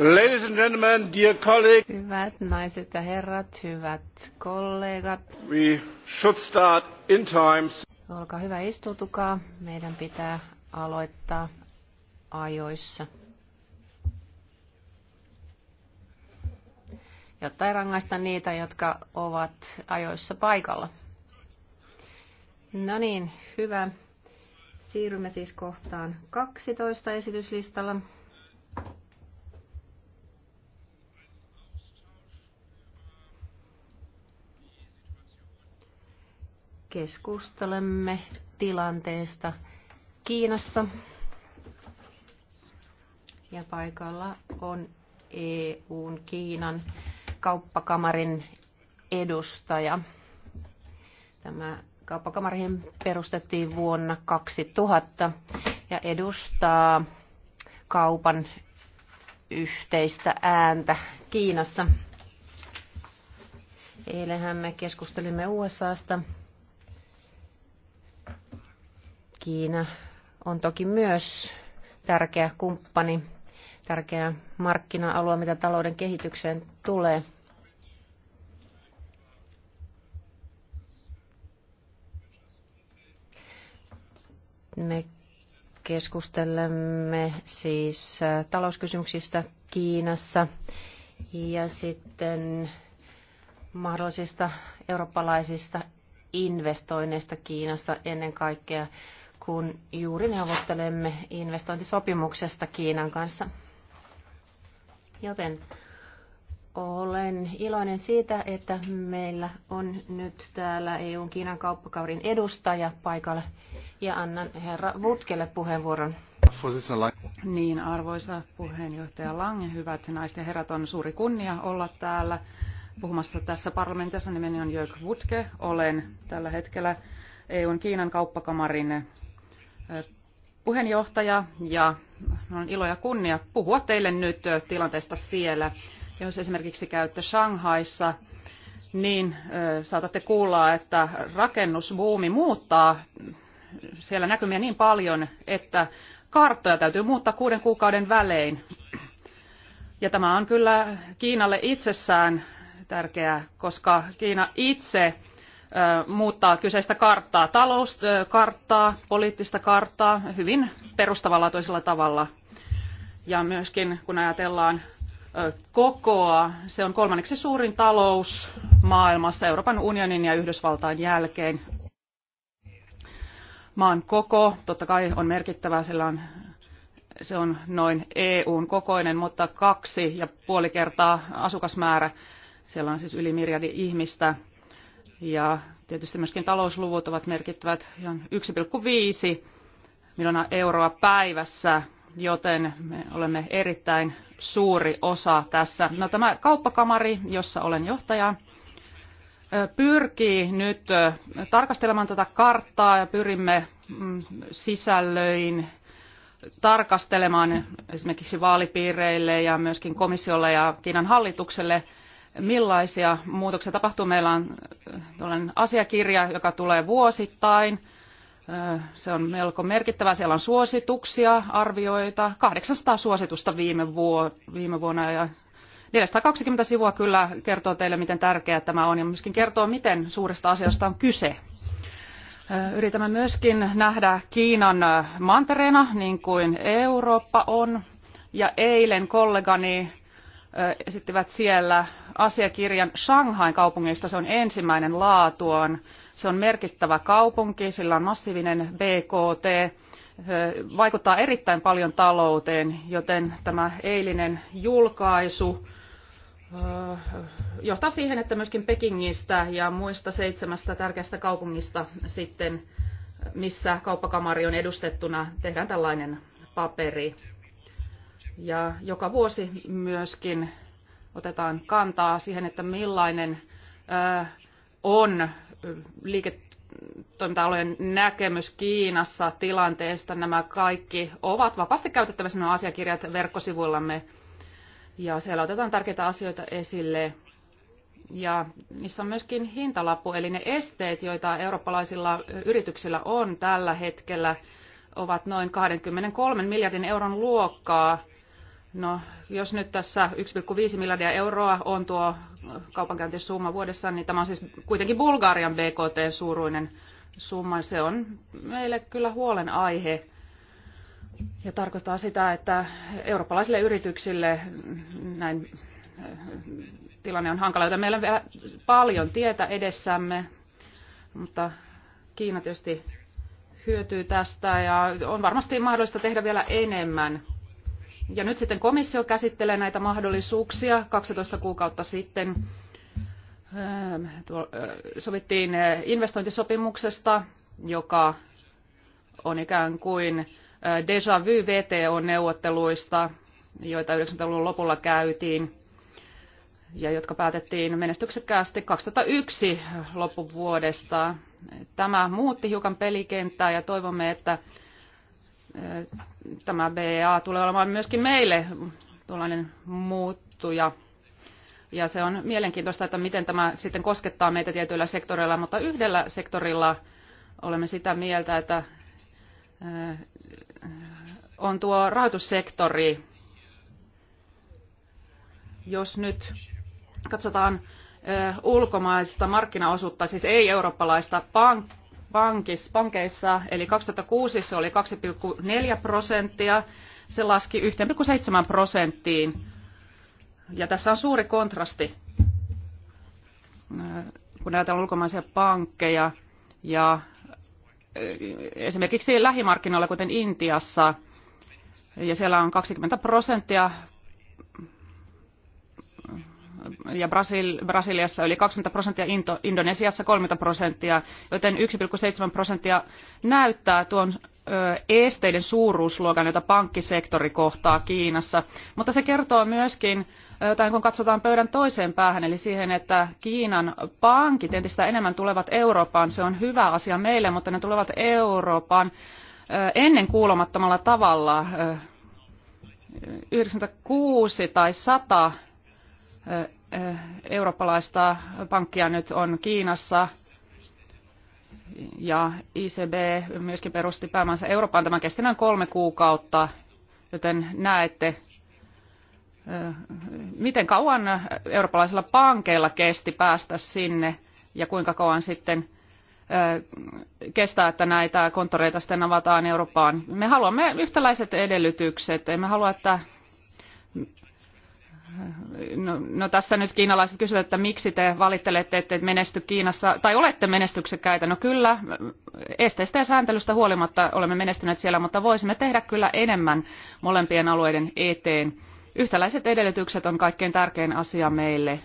Ladies and gentlemen, dear colleagues. Hyvät naiset ja herrat, hyvät kollegat. We should start in times. Olkaa hyvä, istutukaa. Meidän pitää aloittaa ajoissa. Jotta ei rangaista niitä, jotka ovat ajoissa paikalla. No niin, hyvä. Siirrymme siis kohtaan 12 esityslistalla. Keskustelemme tilanteesta Kiinassa. Ja paikalla on EUn Kiinan kauppakamarin edustaja. Tämä kauppakamarihin perustettiin vuonna 2000 ja edustaa kaupan yhteistä ääntä Kiinassa. Eilenhän me keskustelimme USAsta Kiina on toki myös tärkeä kumppani, tärkeä markkina-alue, mitä talouden kehitykseen tulee. Me keskustelemme siis äh, talouskysymyksistä Kiinassa ja sitten mahdollisista eurooppalaisista investoinneista Kiinassa ennen kaikkea kun juuri neuvottelemme investointisopimuksesta Kiinan kanssa. Joten olen iloinen siitä, että meillä on nyt täällä EUn Kiinan kauppakaurin edustaja paikalla ja annan herra Vutkelle puheenvuoron. Niin, arvoisa puheenjohtaja Lange, hyvät naiset ja herrat, on suuri kunnia olla täällä puhumassa tässä parlamentissa. Nimeni on Jörg Wutke. Olen tällä hetkellä EUn Kiinan kauppakamarin puheenjohtaja ja on ilo ja kunnia puhua teille nyt tilanteesta siellä. Jos esimerkiksi käytte Shanghaissa, niin saatatte kuulla, että rakennusbuumi muuttaa siellä näkymiä niin paljon, että karttoja täytyy muuttaa kuuden kuukauden välein. Ja tämä on kyllä Kiinalle itsessään tärkeää, koska Kiina itse muuttaa kyseistä karttaa, talouskarttaa, poliittista karttaa hyvin perustavanlaatuisella tavalla. Ja myöskin kun ajatellaan kokoa, se on kolmanneksi suurin talous maailmassa Euroopan unionin ja Yhdysvaltain jälkeen. Maan koko totta kai on merkittävä, sillä on, se on noin EUn kokoinen, mutta kaksi ja puoli kertaa asukasmäärä. Siellä on siis yli miljardi ihmistä ja tietysti myöskin talousluvut ovat merkittävät 1,5 miljoonaa euroa päivässä, joten me olemme erittäin suuri osa tässä. No, tämä kauppakamari, jossa olen johtaja, pyrkii nyt tarkastelemaan tätä karttaa ja pyrimme mm, sisällöin tarkastelemaan esimerkiksi vaalipiireille ja myöskin komissiolle ja Kiinan hallitukselle – millaisia muutoksia tapahtuu. Meillä on äh, tällainen asiakirja, joka tulee vuosittain. Äh, se on melko merkittävä. Siellä on suosituksia, arvioita, 800 suositusta viime, vuo, viime vuonna ja 420 sivua kyllä kertoo teille, miten tärkeää tämä on ja myöskin kertoo, miten suuresta asiasta on kyse. Äh, yritämme myöskin nähdä Kiinan mantereena, niin kuin Eurooppa on. Ja eilen kollegani esittivät siellä asiakirjan Shanghain kaupungista. Se on ensimmäinen laatuaan. Se on merkittävä kaupunki, sillä on massiivinen BKT, vaikuttaa erittäin paljon talouteen, joten tämä eilinen julkaisu johtaa siihen, että myöskin Pekingistä ja muista seitsemästä tärkeästä kaupungista sitten, missä kauppakamari on edustettuna, tehdään tällainen paperi. Ja joka vuosi myöskin otetaan kantaa siihen, että millainen on liiketoiminta-alojen näkemys Kiinassa tilanteesta. Nämä kaikki ovat vapaasti käytettävissä nämä asiakirjat verkkosivuillamme ja siellä otetaan tärkeitä asioita esille. Ja niissä on myöskin hintalappu, eli ne esteet, joita eurooppalaisilla yrityksillä on tällä hetkellä, ovat noin 23 miljardin euron luokkaa – No, jos nyt tässä 1,5 miljardia euroa on tuo kaupankäyntisumma vuodessa, niin tämä on siis kuitenkin Bulgarian BKT-suuruinen summa. Se on meille kyllä huolenaihe ja tarkoittaa sitä, että eurooppalaisille yrityksille näin eh, tilanne on hankala, joten meillä on vielä paljon tietä edessämme, mutta Kiina tietysti hyötyy tästä ja on varmasti mahdollista tehdä vielä enemmän – ja nyt sitten komissio käsittelee näitä mahdollisuuksia. 12 kuukautta sitten ähm, äh, sovittiin äh, investointisopimuksesta, joka on ikään kuin äh, déjà vu VTO-neuvotteluista, joita 90-luvun lopulla käytiin ja jotka päätettiin menestyksekkäästi 2001 loppuvuodesta. Tämä muutti hiukan pelikenttää ja toivomme, että tämä BEA tulee olemaan myöskin meille tuollainen muuttuja. Ja se on mielenkiintoista, että miten tämä sitten koskettaa meitä tietyillä sektoreilla, mutta yhdellä sektorilla olemme sitä mieltä, että on tuo rahoitussektori. Jos nyt katsotaan ulkomaista markkinaosuutta, siis ei-eurooppalaista pankkia, pankis, pankeissa, eli 2006 se oli 2,4 prosenttia, se laski 1,7 prosenttiin. Ja tässä on suuri kontrasti, äh, kun ajatellaan ulkomaisia pankkeja ja äh, esimerkiksi lähimarkkinoilla, kuten Intiassa, ja siellä on 20 prosenttia ja Brasil, Brasiliassa yli 20 prosenttia, Into, Indonesiassa 30 prosenttia, joten 1,7 prosenttia näyttää tuon ö, esteiden suuruusluokan, jota pankkisektori kohtaa Kiinassa. Mutta se kertoo myöskin, jotain kun katsotaan pöydän toiseen päähän, eli siihen, että Kiinan pankit entistä enemmän tulevat Eurooppaan. Se on hyvä asia meille, mutta ne tulevat Eurooppaan ennen kuulomattomalla tavalla 96 tai 100 eurooppalaista pankkia nyt on Kiinassa ja ICB myöskin perusti päämänsä Eurooppaan tämän kestinään kolme kuukautta, joten näette, miten kauan eurooppalaisilla pankeilla kesti päästä sinne ja kuinka kauan sitten kestää, että näitä konttoreita sitten avataan Eurooppaan. Me haluamme yhtäläiset edellytykset. Emme halua, että No, no tässä nyt kiinalaiset kysyvät, että miksi te valittelette, että et menesty Kiinassa, tai olette menestyksekkäitä. No kyllä, esteistä ja sääntelystä huolimatta olemme menestyneet siellä, mutta voisimme tehdä kyllä enemmän molempien alueiden eteen. Yhtäläiset edellytykset on kaikkein tärkein asia meille.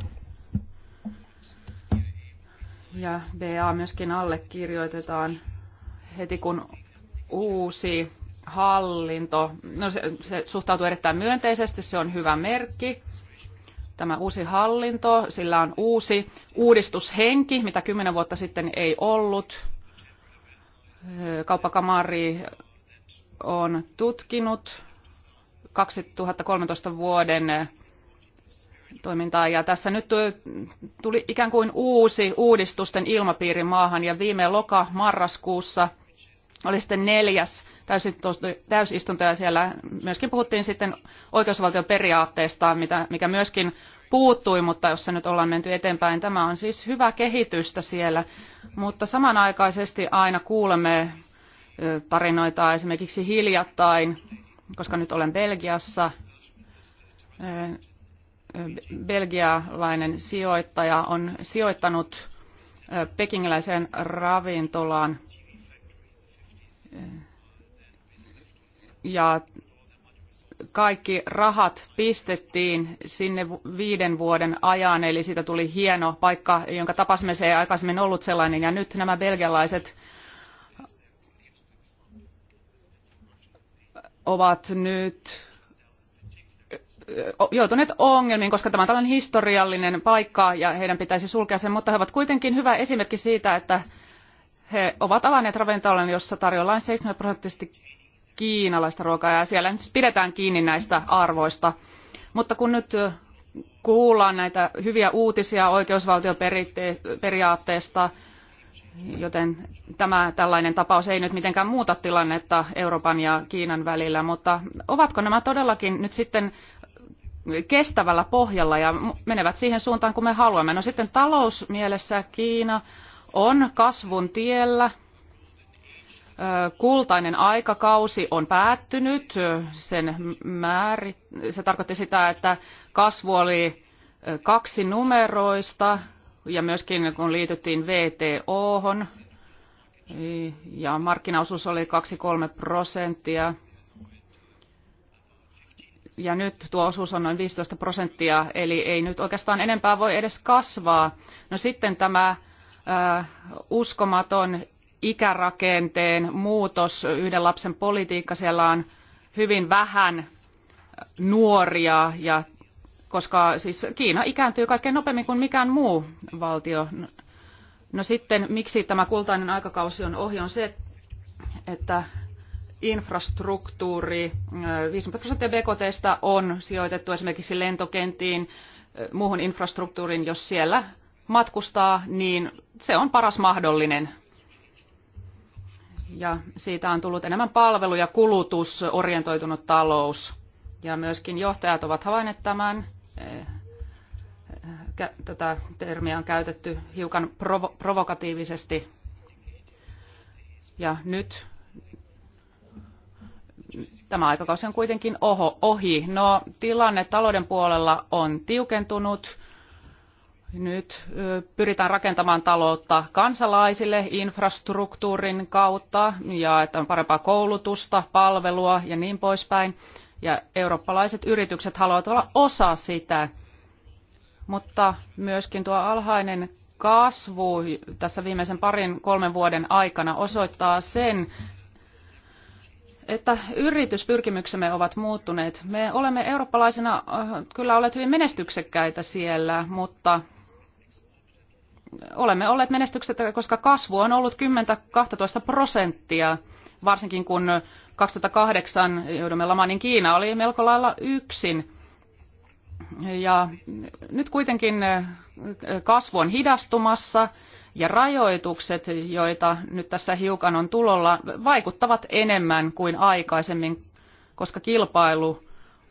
Ja BA myöskin allekirjoitetaan heti kun uusi hallinto, no se, se suhtautuu erittäin myönteisesti, se on hyvä merkki. Tämä uusi hallinto, sillä on uusi uudistushenki, mitä kymmenen vuotta sitten ei ollut. Kauppakamari on tutkinut 2013 vuoden toimintaa. Ja tässä nyt tuli ikään kuin uusi uudistusten ilmapiiri maahan ja viime loka-marraskuussa – oli sitten neljäs täysistunto ja siellä myöskin puhuttiin sitten oikeusvaltion periaatteesta, mitä, mikä myöskin puuttui, mutta jossa nyt ollaan menty eteenpäin. Tämä on siis hyvä kehitystä siellä, mutta samanaikaisesti aina kuulemme tarinoita esimerkiksi hiljattain, koska nyt olen Belgiassa, belgialainen sijoittaja on sijoittanut pekingiläiseen ravintolaan ja kaikki rahat pistettiin sinne viiden vuoden ajan, eli siitä tuli hieno paikka, jonka tapasimme se ei aikaisemmin ollut sellainen, ja nyt nämä belgialaiset ovat nyt joutuneet ongelmiin, koska tämä on tällainen historiallinen paikka ja heidän pitäisi sulkea sen, mutta he ovat kuitenkin hyvä esimerkki siitä, että he ovat avanneet ravintolan, jossa tarjolla on 7 prosenttisesti kiinalaista ruokaa ja siellä nyt pidetään kiinni näistä arvoista. Mutta kun nyt kuullaan näitä hyviä uutisia oikeusvaltioperiaatteesta, joten tämä tällainen tapaus ei nyt mitenkään muuta tilannetta Euroopan ja Kiinan välillä, mutta ovatko nämä todellakin nyt sitten kestävällä pohjalla ja menevät siihen suuntaan, kun me haluamme. No sitten talousmielessä Kiina on kasvun tiellä. Kultainen aikakausi on päättynyt. Sen määrit, se tarkoitti sitä, että kasvu oli kaksi numeroista ja myöskin kun liityttiin VTOhon ja markkinaosuus oli 2-3 prosenttia ja nyt tuo osuus on noin 15 prosenttia, eli ei nyt oikeastaan enempää voi edes kasvaa. No sitten tämä uskomaton ikärakenteen muutos, yhden lapsen politiikka, siellä on hyvin vähän nuoria ja koska siis Kiina ikääntyy kaikkein nopeammin kuin mikään muu valtio. No sitten miksi tämä kultainen aikakausi on ohi on se, että infrastruktuuri, 50 prosenttia BKTstä on sijoitettu esimerkiksi lentokenttiin, muuhun infrastruktuuriin, jos siellä matkustaa, niin se on paras mahdollinen. Ja siitä on tullut enemmän palvelu- ja kulutusorientoitunut talous. Ja myöskin johtajat ovat havainneet tämän. Eh, eh, tätä termiä on käytetty hiukan provo- provokatiivisesti. Ja nyt tämä aikakausi on kuitenkin ohi. No, tilanne talouden puolella on tiukentunut nyt pyritään rakentamaan taloutta kansalaisille infrastruktuurin kautta ja että on parempaa koulutusta, palvelua ja niin poispäin. Ja eurooppalaiset yritykset haluavat olla osa sitä, mutta myöskin tuo alhainen kasvu tässä viimeisen parin kolmen vuoden aikana osoittaa sen, että yrityspyrkimyksemme ovat muuttuneet. Me olemme eurooppalaisina kyllä olleet hyvin menestyksekkäitä siellä, mutta olemme olleet menestykset, koska kasvu on ollut 10-12 prosenttia, varsinkin kun 2008 joudumme lamaan, niin Kiina oli melko lailla yksin. Ja nyt kuitenkin kasvu on hidastumassa ja rajoitukset, joita nyt tässä hiukan on tulolla, vaikuttavat enemmän kuin aikaisemmin, koska kilpailu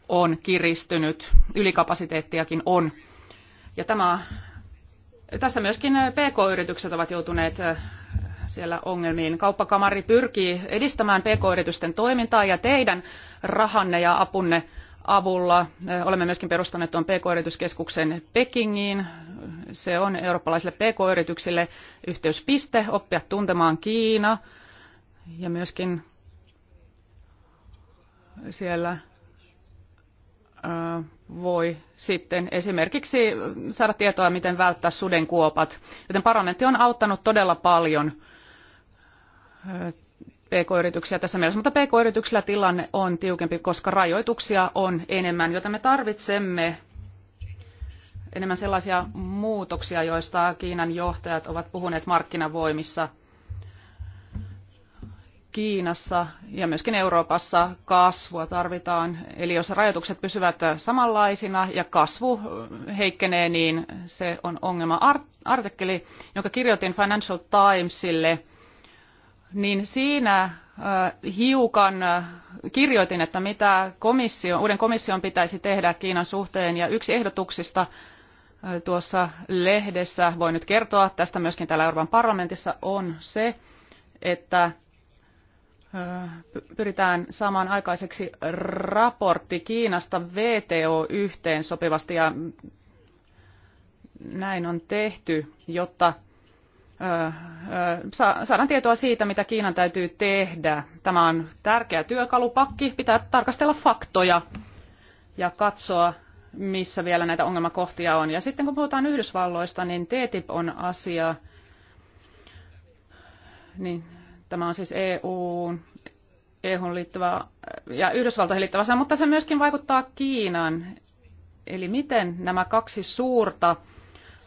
on kiristynyt, ylikapasiteettiakin on. Ja tämä tässä myöskin PK-yritykset ovat joutuneet äh, siellä ongelmiin. Kauppakamari pyrkii edistämään PK-yritysten toimintaa ja teidän rahanne ja apunne avulla. Äh, olemme myöskin perustaneet tuon PK-yrityskeskuksen Pekingiin. Se on eurooppalaisille PK-yrityksille yhteyspiste oppia tuntemaan Kiina ja myöskin siellä voi sitten esimerkiksi saada tietoa, miten välttää sudenkuopat. Joten parlamentti on auttanut todella paljon PK-yrityksiä tässä mielessä, mutta PK-yrityksillä tilanne on tiukempi, koska rajoituksia on enemmän, joten me tarvitsemme enemmän sellaisia muutoksia, joista Kiinan johtajat ovat puhuneet markkinavoimissa – Kiinassa ja myöskin Euroopassa kasvua tarvitaan. Eli jos rajoitukset pysyvät samanlaisina ja kasvu heikkenee, niin se on ongelma. Artikkeli, jonka kirjoitin Financial Timesille, niin siinä hiukan kirjoitin, että mitä komissio, uuden komission pitäisi tehdä Kiinan suhteen. Ja yksi ehdotuksista tuossa lehdessä, voin nyt kertoa tästä myöskin täällä Euroopan parlamentissa, on se, että pyritään saamaan aikaiseksi raportti Kiinasta VTO yhteen sopivasti ja näin on tehty, jotta saadaan tietoa siitä, mitä Kiinan täytyy tehdä. Tämä on tärkeä työkalupakki, pitää tarkastella faktoja ja katsoa, missä vielä näitä ongelmakohtia on. Ja sitten kun puhutaan Yhdysvalloista, niin TTIP on asia, niin Tämä on siis EUn, e EUn liittyvä ja Yhdysvaltoihin liittyvä asia, mutta se myöskin vaikuttaa Kiinaan. Eli miten nämä kaksi suurta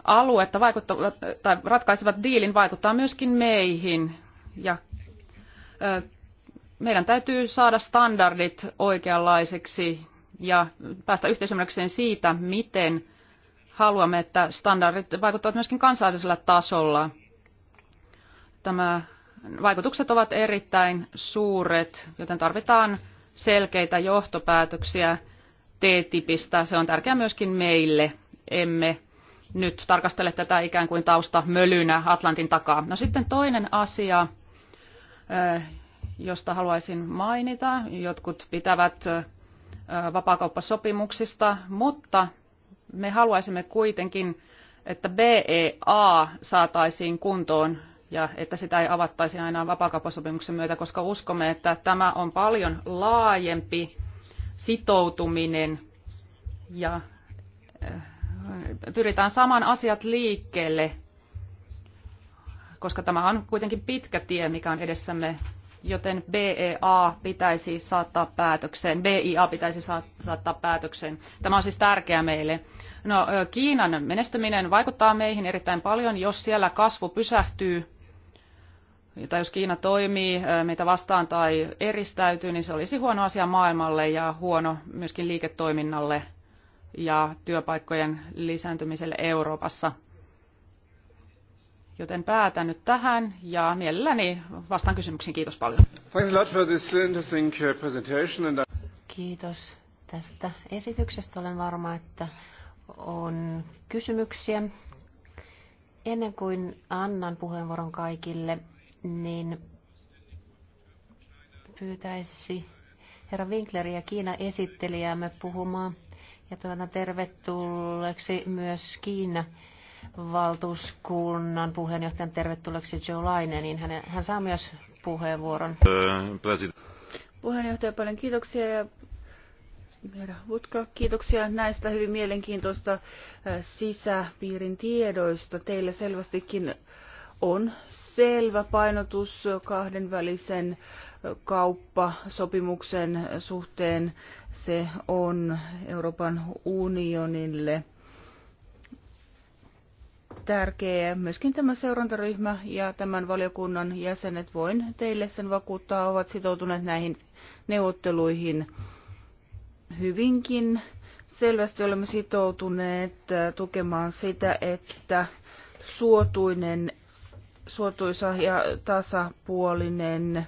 aluetta vaikuttavat, tai ratkaisevat diilin vaikuttaa myöskin meihin. Ja ö, meidän täytyy saada standardit oikeanlaiseksi ja päästä yhteisymmärrykseen siitä, miten haluamme, että standardit vaikuttavat myöskin kansainvälisellä tasolla. Tämä vaikutukset ovat erittäin suuret, joten tarvitaan selkeitä johtopäätöksiä TTIPistä. Se on tärkeää myöskin meille. Emme nyt tarkastele tätä ikään kuin tausta mölynä Atlantin takaa. No sitten toinen asia, eh, josta haluaisin mainita. Jotkut pitävät eh, vapaakauppasopimuksista, mutta me haluaisimme kuitenkin, että BEA saataisiin kuntoon ja että sitä ei avattaisi aina vapaakauppasopimuksen myötä, koska uskomme, että tämä on paljon laajempi sitoutuminen ja eh, pyritään saman asiat liikkeelle, koska tämä on kuitenkin pitkä tie, mikä on edessämme, joten BEA pitäisi saattaa päätökseen, BIA pitäisi saattaa päätökseen. Tämä on siis tärkeää meille. No, eh, Kiinan menestyminen vaikuttaa meihin erittäin paljon. Jos siellä kasvu pysähtyy, tai jos Kiina toimii meitä vastaan tai eristäytyy, niin se olisi huono asia maailmalle ja huono myöskin liiketoiminnalle ja työpaikkojen lisääntymiselle Euroopassa. Joten päätän nyt tähän ja mielelläni vastaan kysymyksiin. Kiitos paljon. Uh, uh, Kiitos tästä esityksestä. Olen varma, että on kysymyksiä. Ennen kuin annan puheenvuoron kaikille, niin pyytäisi herra ja Kiina esittelijäämme puhumaan. Ja tuota tervetulleeksi myös Kiina valtuuskunnan puheenjohtajan tervetulleeksi Joe Laine, niin hän, hän saa myös puheenvuoron. Äh, Puheenjohtaja, paljon kiitoksia ja Herra Vutka, kiitoksia näistä hyvin mielenkiintoista äh, sisäpiirin tiedoista. Teillä selvästikin on selvä painotus kahdenvälisen kauppasopimuksen suhteen. Se on Euroopan unionille tärkeä. Myöskin tämä seurantaryhmä ja tämän valiokunnan jäsenet, voin teille sen vakuuttaa, ovat sitoutuneet näihin neuvotteluihin hyvinkin. Selvästi olemme sitoutuneet tukemaan sitä, että suotuinen suotuisa ja tasapuolinen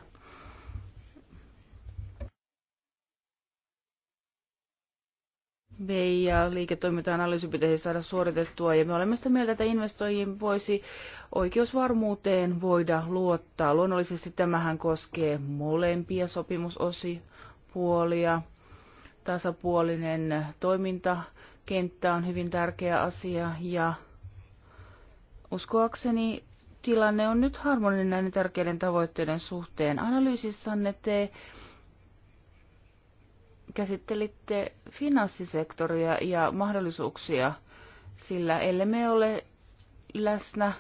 ja liiketoiminta-analyysi pitäisi saada suoritettua ja me olemme sitä mieltä, että investoijien voisi oikeusvarmuuteen voida luottaa. Luonnollisesti tämähän koskee molempia sopimusosipuolia. Tasapuolinen toimintakenttä on hyvin tärkeä asia ja uskoakseni tilanne on nyt harmoninen näiden tärkeiden tavoitteiden suhteen. Analyysissanne te käsittelitte finanssisektoria ja mahdollisuuksia, sillä ellei me ole läsnä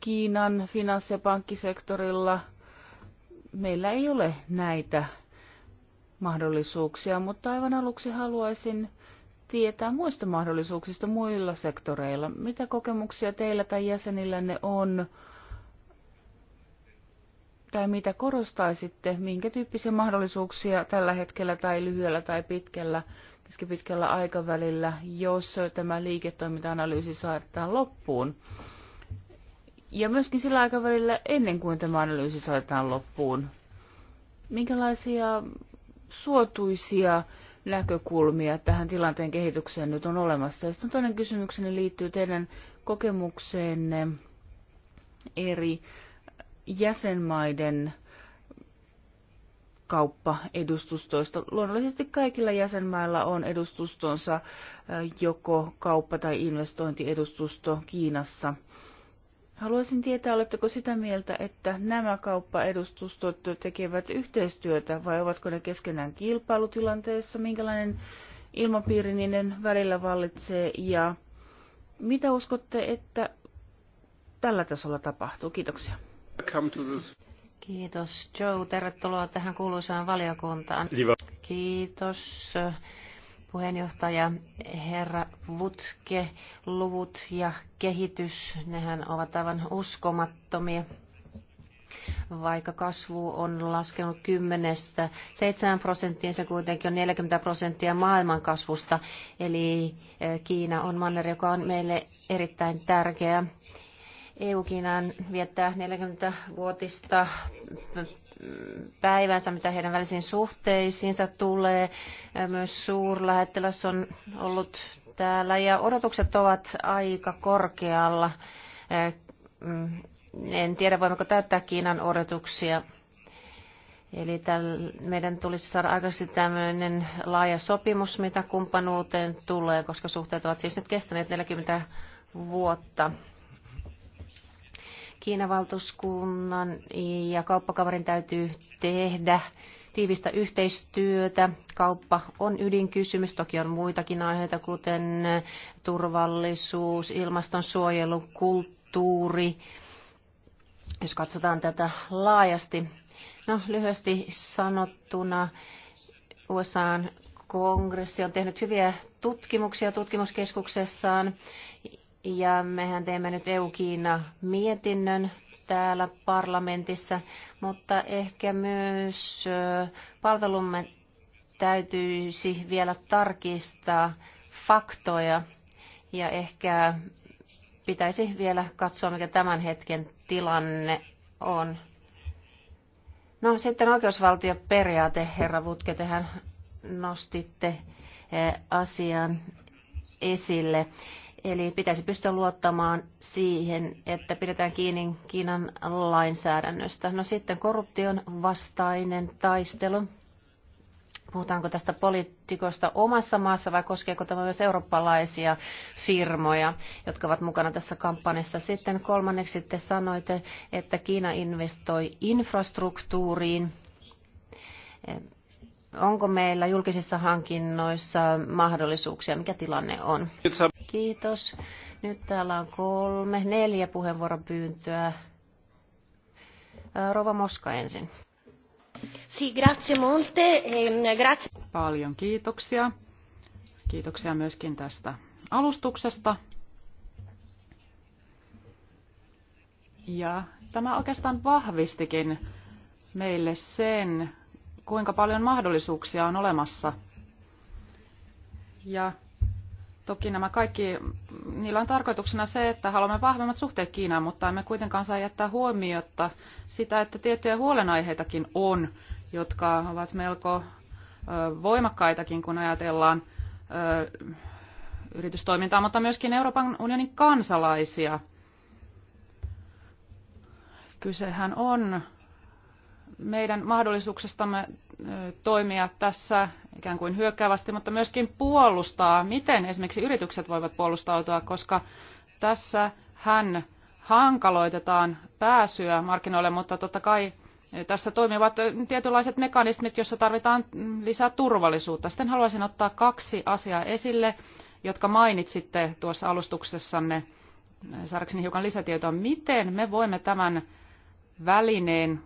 Kiinan finanssi- ja pankkisektorilla, meillä ei ole näitä mahdollisuuksia, mutta aivan aluksi haluaisin tietää muista mahdollisuuksista muilla sektoreilla. Mitä kokemuksia teillä tai jäsenillänne on? Tai mitä korostaisitte? Minkä tyyppisiä mahdollisuuksia tällä hetkellä tai lyhyellä tai pitkällä, keskipitkällä aikavälillä, jos tämä liiketoiminta-analyysi saadaan loppuun? Ja myöskin sillä aikavälillä ennen kuin tämä analyysi saadaan loppuun. Minkälaisia suotuisia näkökulmia tähän tilanteen kehitykseen nyt on olemassa. Ja sitten toinen kysymykseni liittyy teidän kokemukseenne eri jäsenmaiden kauppaedustustoista. Luonnollisesti kaikilla jäsenmailla on edustustonsa joko kauppa- tai investointiedustusto Kiinassa – Haluaisin tietää, oletteko sitä mieltä, että nämä kauppaedustustot tekevät yhteistyötä vai ovatko ne keskenään kilpailutilanteessa? Minkälainen ilmapiiri niiden välillä vallitsee ja mitä uskotte, että tällä tasolla tapahtuu? Kiitoksia. Kiitos Joe, tervetuloa tähän kuuluisaan valiokuntaan. Kiitos puheenjohtaja, herra Vutke, luvut ja kehitys, nehän ovat aivan uskomattomia. Vaikka kasvu on laskenut kymmenestä 7 prosenttiin, se kuitenkin on 40 prosenttia maailman kasvusta. Eli eh, Kiina on manner, joka on meille erittäin tärkeä. EU-Kiinaan viettää 40-vuotista päivänsä, mitä heidän välisiin suhteisiinsa tulee. Myös suurlähettiläs on ollut täällä ja odotukset ovat aika korkealla. Eh, en tiedä, voimmeko täyttää Kiinan odotuksia. Eli meidän tulisi saada aikaisesti tämmöinen laaja sopimus, mitä kumppanuuteen tulee, koska suhteet ovat siis nyt kestäneet 40 vuotta. Kiinan valtuuskunnan ja kauppakavarin täytyy tehdä tiivistä yhteistyötä. Kauppa on ydinkysymys, toki on muitakin aiheita, kuten turvallisuus, ilmastonsuojelu, kulttuuri. Jos katsotaan tätä laajasti, no lyhyesti sanottuna USAn kongressi on tehnyt hyviä tutkimuksia tutkimuskeskuksessaan ja mehän teemme nyt EU-Kiina-mietinnön täällä parlamentissa, mutta ehkä myös palvelumme täytyisi vielä tarkistaa faktoja ja ehkä pitäisi vielä katsoa, mikä tämän hetken tilanne on. No sitten oikeusvaltioperiaate, herra Vutke, tehän nostitte asian esille. Eli pitäisi pystyä luottamaan siihen, että pidetään kiinni Kiinan lainsäädännöstä. No sitten korruption vastainen taistelu. Puhutaanko tästä poliitikosta omassa maassa vai koskeeko tämä myös eurooppalaisia firmoja, jotka ovat mukana tässä kampanjassa? Sitten kolmanneksi te sanoitte, että Kiina investoi infrastruktuuriin Onko meillä julkisissa hankinnoissa mahdollisuuksia? Mikä tilanne on? Kiitos. Nyt täällä on kolme, neljä puheenvuoropyyntöä. Rova Moska ensin. Si, grazie molte. E, grazie. Paljon kiitoksia. Kiitoksia myöskin tästä alustuksesta. Ja tämä oikeastaan vahvistikin meille sen, kuinka paljon mahdollisuuksia on olemassa. Ja toki nämä kaikki, niillä on tarkoituksena se, että haluamme vahvemmat suhteet Kiinaan, mutta emme kuitenkaan saa jättää huomiota sitä, että tiettyjä huolenaiheitakin on, jotka ovat melko voimakkaitakin, kun ajatellaan yritystoimintaa, mutta myöskin Euroopan unionin kansalaisia. Kysehän on meidän mahdollisuuksistamme toimia tässä ikään kuin hyökkäävästi, mutta myöskin puolustaa, miten esimerkiksi yritykset voivat puolustautua, koska tässä hän hankaloitetaan pääsyä markkinoille, mutta totta kai tässä toimivat tietynlaiset mekanismit, joissa tarvitaan mm, lisää turvallisuutta. Sitten haluaisin ottaa kaksi asiaa esille, jotka mainitsitte tuossa alustuksessanne, saadakseni hiukan lisätietoa, miten me voimme tämän välineen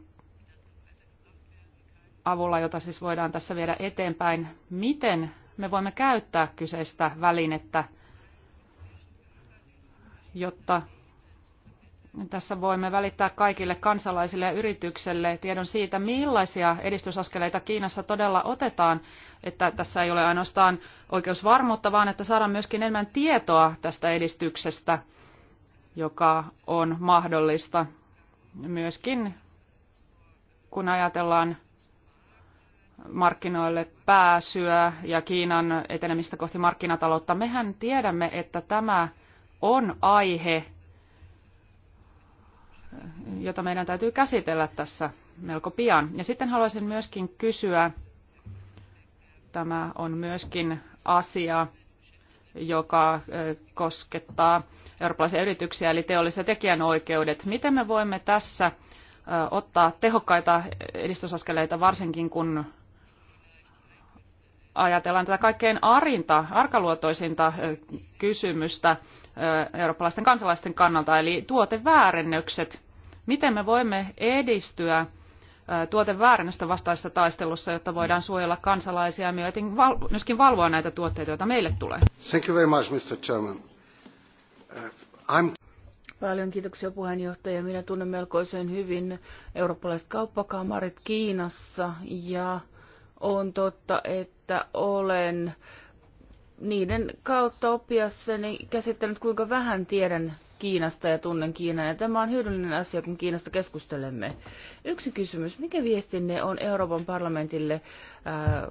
avulla, jota siis voidaan tässä viedä eteenpäin, miten me voimme käyttää kyseistä välinettä, jotta tässä voimme välittää kaikille kansalaisille ja yritykselle tiedon siitä, millaisia edistysaskeleita Kiinassa todella otetaan, että tässä ei ole ainoastaan oikeusvarmuutta, vaan että saadaan myöskin enemmän tietoa tästä edistyksestä, joka on mahdollista myöskin, kun ajatellaan markkinoille pääsyä ja Kiinan etenemistä kohti markkinataloutta. Mehän tiedämme, että tämä on aihe, jota meidän täytyy käsitellä tässä melko pian. Ja sitten haluaisin myöskin kysyä, tämä on myöskin asia, joka koskettaa eurooppalaisia yrityksiä, eli teolliset tekijänoikeudet. Miten me voimme tässä ottaa tehokkaita edistysaskeleita, varsinkin kun ajatellaan tätä kaikkein arinta, arkaluotoisinta kysymystä eurooppalaisten kansalaisten kannalta, eli tuoteväärennökset. Miten me voimme edistyä tuoteväärennöstä vastaisessa taistelussa, jotta voidaan suojella kansalaisia ja myöskin valvoa näitä tuotteita, joita meille tulee? Thank you very much, Mr. Chairman. Uh, I'm... Paljon kiitoksia puheenjohtaja. Minä tunnen melkoisen hyvin eurooppalaiset kauppakamarit Kiinassa ja on totta, että olen niiden kautta oppiassani käsittänyt, kuinka vähän tiedän Kiinasta ja tunnen Kiinan. Ja tämä on hyödyllinen asia, kun Kiinasta keskustelemme. Yksi kysymys, mikä viestinne on Euroopan parlamentille ää, äh,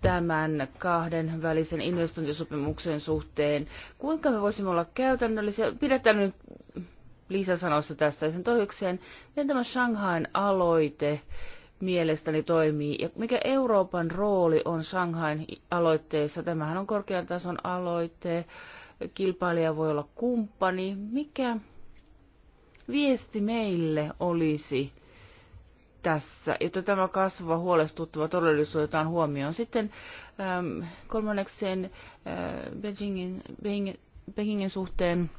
tämän kahden välisen investointisopimuksen suhteen? Kuinka me voisimme olla käytännöllisiä? Pidetään nyt lisäsanossa tässä ja sen toisekseen, miten tämä Shanghain aloite mielestäni toimii ja mikä Euroopan rooli on Shanghain aloitteessa. Tämähän on korkean tason aloite, kilpailija voi olla kumppani. Mikä viesti meille olisi tässä, jotta tämä kasvava huolestuttava todellisuus otetaan huomioon. Sitten äm, kolmannekseen äh, Beijingin, Beijingin suhteen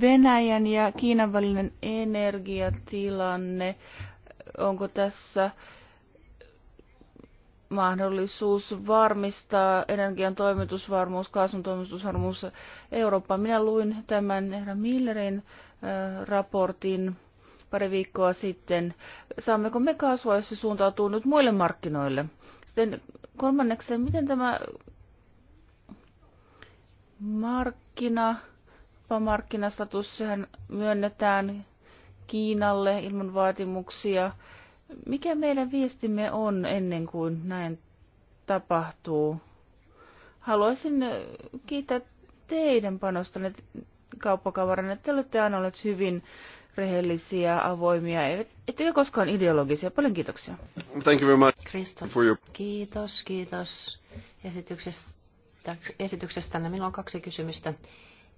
Venäjän ja Kiinan välinen energiatilanne, onko tässä mahdollisuus varmistaa energian toimitusvarmuus, kaasun toimitusvarmuus Eurooppaan. Minä luin tämän herra Millerin äh, raportin pari viikkoa sitten. Saammeko me kaasua, jos se suuntautuu nyt muille markkinoille? Sitten kolmanneksi, miten tämä markkina vapamarkkinastatus, sehän myönnetään Kiinalle ilman vaatimuksia. Mikä meidän viestimme on ennen kuin näin tapahtuu? Haluaisin äh, kiittää teidän panostanne kauppakavarana. Te olette aina olleet hyvin rehellisiä, avoimia, ettekä koskaan ideologisia. Paljon kiitoksia. Thank you very much. Kristo. For your... Kiitos, kiitos esityksestä, esityksestä, Minulla on kaksi kysymystä.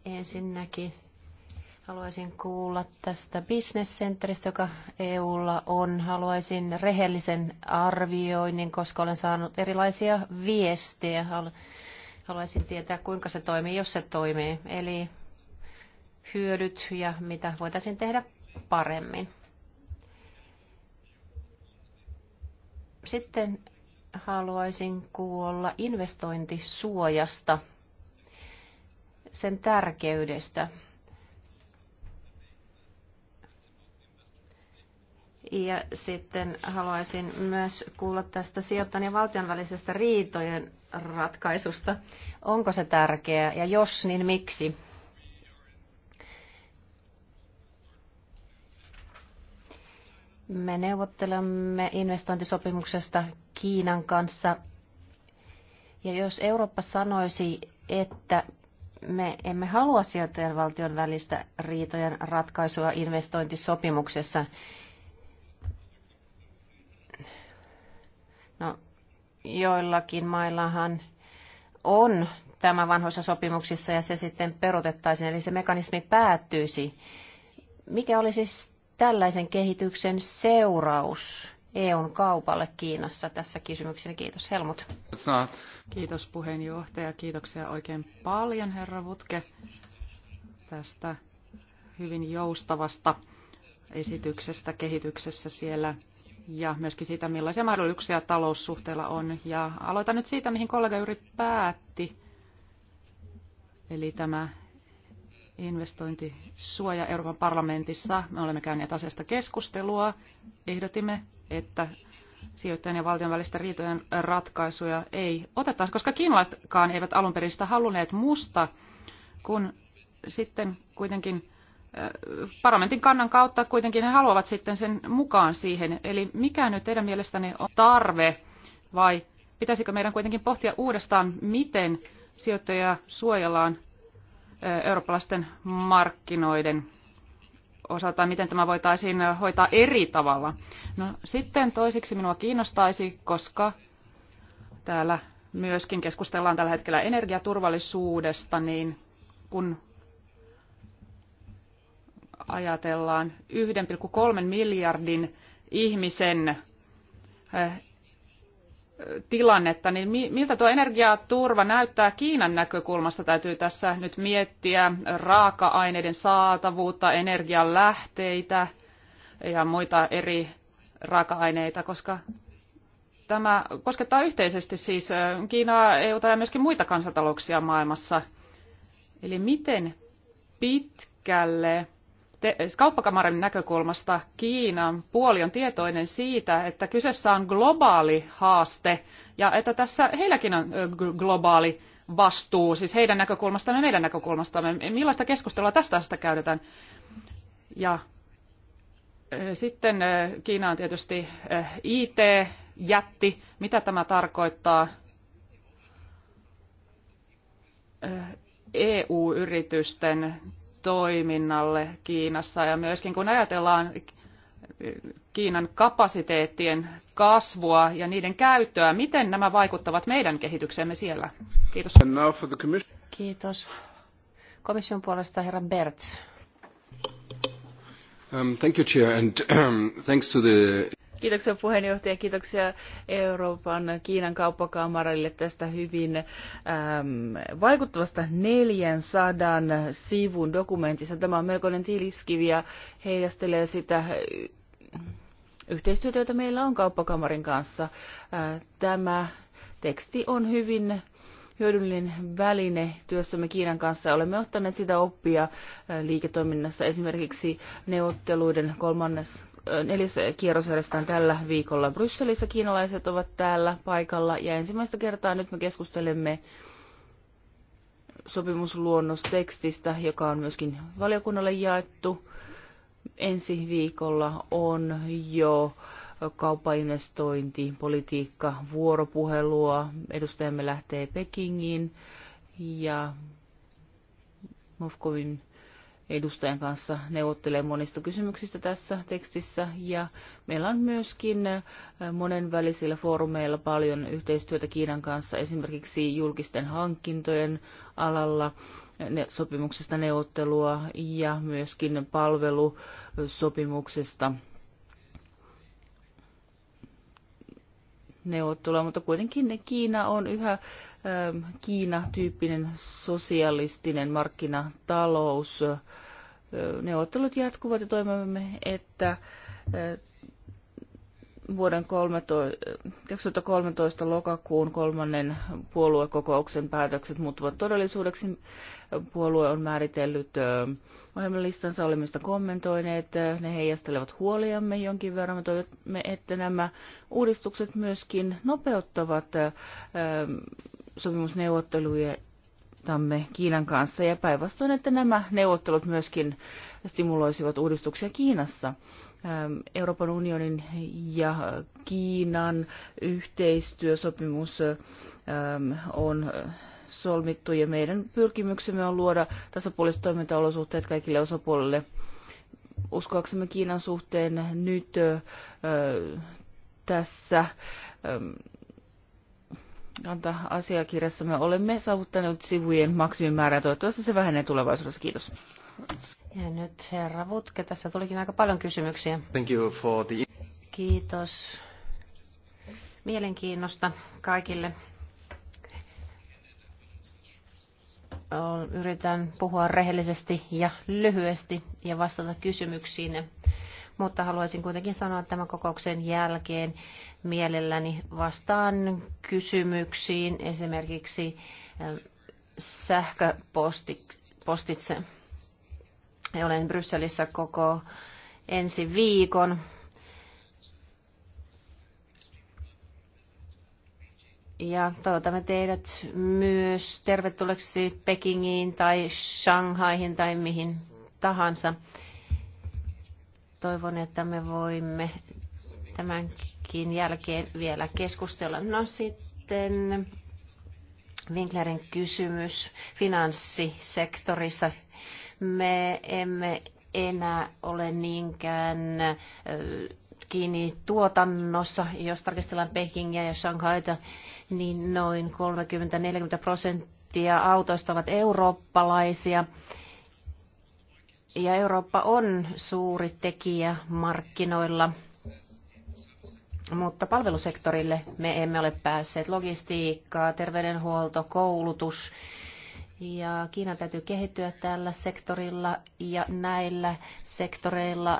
Ensinnäkin haluaisin kuulla tästä bisnessenteristä, joka EUlla on. Haluaisin rehellisen arvioinnin, koska olen saanut erilaisia viestejä. Haluaisin tietää, kuinka se toimii, jos se toimii. Eli hyödyt ja mitä voitaisiin tehdä paremmin. Sitten haluaisin kuulla investointisuojasta – sen tärkeydestä. Ja sitten haluaisin myös kuulla tästä sijoittajan ja valtion välisestä riitojen ratkaisusta. Onko se tärkeää ja jos, niin miksi? Me neuvottelemme investointisopimuksesta Kiinan kanssa. Ja jos Eurooppa sanoisi, että me emme halua sijoittajan valtion välistä riitojen ratkaisua investointisopimuksessa. No, joillakin maillahan on tämä vanhoissa sopimuksissa ja se sitten perutettaisiin, eli se mekanismi päättyisi. Mikä olisi siis tällaisen kehityksen seuraus? EUn kaupalle Kiinassa tässä kysymyksessä Kiitos Helmut. Kiitos puheenjohtaja. Kiitoksia oikein paljon herra Vutke tästä hyvin joustavasta esityksestä kehityksessä siellä ja myöskin siitä, millaisia mahdollisuuksia taloussuhteella on. Ja aloitan nyt siitä, mihin kollega juuri päätti, eli tämä investointisuoja Euroopan parlamentissa. Me olemme käyneet asiasta keskustelua, ehdotimme että sijoittajien ja valtion välistä riitojen ratkaisuja ei otettaisi, koska kiinalaisetkaan eivät alun perin sitä halunneet musta, kun sitten kuitenkin eh, parlamentin kannan kautta kuitenkin he haluavat sitten sen mukaan siihen. Eli mikä nyt teidän mielestänne on tarve vai pitäisikö meidän kuitenkin pohtia uudestaan, miten sijoittajia suojellaan eh, eurooppalaisten markkinoiden osalta, miten tämä voitaisiin hoitaa eri tavalla. No, sitten toiseksi minua kiinnostaisi, koska täällä myöskin keskustellaan tällä hetkellä energiaturvallisuudesta, niin kun ajatellaan 1,3 miljardin ihmisen eh, tilannetta, niin miltä tuo energiaturva näyttää Kiinan näkökulmasta? Täytyy tässä nyt miettiä raaka-aineiden saatavuutta, energian lähteitä ja muita eri raaka-aineita, koska tämä koskettaa yhteisesti siis Kiinaa, EUta ja myöskin muita kansantalouksia maailmassa. Eli miten pitkälle kauppakamarin näkökulmasta Kiinan puoli on tietoinen siitä, että kyseessä on globaali haaste ja että tässä heilläkin on globaali vastuu, siis heidän näkökulmastaan ja meidän näkökulmastamme. Millaista keskustelua tästä asiasta käydetään? Ja sitten Kiina on tietysti IT-jätti. Mitä tämä tarkoittaa EU-yritysten toiminnalle Kiinassa ja myöskin kun ajatellaan Kiinan kapasiteettien kasvua ja niiden käyttöä, miten nämä vaikuttavat meidän kehityksemme siellä? Kiitos. Kiitos. Komission puolesta herra Berts. Um, thank you, Chair, and um, thanks to the Kiitoksia puheenjohtaja, kiitoksia Euroopan Kiinan kauppakamarille tästä hyvin äm, vaikuttavasta 400 sivun dokumentissa. Tämä on melkoinen tiliskivi ja heijastelee sitä äh, yhteistyötä, jota meillä on kauppakamarin kanssa. Äh, tämä teksti on hyvin hyödyllinen väline työssämme Kiinan kanssa. Olemme ottaneet sitä oppia äh, liiketoiminnassa esimerkiksi neuvotteluiden kolmannes neljäs kierros järjestetään tällä viikolla Brysselissä. Kiinalaiset ovat täällä paikalla ja ensimmäistä kertaa nyt me keskustelemme sopimusluonnostekstistä, joka on myöskin valiokunnalle jaettu. Ensi viikolla on jo kauppainvestointi, politiikka, vuoropuhelua. Edustajamme lähtee Pekingiin ja Mofkovin edustajan kanssa neuvottelee monista kysymyksistä tässä tekstissä. Ja meillä on myöskin äh, monenvälisillä foorumeilla paljon yhteistyötä Kiinan kanssa, esimerkiksi julkisten hankintojen alalla sopimuksesta neuvottelua ja myöskin palvelusopimuksesta neuvottelua, mutta kuitenkin Kiina on yhä Kiina-tyyppinen sosialistinen markkinatalous. Neuvottelut jatkuvat ja toimimme, että vuoden 2013 lokakuun kolmannen puoluekokouksen päätökset muuttuvat todellisuudeksi. Puolue on määritellyt ohjelmalistansa, olemme sitä kommentoineet, ne heijastelevat huoliamme jonkin verran. Me toivomme, että nämä uudistukset myöskin nopeuttavat sopimusneuvotteluja tamme Kiinan kanssa ja päinvastoin, että nämä neuvottelut myöskin stimuloisivat uudistuksia Kiinassa. Ähm, Euroopan unionin ja Kiinan yhteistyösopimus ähm, on solmittu ja meidän pyrkimyksemme on luoda tasapuoliset toimintaolosuhteet kaikille osapuolille. Uskoaksemme Kiinan suhteen nyt äh, tässä ähm, kanta-asiakirjassa me olemme saavuttaneet sivujen maksimimäärää. Toivottavasti se vähenee tulevaisuudessa. Kiitos. Ja nyt herra Vutke, tässä tulikin aika paljon kysymyksiä. Thank you for the... Kiitos mielenkiinnosta kaikille. Yritän puhua rehellisesti ja lyhyesti ja vastata kysymyksiin, mutta haluaisin kuitenkin sanoa tämän kokouksen jälkeen, mielelläni vastaan kysymyksiin esimerkiksi äh, sähköpostitse. Olen Brysselissä koko ensi viikon. Ja toivotamme teidät myös tervetulleeksi Pekingiin tai Shanghaihin tai mihin tahansa. Toivon, että me voimme tämän breakin jälkeen vielä keskustella. No sitten Winklerin kysymys finanssisektorista. Me emme enää ole niinkään kiinni tuotannossa, jos tarkastellaan Pekingiä ja Shanghaita, niin noin 30-40 prosenttia autoista ovat eurooppalaisia. Ja Eurooppa on suuri tekijä markkinoilla – mutta palvelusektorille me emme ole päässeet. Logistiikka, terveydenhuolto, koulutus. Ja Kiinan täytyy kehittyä tällä sektorilla ja näillä sektoreilla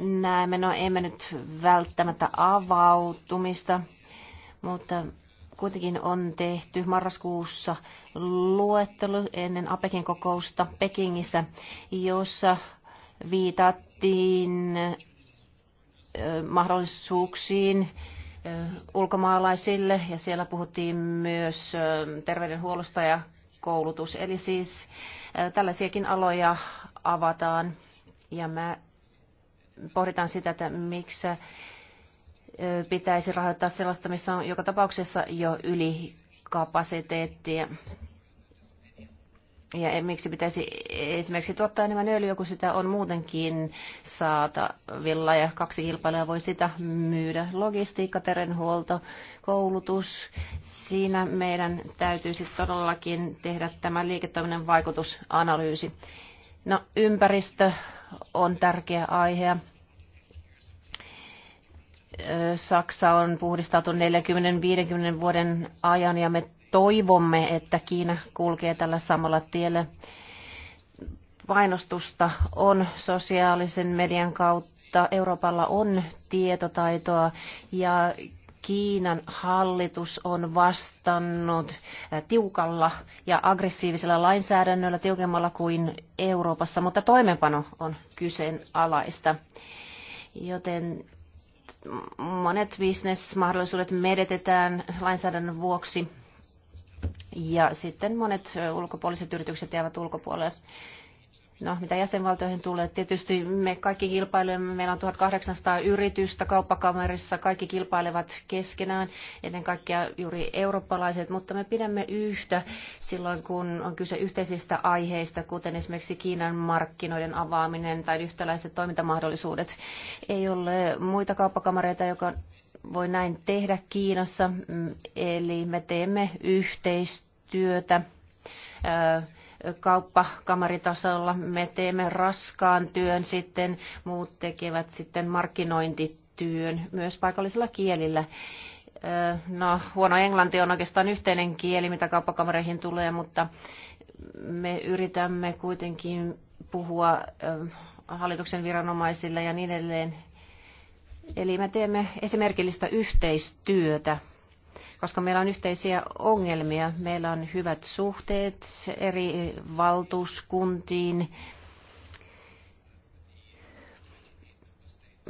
näemme, no emme nyt välttämättä avautumista, mutta kuitenkin on tehty marraskuussa luettelu ennen APEKin kokousta Pekingissä, jossa viitattiin mahdollisuuksiin ulkomaalaisille ja siellä puhuttiin myös terveydenhuollosta ja koulutus. Eli siis tällaisiakin aloja avataan ja mä pohditaan sitä, että miksi pitäisi rahoittaa sellaista, missä on joka tapauksessa jo ylikapasiteettia ja miksi pitäisi esimerkiksi tuottaa enemmän öljyä, kun sitä on muutenkin saatavilla ja kaksi kilpailijaa voi sitä myydä. Logistiikka, terenhuolto, koulutus, siinä meidän täytyisi todellakin tehdä tämä liiketoiminnan vaikutusanalyysi. No, ympäristö on tärkeä aihe. Saksa on puhdistautunut 40-50 vuoden ajan ja me toivomme, että Kiina kulkee tällä samalla tiellä. Painostusta on sosiaalisen median kautta. Euroopalla on tietotaitoa ja Kiinan hallitus on vastannut tiukalla ja aggressiivisella lainsäädännöllä tiukemmalla kuin Euroopassa, mutta toimenpano on kyseenalaista. Joten monet bisnesmahdollisuudet menetetään lainsäädännön vuoksi ja sitten monet ulkopuoliset yritykset jäävät ulkopuolelle. No, mitä jäsenvaltioihin tulee, tietysti me kaikki kilpailemme, meillä on 1800 yritystä kauppakamerissa, kaikki kilpailevat keskenään, ennen kaikkea juuri eurooppalaiset, mutta me pidämme yhtä silloin, kun on kyse yhteisistä aiheista, kuten esimerkiksi Kiinan markkinoiden avaaminen tai yhtäläiset toimintamahdollisuudet. Ei ole muita kauppakamareita, joka voi näin tehdä Kiinassa, mm, eli me teemme yhteistyötä kauppakamaritasolla, me teemme raskaan työn sitten, muut tekevät sitten markkinointityön myös paikallisilla kielillä. No, huono englanti on oikeastaan yhteinen kieli, mitä kauppakamareihin tulee, mutta me yritämme kuitenkin puhua hallituksen viranomaisille ja niin edelleen Eli me teemme esimerkillistä yhteistyötä, koska meillä on yhteisiä ongelmia. Meillä on hyvät suhteet eri valtuuskuntiin,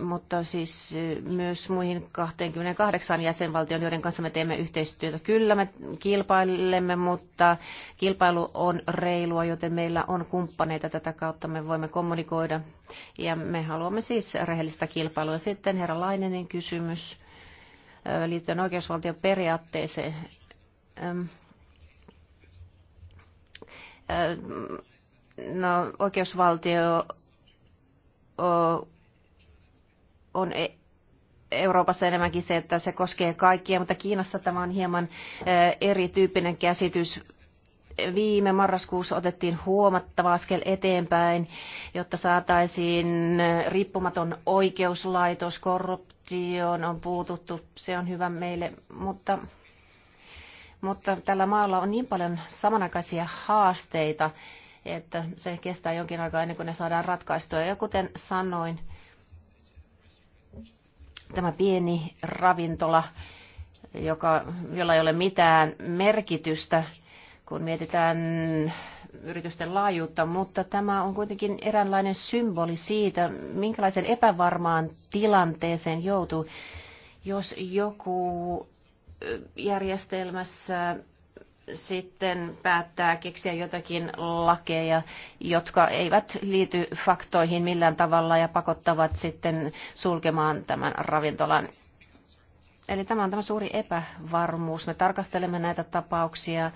mutta siis myös muihin 28 jäsenvaltioon, joiden kanssa me teemme yhteistyötä. Kyllä me kilpailemme, mutta kilpailu on reilua, joten meillä on kumppaneita tätä kautta, me voimme kommunikoida. Ja me haluamme siis rehellistä kilpailua. Sitten herra lainenin kysymys liittyen oikeusvaltion periaatteeseen. No, oikeusvaltio on e- Euroopassa enemmänkin se, että se koskee kaikkia, mutta Kiinassa tämä on hieman erityyppinen käsitys. Viime marraskuussa otettiin huomattava askel eteenpäin, jotta saataisiin riippumaton oikeuslaitos, korruptioon on puututtu, se on hyvä meille, mutta, mutta tällä maalla on niin paljon samanaikaisia haasteita, että se kestää jonkin aikaa ennen kuin ne saadaan ratkaistua. Ja kuten sanoin, tämä pieni ravintola, joka, jolla ei ole mitään merkitystä, kun mietitään yritysten laajuutta, mutta tämä on kuitenkin eräänlainen symboli siitä, minkälaisen epävarmaan tilanteeseen joutuu, jos joku järjestelmässä sitten päättää keksiä jotakin lakeja, jotka eivät liity faktoihin millään tavalla ja pakottavat sitten sulkemaan tämän ravintolan. Eli tämä on tämä suuri epävarmuus. Me tarkastelemme näitä tapauksia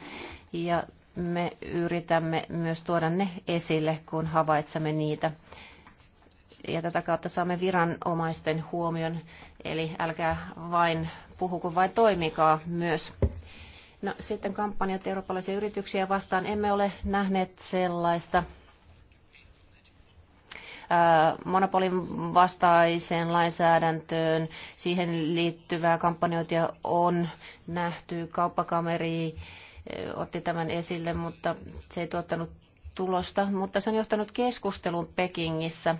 ja me yritämme myös tuoda ne esille, kun havaitsemme niitä. Ja tätä kautta saamme viranomaisten huomion, eli älkää vain puhuko vain toimikaa myös. No, sitten kampanjat eurooppalaisia yrityksiä vastaan. Emme ole nähneet sellaista monopolin vastaiseen lainsäädäntöön. Siihen liittyvää kampanjointia on nähty. Kauppakameri otti tämän esille, mutta se ei tuottanut tulosta. Mutta se on johtanut keskustelun Pekingissä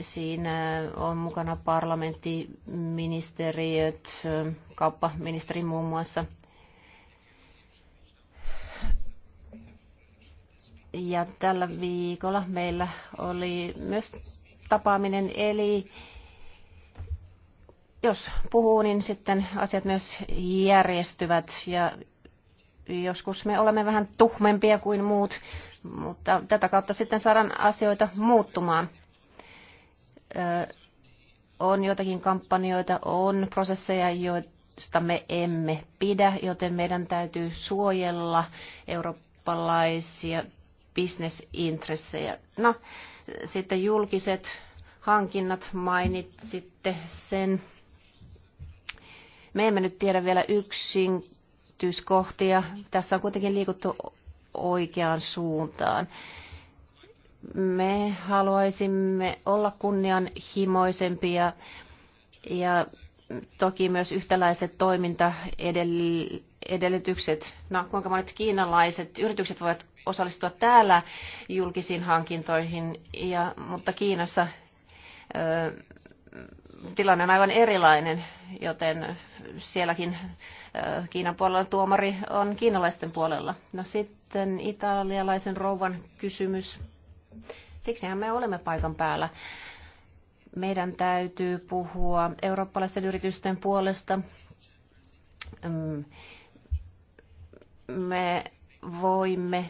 Siinä äh, on mukana parlamenttiministeriöt, äh, kauppaministeri muun muassa. Ja tällä viikolla meillä oli myös tapaaminen, eli jos puhuu, niin sitten asiat myös järjestyvät ja joskus me olemme vähän tuhmempia kuin muut, mutta tätä kautta sitten saadaan asioita muuttumaan on joitakin kampanjoita, on prosesseja, joista me emme pidä, joten meidän täytyy suojella eurooppalaisia bisnesintressejä. No, sitten julkiset hankinnat mainitsitte sen. Me emme nyt tiedä vielä yksityiskohtia. Tässä on kuitenkin liikuttu oikeaan suuntaan. Me haluaisimme olla kunnianhimoisempia ja toki myös yhtäläiset toimintaedellytykset. No, kuinka monet kiinalaiset yritykset voivat osallistua täällä julkisiin hankintoihin, ja, mutta Kiinassa ö, tilanne on aivan erilainen, joten sielläkin ö, Kiinan puolella tuomari on kiinalaisten puolella. No sitten italialaisen rouvan kysymys. Siksihän me olemme paikan päällä. Meidän täytyy puhua eurooppalaisten yritysten puolesta. Mm, me voimme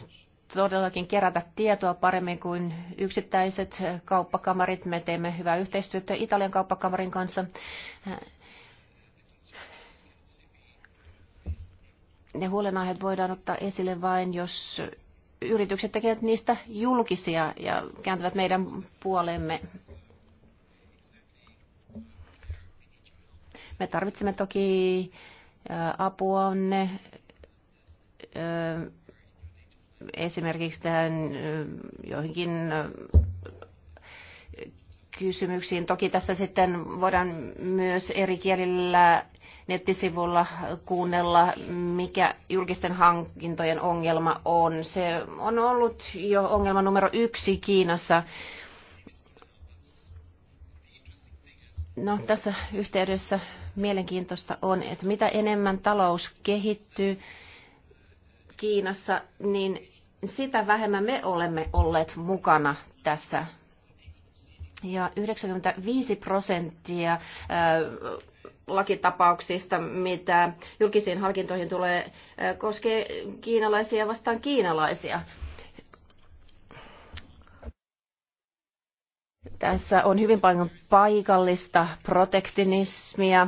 todellakin kerätä tietoa paremmin kuin yksittäiset kauppakamarit. Me teemme hyvää yhteistyötä Italian kauppakamarin kanssa. Ne huolenaiheet voidaan ottaa esille vain, jos yritykset tekevät niistä julkisia ja kääntyvät meidän puolemme. Me tarvitsemme toki apuanne esimerkiksi tähän joihinkin kysymyksiin. Toki tässä sitten voidaan myös eri kielillä nettisivulla kuunnella, mikä julkisten hankintojen ongelma on. Se on ollut jo ongelma numero yksi Kiinassa. No, tässä yhteydessä mielenkiintoista on, että mitä enemmän talous kehittyy Kiinassa, niin sitä vähemmän me olemme olleet mukana tässä. Ja 95 prosenttia lakitapauksista, mitä julkisiin hankintoihin tulee, eh, koskee kiinalaisia vastaan kiinalaisia. Tässä on hyvin paljon paikallista protektionismia,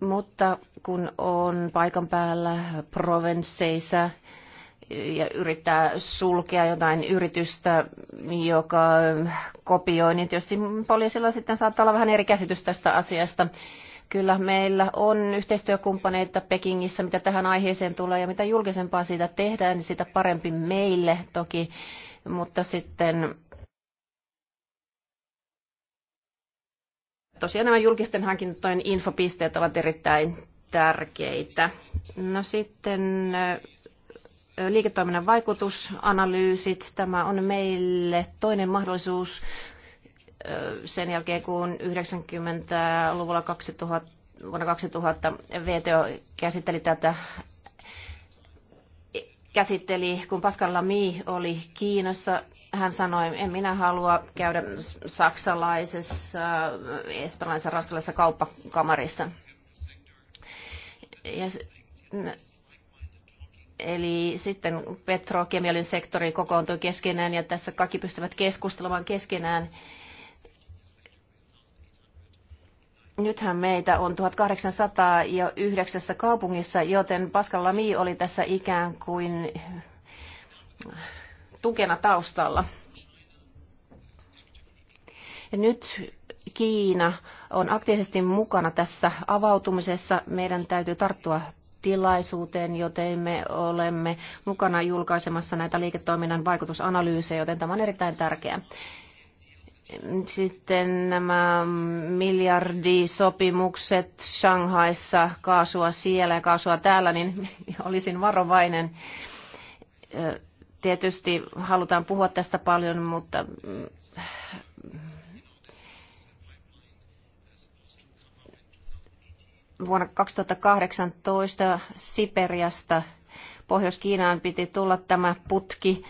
mutta kun on paikan päällä provenseissa, ja yrittää sulkea jotain yritystä, joka kopioi, niin tietysti poliisilla sitten saattaa olla vähän eri käsitys tästä asiasta. Kyllä meillä on yhteistyökumppaneita Pekingissä, mitä tähän aiheeseen tulee ja mitä julkisempaa siitä tehdään, niin sitä parempi meille toki. Mutta sitten tosiaan nämä julkisten hankintojen infopisteet ovat erittäin tärkeitä. No sitten liiketoiminnan vaikutusanalyysit. Tämä on meille toinen mahdollisuus sen jälkeen, kun 90-luvulla 2000, vuonna 2000 VTO käsitteli tätä käsitteli, kun Pascal Lamy oli Kiinassa. Hän sanoi, en minä halua käydä saksalaisessa, espanjalaisessa, raskalaisessa kauppakamarissa. Ja Eli sitten petrokemiallinen sektori kokoontui keskenään ja tässä kaikki pystyvät keskustelemaan keskenään. Nythän meitä on 1800 ja yhdeksässä kaupungissa, joten Pascal Lamy oli tässä ikään kuin tukena taustalla. Ja nyt Kiina on aktiivisesti mukana tässä avautumisessa. Meidän täytyy tarttua tilaisuuteen, joten me olemme mukana julkaisemassa näitä liiketoiminnan vaikutusanalyysejä, joten tämä on erittäin tärkeää. Sitten nämä miljardisopimukset Shanghaissa, kaasua siellä ja kaasua täällä, niin olisin varovainen. Tietysti halutaan puhua tästä paljon, mutta mm, vuonna 2018 Siperiasta Pohjois-Kiinaan piti tulla tämä putki.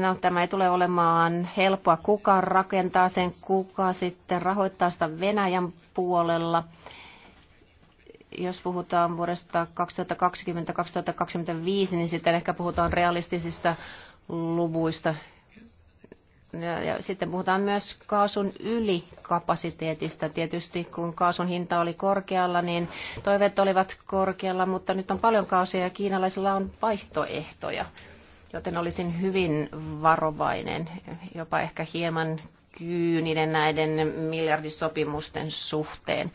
No, tämä ei tule olemaan helppoa. Kuka rakentaa sen, kuka sitten rahoittaa sitä Venäjän puolella. Jos puhutaan vuodesta 2020-2025, niin sitten ehkä puhutaan realistisista luvuista. Ja sitten puhutaan myös kaasun ylikapasiteetista. Tietysti kun kaasun hinta oli korkealla, niin toiveet olivat korkealla, mutta nyt on paljon kaasuja ja kiinalaisilla on vaihtoehtoja. Joten olisin hyvin varovainen, jopa ehkä hieman kyyninen näiden miljardisopimusten suhteen.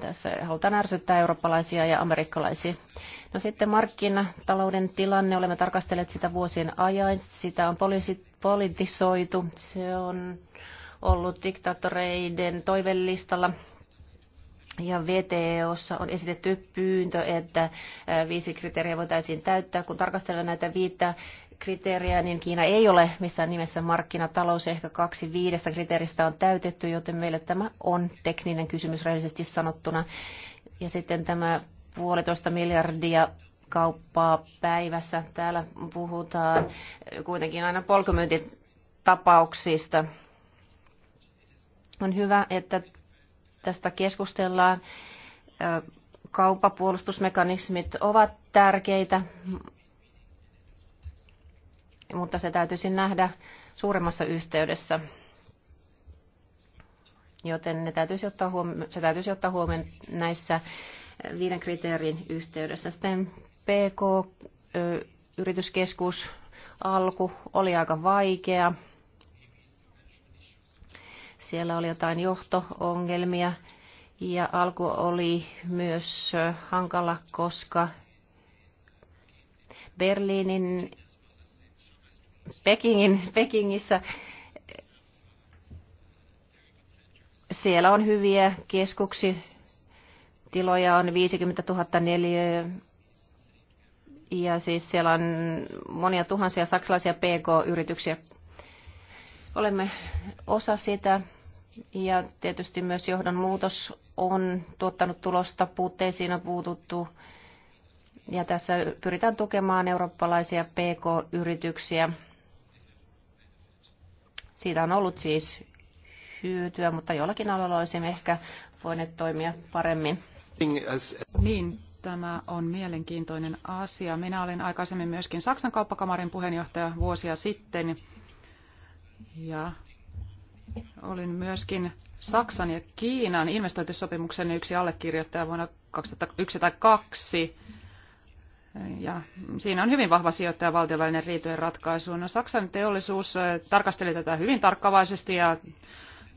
Tässä halutaan ärsyttää eurooppalaisia ja amerikkalaisia. No sitten markkinatalouden tilanne, olemme tarkastelleet sitä vuosien ajan. Sitä on poliisit politisoitu. Se on ollut diktatoreiden toivellistalla. Ja VTOssa on esitetty pyyntö, että viisi kriteeriä voitaisiin täyttää. Kun tarkastellaan näitä viittä kriteeriä, niin Kiina ei ole missään nimessä markkinatalous. Ehkä kaksi viidestä kriteeristä on täytetty, joten meille tämä on tekninen kysymys rehellisesti sanottuna. Ja sitten tämä puolitoista miljardia kauppaa päivässä. Täällä puhutaan kuitenkin aina polkumyyntitapauksista. On hyvä, että tästä keskustellaan. Kaupapuolustusmekanismit ovat tärkeitä, mutta se täytyisi nähdä suuremmassa yhteydessä. Joten ne täytyisi ottaa huomioon, se täytyisi ottaa huomioon näissä viiden kriteerin yhteydessä. Sitten PK-yrityskeskus alku oli aika vaikea. Siellä oli jotain johtoongelmia ja alku oli myös hankala, koska Berliinin, Pekingin, Pekingissä siellä on hyviä keskuksi. Tiloja on 50 000 neliöä ja siis siellä on monia tuhansia saksalaisia PK-yrityksiä. Olemme osa sitä ja tietysti myös johdon muutos on tuottanut tulosta, puutteisiin on puututtu ja tässä pyritään tukemaan eurooppalaisia PK-yrityksiä. Siitä on ollut siis hyötyä, mutta jollakin alalla olisimme ehkä voineet toimia paremmin. Niin, tämä on mielenkiintoinen asia. Minä olin aikaisemmin myöskin Saksan kauppakamarin puheenjohtaja vuosia sitten ja olin myöskin Saksan ja Kiinan investointisopimuksen yksi allekirjoittaja vuonna 2001 tai 2002. Ja siinä on hyvin vahva sijoittaja valtiovälinen riitojen ratkaisu. No, Saksan teollisuus eh, tarkasteli tätä hyvin tarkkavaisesti ja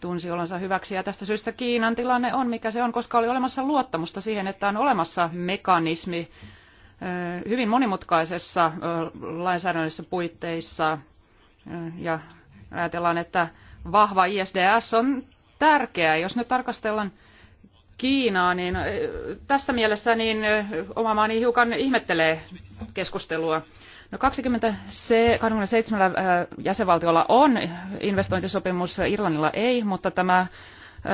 tunsi olonsa hyväksi. Ja tästä syystä Kiinan tilanne on, mikä se on, koska oli olemassa luottamusta siihen, että on olemassa mekanismi hyvin monimutkaisessa lainsäädännöllisissä puitteissa. Ja ajatellaan, että vahva ISDS on tärkeää. Jos nyt tarkastellaan Kiinaa, niin tässä mielessä niin oma maani hiukan ihmettelee keskustelua. No 27 äh, jäsenvaltiolla on investointisopimus, Irlannilla ei, mutta tämä äh,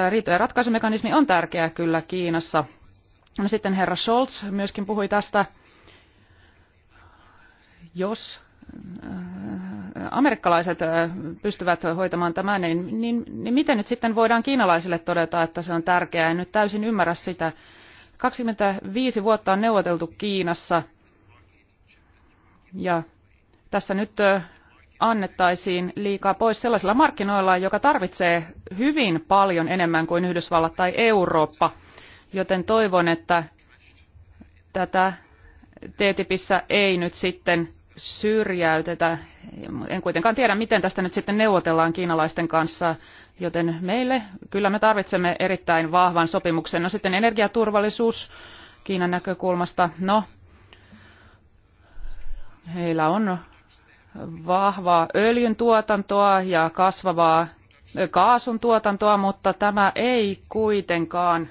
riitojen ratkaisumekanismi on tärkeä kyllä Kiinassa. No sitten herra Scholz myöskin puhui tästä, jos äh, amerikkalaiset pystyvät hoitamaan tämän, niin, niin, niin miten nyt sitten voidaan kiinalaisille todeta, että se on tärkeää? En nyt täysin ymmärrä sitä. 25 vuotta on neuvoteltu Kiinassa – ja tässä nyt annettaisiin liikaa pois sellaisilla markkinoilla, joka tarvitsee hyvin paljon enemmän kuin Yhdysvallat tai Eurooppa. Joten toivon, että tätä TTIPissä ei nyt sitten syrjäytetä. En kuitenkaan tiedä, miten tästä nyt sitten neuvotellaan kiinalaisten kanssa, joten meille kyllä me tarvitsemme erittäin vahvan sopimuksen. No sitten energiaturvallisuus Kiinan näkökulmasta. No, Heillä on vahvaa öljyn tuotantoa ja kasvavaa kaasun tuotantoa, mutta tämä ei kuitenkaan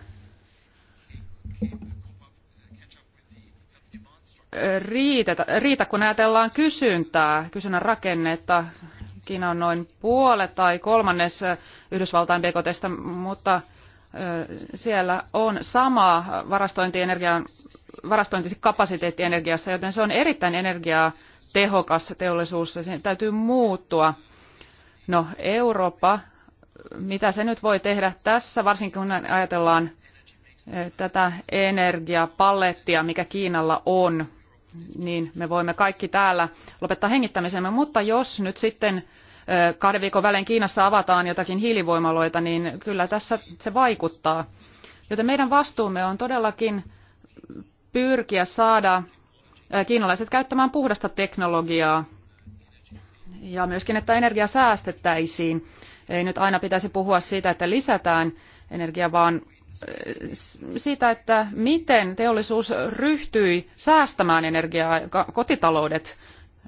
riitä, riitä kun ajatellaan kysyntää, kysynnän rakennetta. Kiina on noin puolet tai kolmannes Yhdysvaltain BKTstä, mutta siellä on sama varastointikapasiteetti energiassa, joten se on erittäin energiaa tehokas teollisuus ja sen täytyy muuttua. No Eurooppa, mitä se nyt voi tehdä tässä, varsinkin kun ajatellaan tätä energiapalettia, mikä Kiinalla on, niin me voimme kaikki täällä lopettaa hengittämisemme. Mutta jos nyt sitten kahden viikon välein Kiinassa avataan jotakin hiilivoimaloita, niin kyllä tässä se vaikuttaa. Joten meidän vastuumme on todellakin pyrkiä saada kiinalaiset käyttämään puhdasta teknologiaa ja myöskin, että energia säästettäisiin. Ei nyt aina pitäisi puhua siitä, että lisätään energiaa, vaan siitä, että miten teollisuus ryhtyi säästämään energiaa kotitaloudet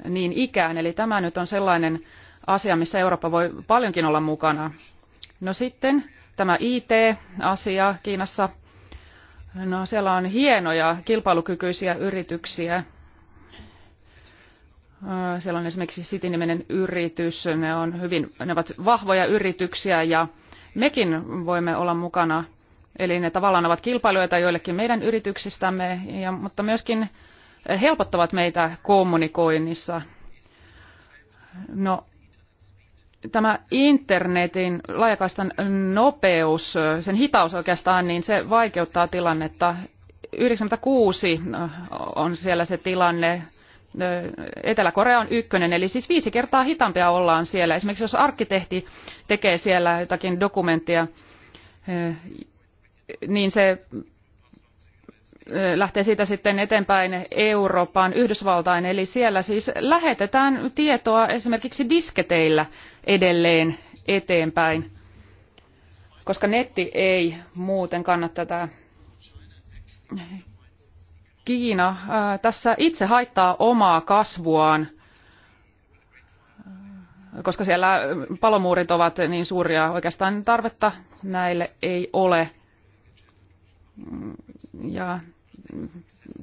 niin ikään. Eli tämä nyt on sellainen asia, missä Eurooppa voi paljonkin olla mukana. No sitten tämä IT-asia Kiinassa. No siellä on hienoja kilpailukykyisiä yrityksiä. Siellä on esimerkiksi City-niminen yritys. Ne, on hyvin, ne ovat vahvoja yrityksiä ja mekin voimme olla mukana – Eli ne tavallaan ovat kilpailijoita joillekin meidän yrityksistämme, ja, mutta myöskin helpottavat meitä kommunikoinnissa. No, tämä internetin laajakaistan nopeus, sen hitaus oikeastaan, niin se vaikeuttaa tilannetta. 96 äh, on siellä se tilanne. Äh, Etelä-Korea on ykkönen, eli siis viisi kertaa hitaampia ollaan siellä. Esimerkiksi jos arkkitehti tekee siellä jotakin dokumenttia, äh, niin se lähtee siitä sitten eteenpäin Eurooppaan, Yhdysvaltain. Eli siellä siis lähetetään tietoa esimerkiksi disketeillä edelleen eteenpäin, koska netti ei muuten kannata tätä. Kiina tässä itse haittaa omaa kasvuaan, koska siellä palomuurit ovat niin suuria. Oikeastaan tarvetta näille ei ole ja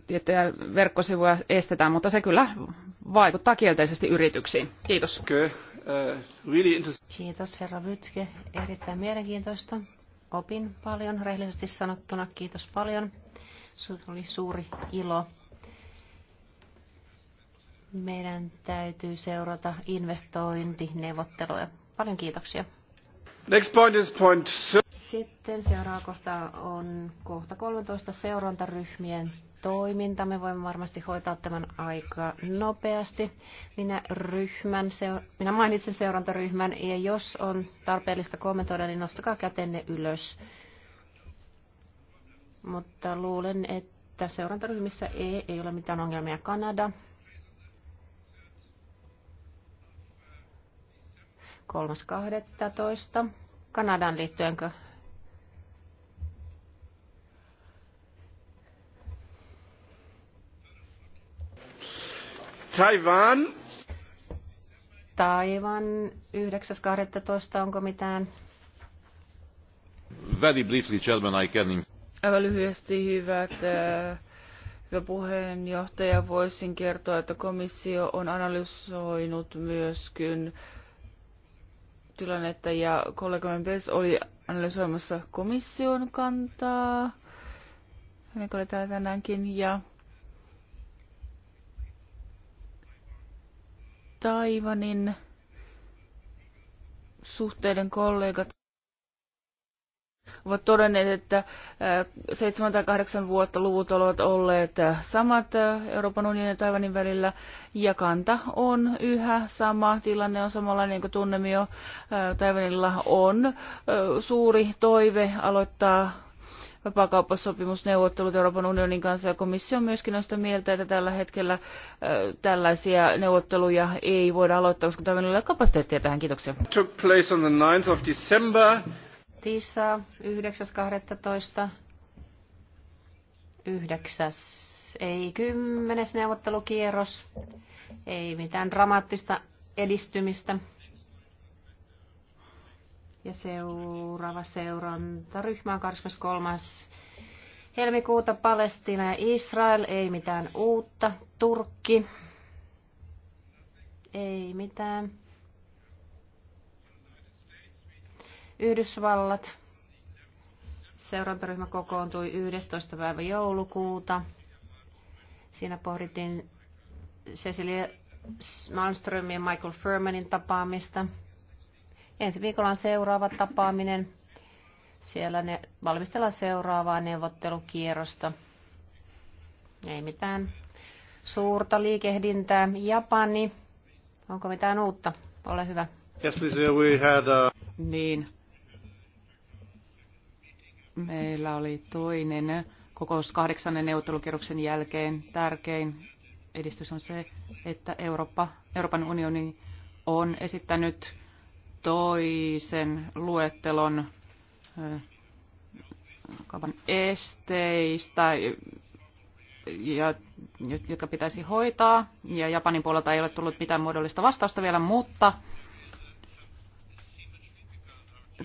tiettyjä verkkosivuja estetään, mutta se kyllä vaikuttaa kielteisesti yrityksiin. Kiitos. Uh, kiitos herra Vytke, erittäin mielenkiintoista. Opin paljon, rehellisesti sanottuna kiitos paljon. Se oli suuri ilo. Meidän täytyy seurata investointineuvotteluja. Paljon kiitoksia. Next point is point sitten seuraava kohta on kohta 13 seurantaryhmien toiminta. Me voimme varmasti hoitaa tämän aika nopeasti. Minä, ryhmän, minä mainitsen seurantaryhmän ja jos on tarpeellista kommentoida, niin nostakaa kätenne ylös. Mutta luulen, että seurantaryhmissä ei, ei ole mitään ongelmia. Kanada, 3.12. Kanadaan liittyenkö Taiwan. Taiwan 9.12. Onko mitään? Very briefly, Chairman, I can... Aivan lyhyesti hyvät äh, Hyvä puheenjohtaja, voisin kertoa, että komissio on analysoinut myöskin tilannetta ja kollegamme Bess oli analysoimassa komission kantaa. Hän oli täällä tänäänkin ja Taivanin suhteiden kollegat ovat todenneet, että 7 äh, tai 8 vuotta luvut ovat olleet äh, samat äh, Euroopan unionin ja Taivanin välillä, ja kanta on yhä sama. Tilanne on niin kuin tunnemio Taivanilla on suuri toive aloittaa vapaakauppasopimusneuvottelut Euroopan unionin kanssa ja komissio on myöskin on sitä mieltä, että tällä hetkellä äh, tällaisia neuvotteluja ei voida aloittaa, koska tämä ei ole kapasiteettia tähän. Kiitoksia. Took place on the 9th of December. Tisa 9.12. 9. Ei kymmenes neuvottelukierros. Ei mitään dramaattista edistymistä. Ja seuraava seurantaryhmä on 23. helmikuuta Palestiina ja Israel, ei mitään uutta. Turkki, ei mitään. Yhdysvallat, seurantaryhmä kokoontui 11. päivä joulukuuta. Siinä pohdittiin Cecilia Malmström ja Michael Furmanin tapaamista. Ensi viikolla on seuraava tapaaminen. Siellä ne valmistellaan seuraavaa neuvottelukierrosta. Ei mitään suurta liikehdintää. Japani, onko mitään uutta? Ole hyvä. Yes, please, we had a... Niin. Meillä oli toinen kokous kahdeksannen neuvottelukierroksen jälkeen. Tärkein edistys on se, että Eurooppa, Euroopan unioni on esittänyt toisen luettelon kaupan esteistä, ja, jotka pitäisi hoitaa. Ja Japanin puolelta ei ole tullut mitään muodollista vastausta vielä, mutta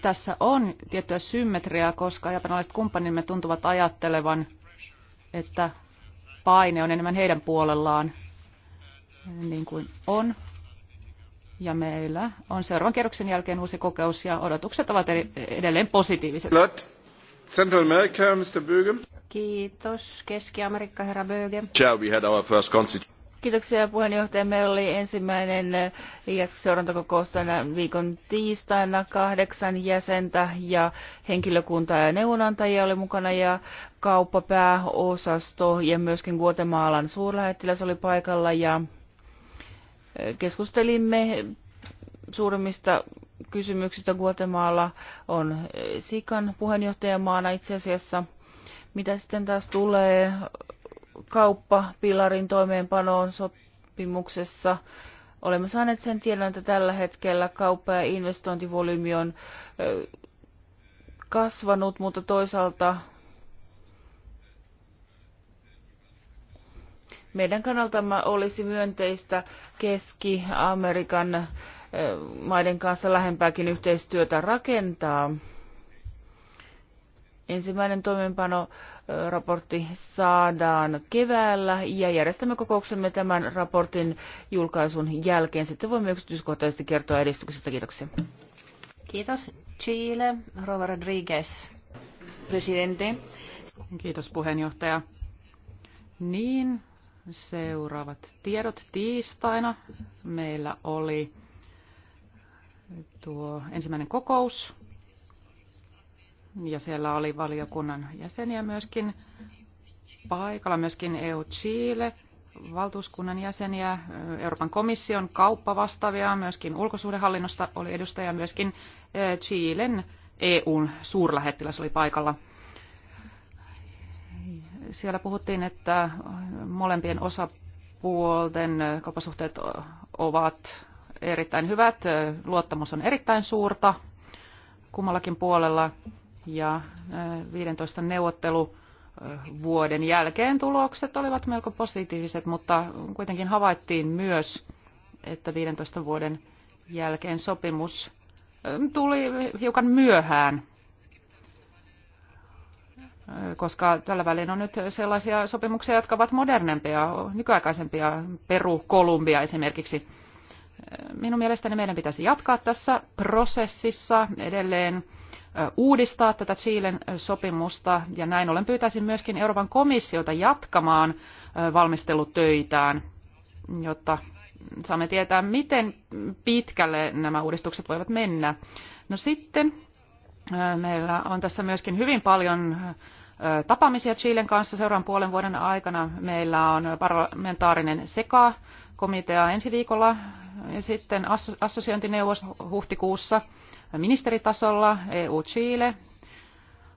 tässä on tiettyä symmetriaa, koska japanilaiset kumppanimme tuntuvat ajattelevan, että paine on enemmän heidän puolellaan, niin kuin on ja meillä on seuraavan kierroksen jälkeen uusi kokous ja odotukset ovat edelleen positiiviset. Central America, Mr. Böge. Kiitos. Keski-Amerikka, herra Böge. Ciao, we had our first Kiitoksia puheenjohtaja. Meillä oli ensimmäinen äh, seurantakokous tänä viikon tiistaina. Kahdeksan jäsentä ja henkilökuntaa ja neuvonantajia oli mukana ja kauppapääosasto ja myöskin Guatemalan suurlähettiläs oli paikalla ja Keskustelimme suurimmista kysymyksistä. Guatemala on Sikan puheenjohtajamaana itse asiassa. Mitä sitten taas tulee kauppapilarin toimeenpanoon sopimuksessa? Olemme saaneet sen tiedon, että tällä hetkellä kauppa- ja investointivolyymi on kasvanut, mutta toisaalta meidän kannaltamme olisi myönteistä Keski-Amerikan maiden kanssa lähempääkin yhteistyötä rakentaa. Ensimmäinen raportti saadaan keväällä ja järjestämme kokouksemme tämän raportin julkaisun jälkeen. Sitten voimme yksityiskohtaisesti kertoa edistyksestä. Kiitoksia. Kiitos. Chile, Rova Rodriguez. Presidente. Kiitos puheenjohtaja. Niin, seuraavat tiedot. Tiistaina meillä oli tuo ensimmäinen kokous ja siellä oli valiokunnan jäseniä myöskin paikalla, myöskin EU Chile, valtuuskunnan jäseniä, Euroopan komission kauppavastavia, myöskin ulkosuhdehallinnosta oli edustaja, myöskin eh, Chilen EUn suurlähettiläs oli paikalla. Siellä puhuttiin, että molempien osapuolten kauppasuhteet ovat erittäin hyvät, luottamus on erittäin suurta kummallakin puolella ja 15 neuvottelu vuoden jälkeen tulokset olivat melko positiiviset, mutta kuitenkin havaittiin myös, että 15 vuoden jälkeen sopimus tuli hiukan myöhään koska tällä välin on nyt sellaisia sopimuksia, jotka ovat modernempia, nykyaikaisempia, Peru, Kolumbia esimerkiksi. Minun mielestäni meidän pitäisi jatkaa tässä prosessissa edelleen uudistaa tätä Chilen sopimusta ja näin ollen pyytäisin myöskin Euroopan komissiota jatkamaan valmistelutöitään, jotta saamme tietää, miten pitkälle nämä uudistukset voivat mennä. No sitten Meillä on tässä myöskin hyvin paljon tapaamisia Chilen kanssa seuraavan puolen vuoden aikana. Meillä on parlamentaarinen SEKA-komitea ensi viikolla ja sitten assosiointineuvos huhtikuussa ministeritasolla EU-Chile.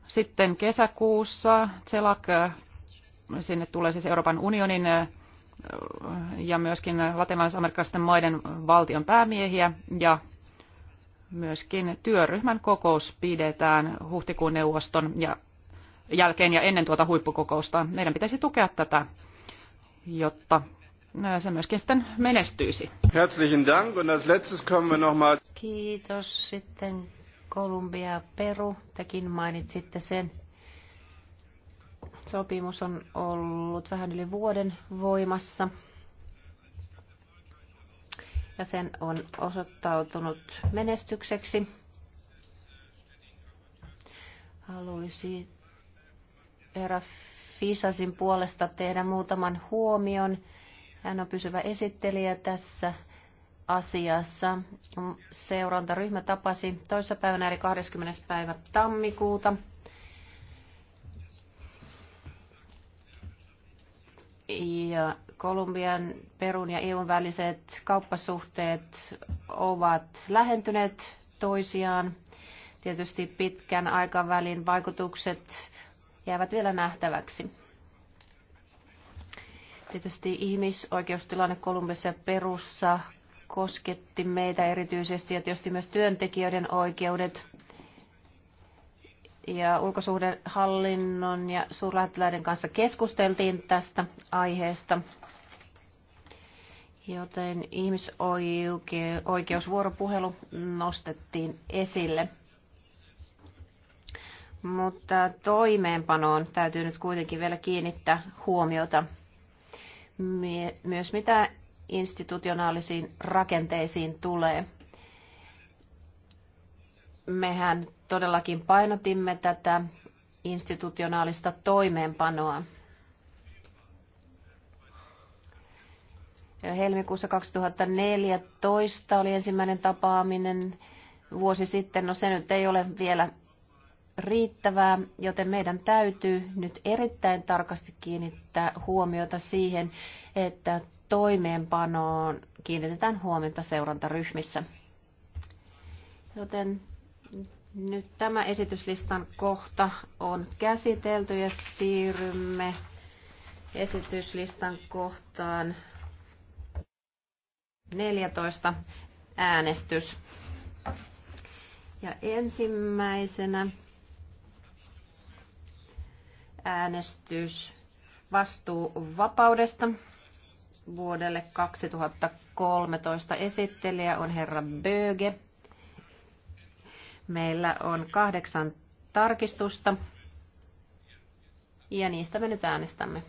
Sitten kesäkuussa CELAC, sinne tulee siis Euroopan unionin ja myöskin latinalaisamerikkalaisten maiden valtion päämiehiä ja myöskin työryhmän kokous pidetään huhtikuun neuvoston ja jälkeen ja ennen tuota huippukokousta. Meidän pitäisi tukea tätä, jotta se myöskin sitten menestyisi. Herzlichen Dank und als letztes kommen wir nochmal. Kiitos sitten Kolumbia Peru. Tekin mainitsitte sen. Sopimus on ollut vähän yli vuoden voimassa ja sen on osoittautunut menestykseksi. Haluaisin herra Fisasin puolesta tehdä muutaman huomion. Hän on pysyvä esittelijä tässä asiassa. Seurantaryhmä tapasi toissapäivänä eli 20. päivä tammikuuta. Ja Kolumbian, Perun ja EUn väliset kauppasuhteet ovat lähentyneet toisiaan. Tietysti pitkän aikavälin vaikutukset jäävät vielä nähtäväksi. Tietysti ihmisoikeustilanne Kolumbiassa ja Perussa kosketti meitä erityisesti ja tietysti myös työntekijöiden oikeudet ja ulkosuhdehallinnon ja suurlähettiläiden kanssa keskusteltiin tästä aiheesta. Joten ihmisoikeusvuoropuhelu nostettiin esille. Mutta toimeenpanoon täytyy nyt kuitenkin vielä kiinnittää huomiota myös mitä institutionaalisiin rakenteisiin tulee. Mehän todellakin painotimme tätä institutionaalista toimeenpanoa. Helmikuussa 2014 oli ensimmäinen tapaaminen vuosi sitten. No se nyt ei ole vielä riittävää, joten meidän täytyy nyt erittäin tarkasti kiinnittää huomiota siihen, että toimeenpanoon kiinnitetään huomiota seurantaryhmissä. Joten nyt tämä esityslistan kohta on käsitelty ja siirrymme esityslistan kohtaan 14 äänestys. Ja ensimmäisenä äänestys vastuu vapaudesta vuodelle 2013 esittelijä on herra Böge. Meillä on kahdeksan tarkistusta ja niistä me nyt äänestämme.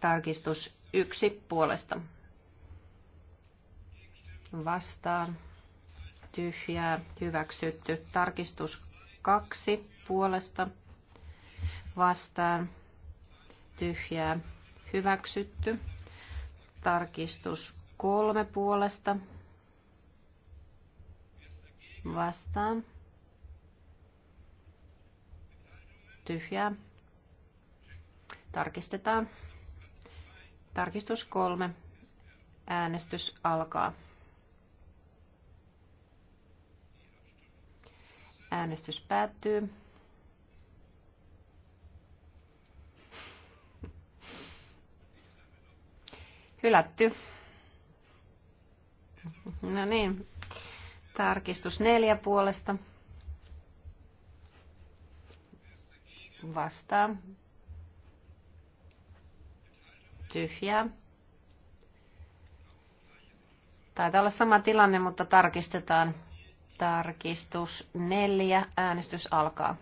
Tarkistus yksi puolesta vastaan tyhjää hyväksytty. Tarkistus kaksi puolesta vastaan tyhjää hyväksytty. Tarkistus kolme puolesta vastaan tyhjää. Tarkistetaan. Tarkistus kolme. Äänestys alkaa. Äänestys päättyy. Hylätty. No niin. Tarkistus neljä puolesta. Vastaa. Tyhjää. Taitaa olla sama tilanne, mutta tarkistetaan. Tarkistus neljä. Äänestys alkaa.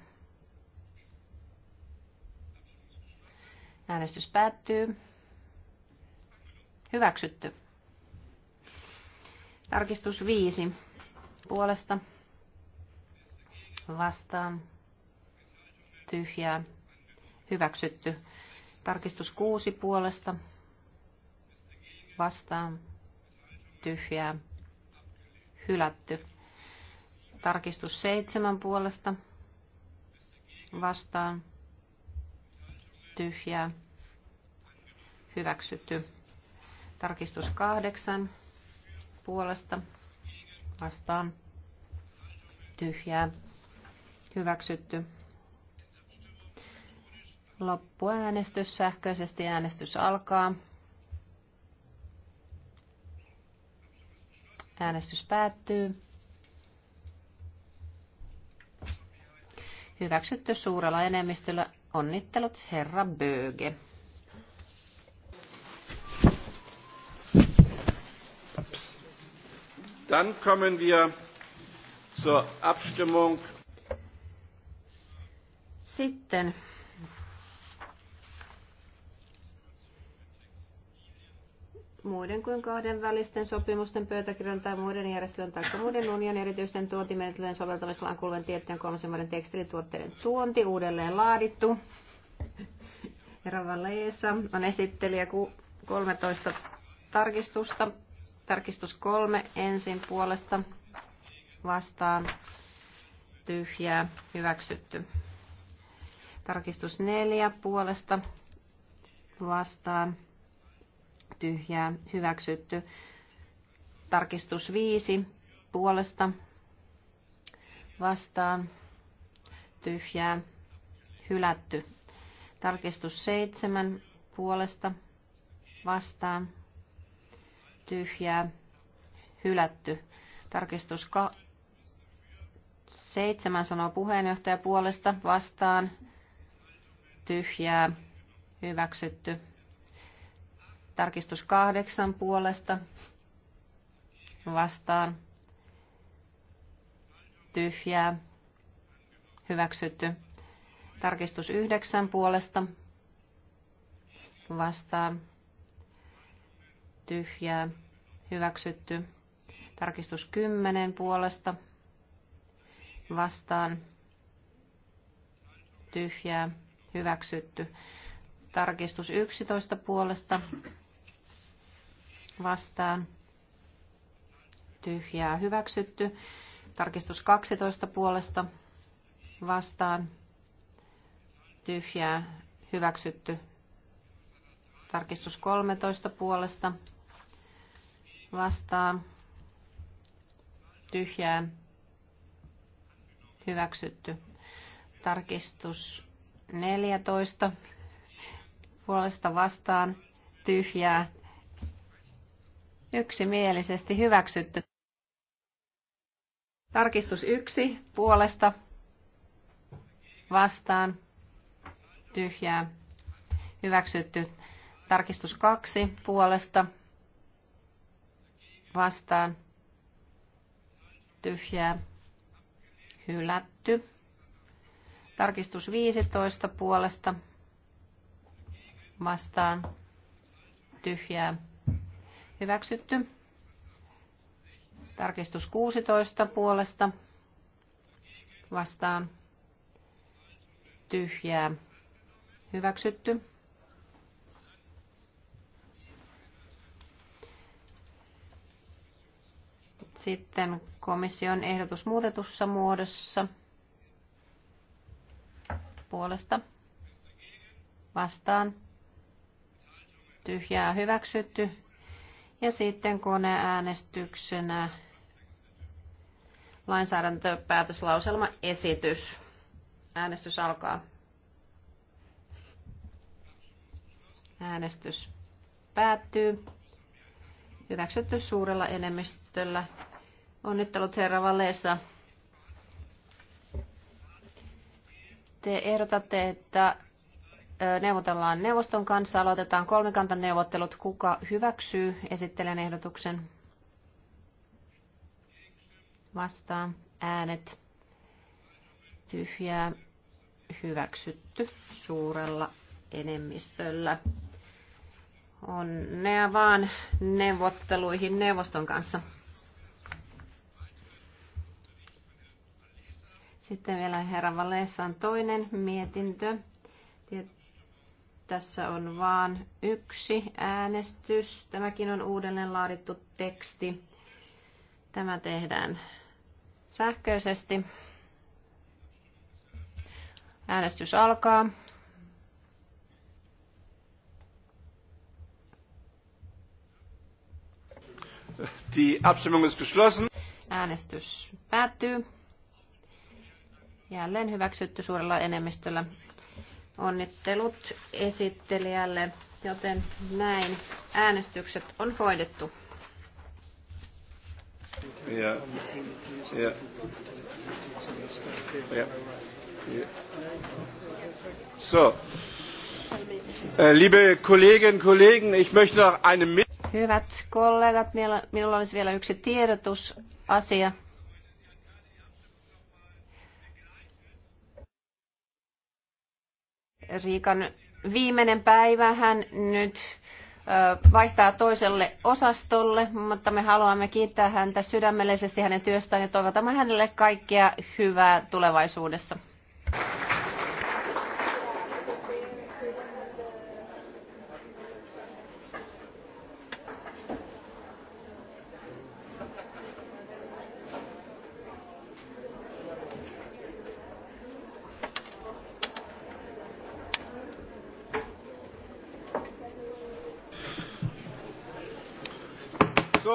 Äänestys päättyy. Hyväksytty. Tarkistus viisi Puolesta. Vastaan. Tyhjää. Hyväksytty. Tarkistus kuusi Puolesta. Vastaan. Tyhjää. Hylätty. Tarkistus seitsemän puolesta vastaan tyhjää hyväksytty. Tarkistus kahdeksan puolesta vastaan tyhjää hyväksytty. Loppuäänestys sähköisesti äänestys alkaa. Äänestys päättyy. Hyväksytty suurella enemmistöllä. Onnittelut, herra Böge. Dann kommen wir zur Abstimmung. Sitten muiden kuin kahden välisten sopimusten pöytäkirjan tai muiden järjestelyn tai muiden unionin erityisten tuontimenettelyjen soveltamisalaan kuuluvan tiettyjen kolmasen maiden tekstilituotteiden tuonti uudelleen laadittu. Herra Leesa on esittelijä 13 tarkistusta. Tarkistus kolme ensin puolesta vastaan tyhjää hyväksytty. Tarkistus neljä puolesta vastaan tyhjää hyväksytty. Tarkistus 5 puolesta vastaan tyhjää hylätty. Tarkistus 7 puolesta vastaan tyhjää hylätty. Tarkistus ka- sanoo puheenjohtaja puolesta vastaan tyhjää hyväksytty. Tarkistus kahdeksan puolesta vastaan. Tyhjää. Hyväksytty. Tarkistus yhdeksän puolesta vastaan. Tyhjää. Hyväksytty. Tarkistus kymmenen puolesta vastaan. Tyhjää. Hyväksytty. Tarkistus yksitoista puolesta vastaan tyhjää hyväksytty. Tarkistus 12 puolesta vastaan tyhjää hyväksytty. Tarkistus 13 puolesta vastaan tyhjää hyväksytty. Tarkistus 14 puolesta vastaan tyhjää Yksimielisesti hyväksytty. Tarkistus yksi puolesta vastaan tyhjää hyväksytty. Tarkistus kaksi puolesta vastaan tyhjää hylätty. Tarkistus 15 puolesta vastaan tyhjää Hyväksytty. Tarkistus 16 puolesta vastaan. Tyhjää. Hyväksytty. Sitten komission ehdotus muutetussa muodossa puolesta vastaan. Tyhjää hyväksytty. Ja sitten koneäänestyksenä lainsäädäntöpäätöslauselma esitys. Äänestys alkaa. Äänestys päättyy. Hyväksytty suurella enemmistöllä. Onnittelut herra Valeessa. Te ehdotatte, että neuvotellaan neuvoston kanssa, aloitetaan kolmikantaneuvottelut, kuka hyväksyy esittelijän ehdotuksen vastaan, äänet, tyhjää, hyväksytty suurella enemmistöllä. Onnea vaan neuvotteluihin neuvoston kanssa. Sitten vielä herra Valessan toinen mietintö. Tässä on vaan yksi äänestys. Tämäkin on uudelleen laadittu teksti. Tämä tehdään sähköisesti. Äänestys alkaa. Die Abstimmung ist geschlossen. Äänestys päättyy. Jälleen hyväksytty suurella enemmistöllä. Onnittelut esittelijälle, joten näin äänestykset on hoidettu. Ja, ja, ja, So. Äh, liebe Kolleginnen Kollegen, ich möchte noch eine Hyvät kollegat, minulla olisi vielä yksi tiedotusasia. Riikan viimeinen päivä hän nyt vaihtaa toiselle osastolle, mutta me haluamme kiittää häntä sydämellisesti hänen työstään ja toivotamme hänelle kaikkea hyvää tulevaisuudessa.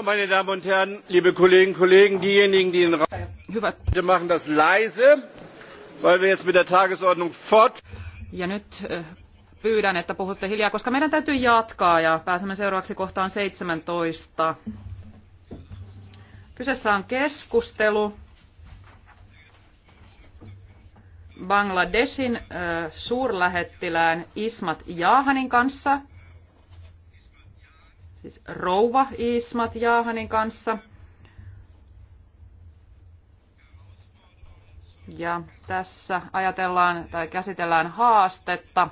meine Damen und Herren, liebe Kolleginnen und Kollegen, diejenigen, die den Raum machen das leise, weil wir jetzt mit der Tagesordnung fort. Ja nyt äh, pyydän, että puhutte hiljaa, koska meidän täytyy jatkaa ja pääsemme seuraavaksi kohtaan 17. Kyseessä on keskustelu Bangladesin äh, suurlähettilään Ismat Jaahanin kanssa – siis rouva Ismat Jaahanin kanssa. Ja tässä ajatellaan tai käsitellään haastetta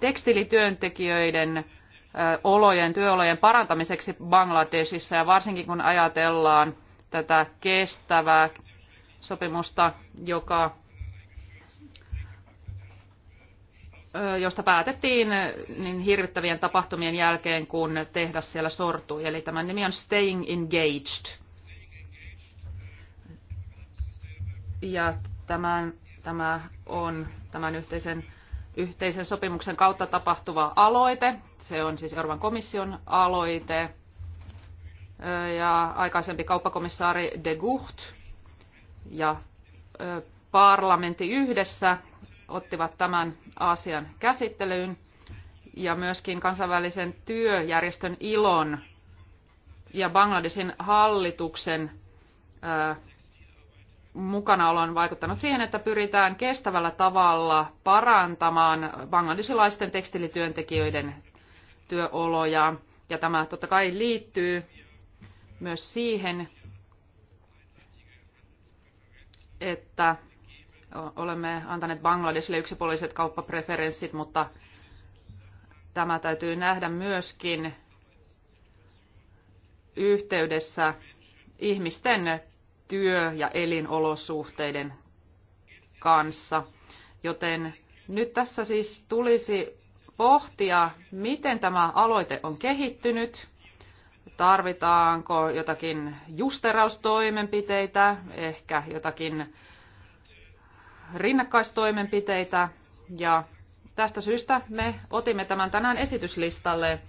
tekstilityöntekijöiden olojen, työolojen parantamiseksi Bangladesissa ja varsinkin kun ajatellaan tätä kestävää sopimusta, joka josta päätettiin niin hirvittävien tapahtumien jälkeen, kun tehdas siellä sortui. Eli tämän nimi on Staying Engaged. Ja tämän, tämä on tämän yhteisen, yhteisen sopimuksen kautta tapahtuva aloite. Se on siis Euroopan komission aloite. Ja aikaisempi kauppakomissaari de Gucht ja parlamentti yhdessä ottivat tämän asian käsittelyyn ja myöskin kansainvälisen työjärjestön ilon ja Bangladesin hallituksen mukanaolo on vaikuttanut siihen, että pyritään kestävällä tavalla parantamaan bangladesilaisten tekstilityöntekijöiden työoloja. Ja tämä totta kai liittyy myös siihen, että olemme antaneet Bangladesille yksipuoliset kauppapreferenssit, mutta tämä täytyy nähdä myöskin yhteydessä ihmisten työ- ja elinolosuhteiden kanssa. Joten nyt tässä siis tulisi pohtia, miten tämä aloite on kehittynyt, tarvitaanko jotakin justeraustoimenpiteitä, ehkä jotakin rinnakkaistoimenpiteitä ja tästä syystä me otimme tämän tänään esityslistalle.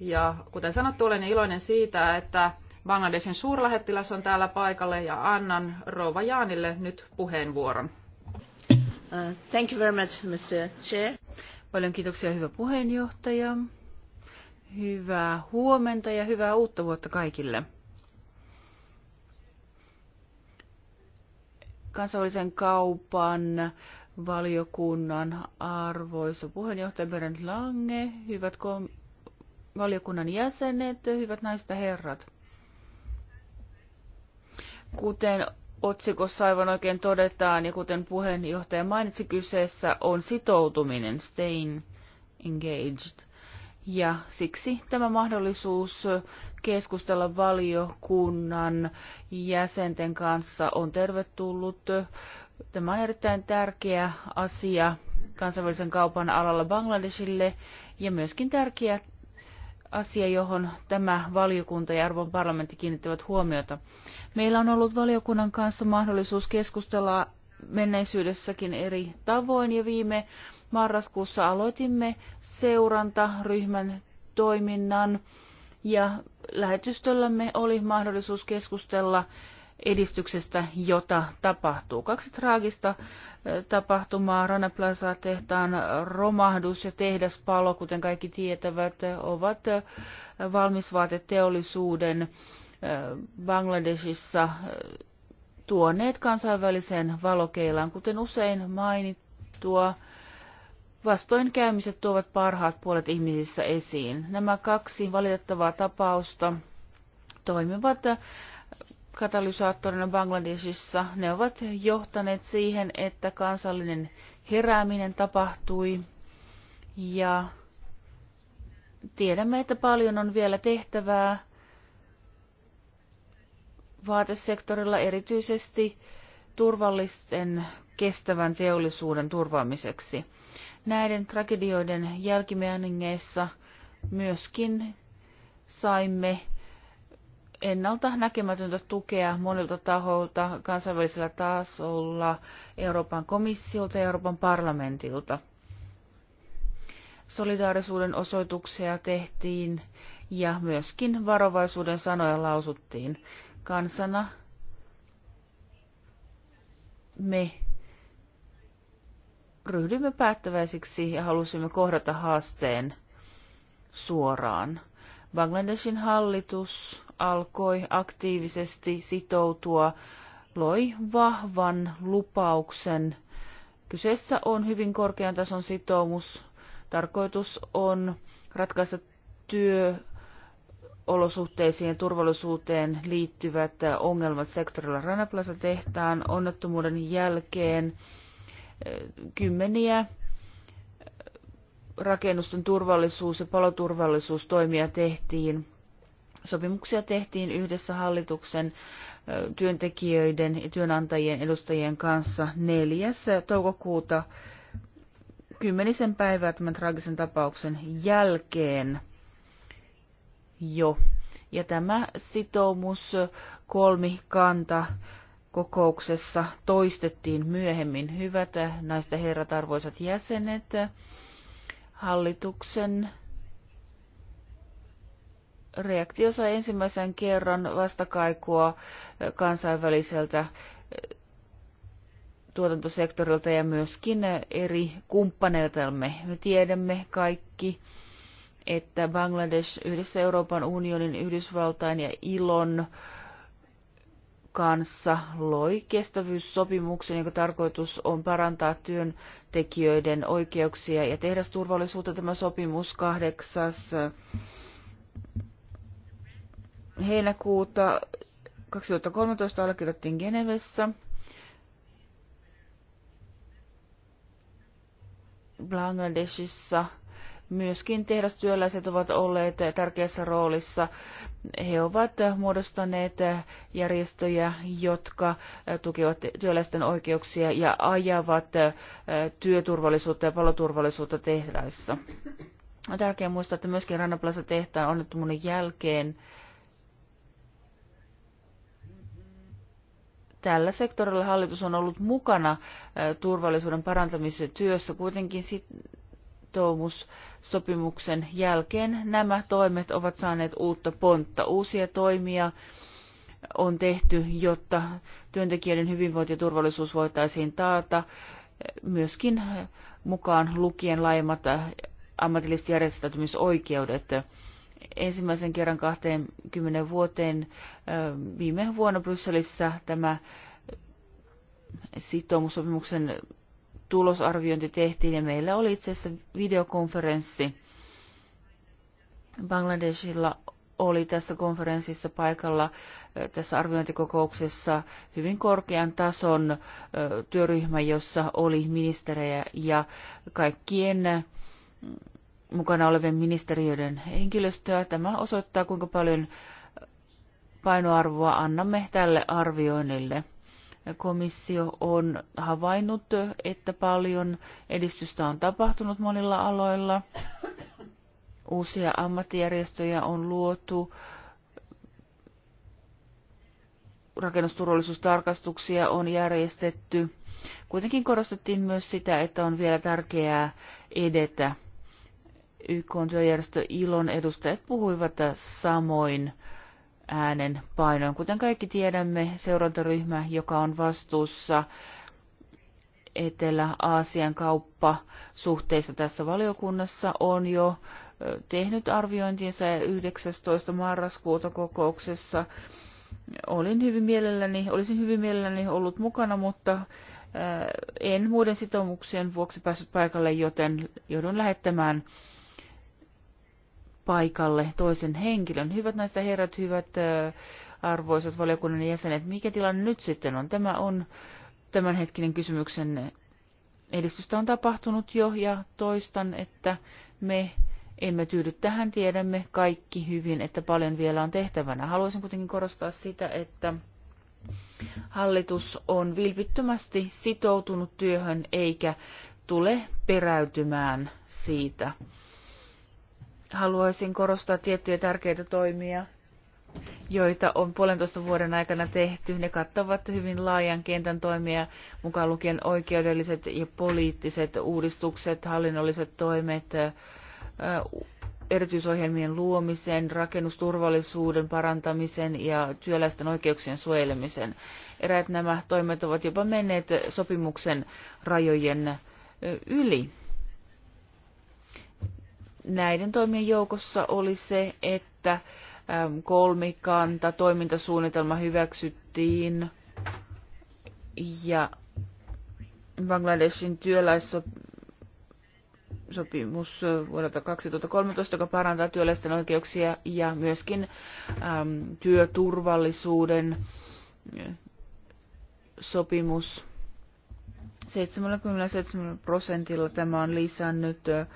Ja kuten sanottu, olen iloinen siitä, että Bangladesin suurlähettiläs on täällä paikalle ja annan rouva Jaanille nyt puheenvuoron. Uh, thank you very much, Mr. Chair. Paljon kiitoksia, hyvä puheenjohtaja. Hyvää huomenta ja hyvää uutta vuotta kaikille. kansainvälisen kaupan valiokunnan arvoisa puheenjohtaja Berend Lange, hyvät kom- valiokunnan jäsenet, hyvät naiset ja herrat. Kuten otsikossa aivan oikein todetaan ja kuten puheenjohtaja mainitsi, kyseessä on sitoutuminen, staying engaged. Ja siksi tämä mahdollisuus keskustella valiokunnan jäsenten kanssa on tervetullut. Tämä on erittäin tärkeä asia kansainvälisen kaupan alalla Bangladesille ja myöskin tärkeä asia, johon tämä valiokunta ja arvon parlamentti kiinnittävät huomiota. Meillä on ollut valiokunnan kanssa mahdollisuus keskustella menneisyydessäkin eri tavoin ja viime Marraskuussa aloitimme seurantaryhmän toiminnan ja lähetystöllämme oli mahdollisuus keskustella edistyksestä, jota tapahtuu. Kaksi traagista tapahtumaa, Rana Plaza-tehtaan romahdus ja tehdaspalo, kuten kaikki tietävät, ovat valmisvaateteollisuuden Bangladesissa tuoneet kansainväliseen valokeilaan, kuten usein mainittua vastoinkäymiset tuovat parhaat puolet ihmisissä esiin. Nämä kaksi valitettavaa tapausta toimivat katalysaattorina Bangladesissa. Ne ovat johtaneet siihen, että kansallinen herääminen tapahtui ja tiedämme, että paljon on vielä tehtävää vaatesektorilla erityisesti turvallisten kestävän teollisuuden turvaamiseksi. Näiden tragedioiden jälkimeaningeissa myöskin saimme ennalta näkemätöntä tukea monilta taholta kansainvälisellä tasolla, Euroopan komissiolta ja Euroopan parlamentilta. Solidaarisuuden osoituksia tehtiin ja myöskin varovaisuuden sanoja lausuttiin. Kansana me ryhdymme päättäväisiksi ja halusimme kohdata haasteen suoraan. Bangladeshin hallitus alkoi aktiivisesti sitoutua, loi vahvan lupauksen. Kyseessä on hyvin korkean tason sitoumus. Tarkoitus on ratkaista työ olosuhteisiin ja turvallisuuteen liittyvät ongelmat sektorilla Ranaplaza-tehtaan onnettomuuden jälkeen kymmeniä rakennusten turvallisuus- ja paloturvallisuustoimia tehtiin. Sopimuksia tehtiin yhdessä hallituksen työntekijöiden ja työnantajien edustajien kanssa 4. toukokuuta kymmenisen päivää tämän traagisen tapauksen jälkeen jo. Ja tämä sitoumus kolmikanta kokouksessa toistettiin myöhemmin. Hyvät näistä herrat arvoisat jäsenet, hallituksen reaktio sai ensimmäisen kerran vastakaikua kansainväliseltä eh, tuotantosektorilta ja myöskin eri kumppaneiltamme. Me tiedämme kaikki, että Bangladesh yhdessä Euroopan unionin, Yhdysvaltain ja ILON äh, kanssa loi kestävyyssopimuksen, jonka tarkoitus on parantaa työntekijöiden oikeuksia ja tehdasturvallisuutta. Tämä sopimus 8. heinäkuuta 2013 allekirjoitettiin Genevessä. Bangladeshissa Myöskin tehdastyöläiset ovat olleet tärkeässä roolissa. He ovat muodostaneet järjestöjä, jotka tukevat työläisten oikeuksia ja ajavat työturvallisuutta ja paloturvallisuutta tehdaissa. On tärkeää muistaa, että myöskin Rannaplassa tehtaan onnettomuuden jälkeen tällä sektorilla hallitus on ollut mukana turvallisuuden parantamistyössä. Kuitenkin sit, sitoumussopimuksen sopimuksen jälkeen nämä toimet ovat saaneet uutta pontta. Uusia toimia on tehty, jotta työntekijöiden hyvinvointi ja turvallisuus voitaisiin taata, myöskin mukaan lukien laajemmat ammatilliset järjestäytymisoikeudet. Ensimmäisen kerran 20 vuoteen ähm, viime vuonna Brysselissä tämä sitoumusopimuksen tulosarviointi tehtiin ja meillä oli itse asiassa videokonferenssi. Bangladeshilla oli tässä konferenssissa paikalla tässä arviointikokouksessa hyvin korkean tason työryhmä, jossa oli ministerejä ja kaikkien mukana olevien ministeriöiden henkilöstöä. Tämä osoittaa, kuinka paljon painoarvoa annamme tälle arvioinnille komissio on havainnut, että paljon edistystä on tapahtunut monilla aloilla. Uusia ammattijärjestöjä on luotu, rakennusturvallisuustarkastuksia on järjestetty. Kuitenkin korostettiin myös sitä, että on vielä tärkeää edetä. YK työjärjestö ILON edustajat puhuivat samoin äänen painoon. Kuten kaikki tiedämme, seurantaryhmä, joka on vastuussa Etelä-Aasian kauppasuhteista tässä valiokunnassa, on jo tehnyt arviointinsa 19. marraskuuta kokouksessa. Olin hyvin mielelläni, olisin hyvin mielelläni ollut mukana, mutta en muiden sitoumuksien vuoksi päässyt paikalle, joten joudun lähettämään paikalle toisen henkilön. Hyvät näistä herrat, hyvät arvoisat valiokunnan jäsenet, mikä tilanne nyt sitten on? Tämä on tämänhetkinen kysymyksen edistystä on tapahtunut jo ja toistan, että me emme tyydy tähän, tiedämme kaikki hyvin, että paljon vielä on tehtävänä. Haluaisin kuitenkin korostaa sitä, että hallitus on vilpittömästi sitoutunut työhön eikä tule peräytymään siitä haluaisin korostaa tiettyjä tärkeitä toimia, joita on puolentoista vuoden aikana tehty. Ne kattavat hyvin laajan kentän toimia, mukaan lukien oikeudelliset ja poliittiset uudistukset, hallinnolliset toimet, erityisohjelmien luomisen, rakennusturvallisuuden parantamisen ja työläisten oikeuksien suojelemisen. Eräät nämä toimet ovat jopa menneet sopimuksen rajojen yli näiden toimien joukossa oli se, että ähm, kolmikanta toimintasuunnitelma hyväksyttiin ja Bangladeshin työläissopimus vuodelta 2013, joka parantaa työläisten oikeuksia ja myöskin äm, työturvallisuuden äh, sopimus 77 prosentilla tämä on lisännyt äh,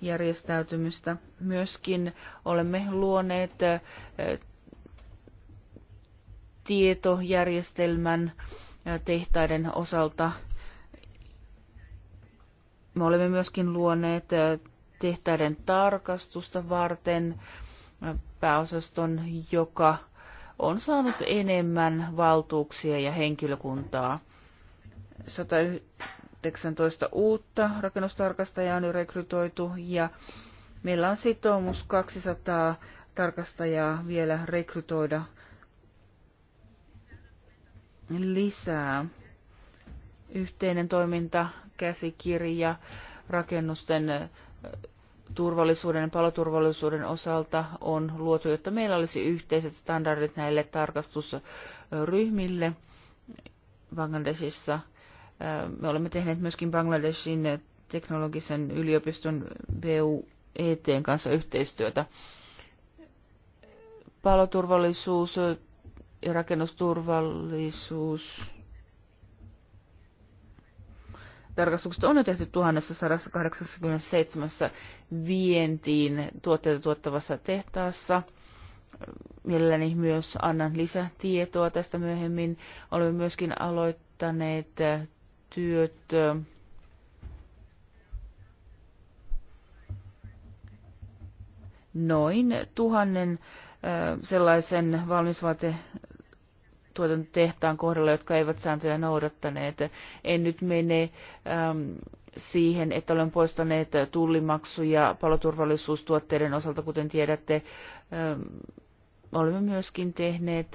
järjestäytymistä. Myöskin olemme luoneet tietojärjestelmän tehtaiden osalta. Me olemme myöskin luoneet tehtaiden tarkastusta varten pääosaston, joka on saanut enemmän valtuuksia ja henkilökuntaa. 19 uutta rakennustarkastajaa on rekrytoitu ja meillä on sitoumus 200 tarkastajaa vielä rekrytoida lisää. Yhteinen toiminta käsikirja, rakennusten turvallisuuden ja paloturvallisuuden osalta on luotu, jotta meillä olisi yhteiset standardit näille tarkastusryhmille Bangladesissa – me olemme tehneet myöskin Bangladeshin teknologisen yliopiston BUET kanssa yhteistyötä. Paloturvallisuus ja rakennusturvallisuus. Tarkastukset on jo tehty 1187 vientiin tuotteita tuottavassa tehtaassa mielelläni myös annan lisätietoa tästä myöhemmin. Olemme myöskin aloittaneet työt noin tuhannen sellaisen valmisvaate tuotantotehtaan kohdalla, jotka eivät sääntöjä noudattaneet. En nyt mene äm, siihen, että olen poistaneet tullimaksuja paloturvallisuustuotteiden osalta, kuten tiedätte. Äm, olemme myöskin tehneet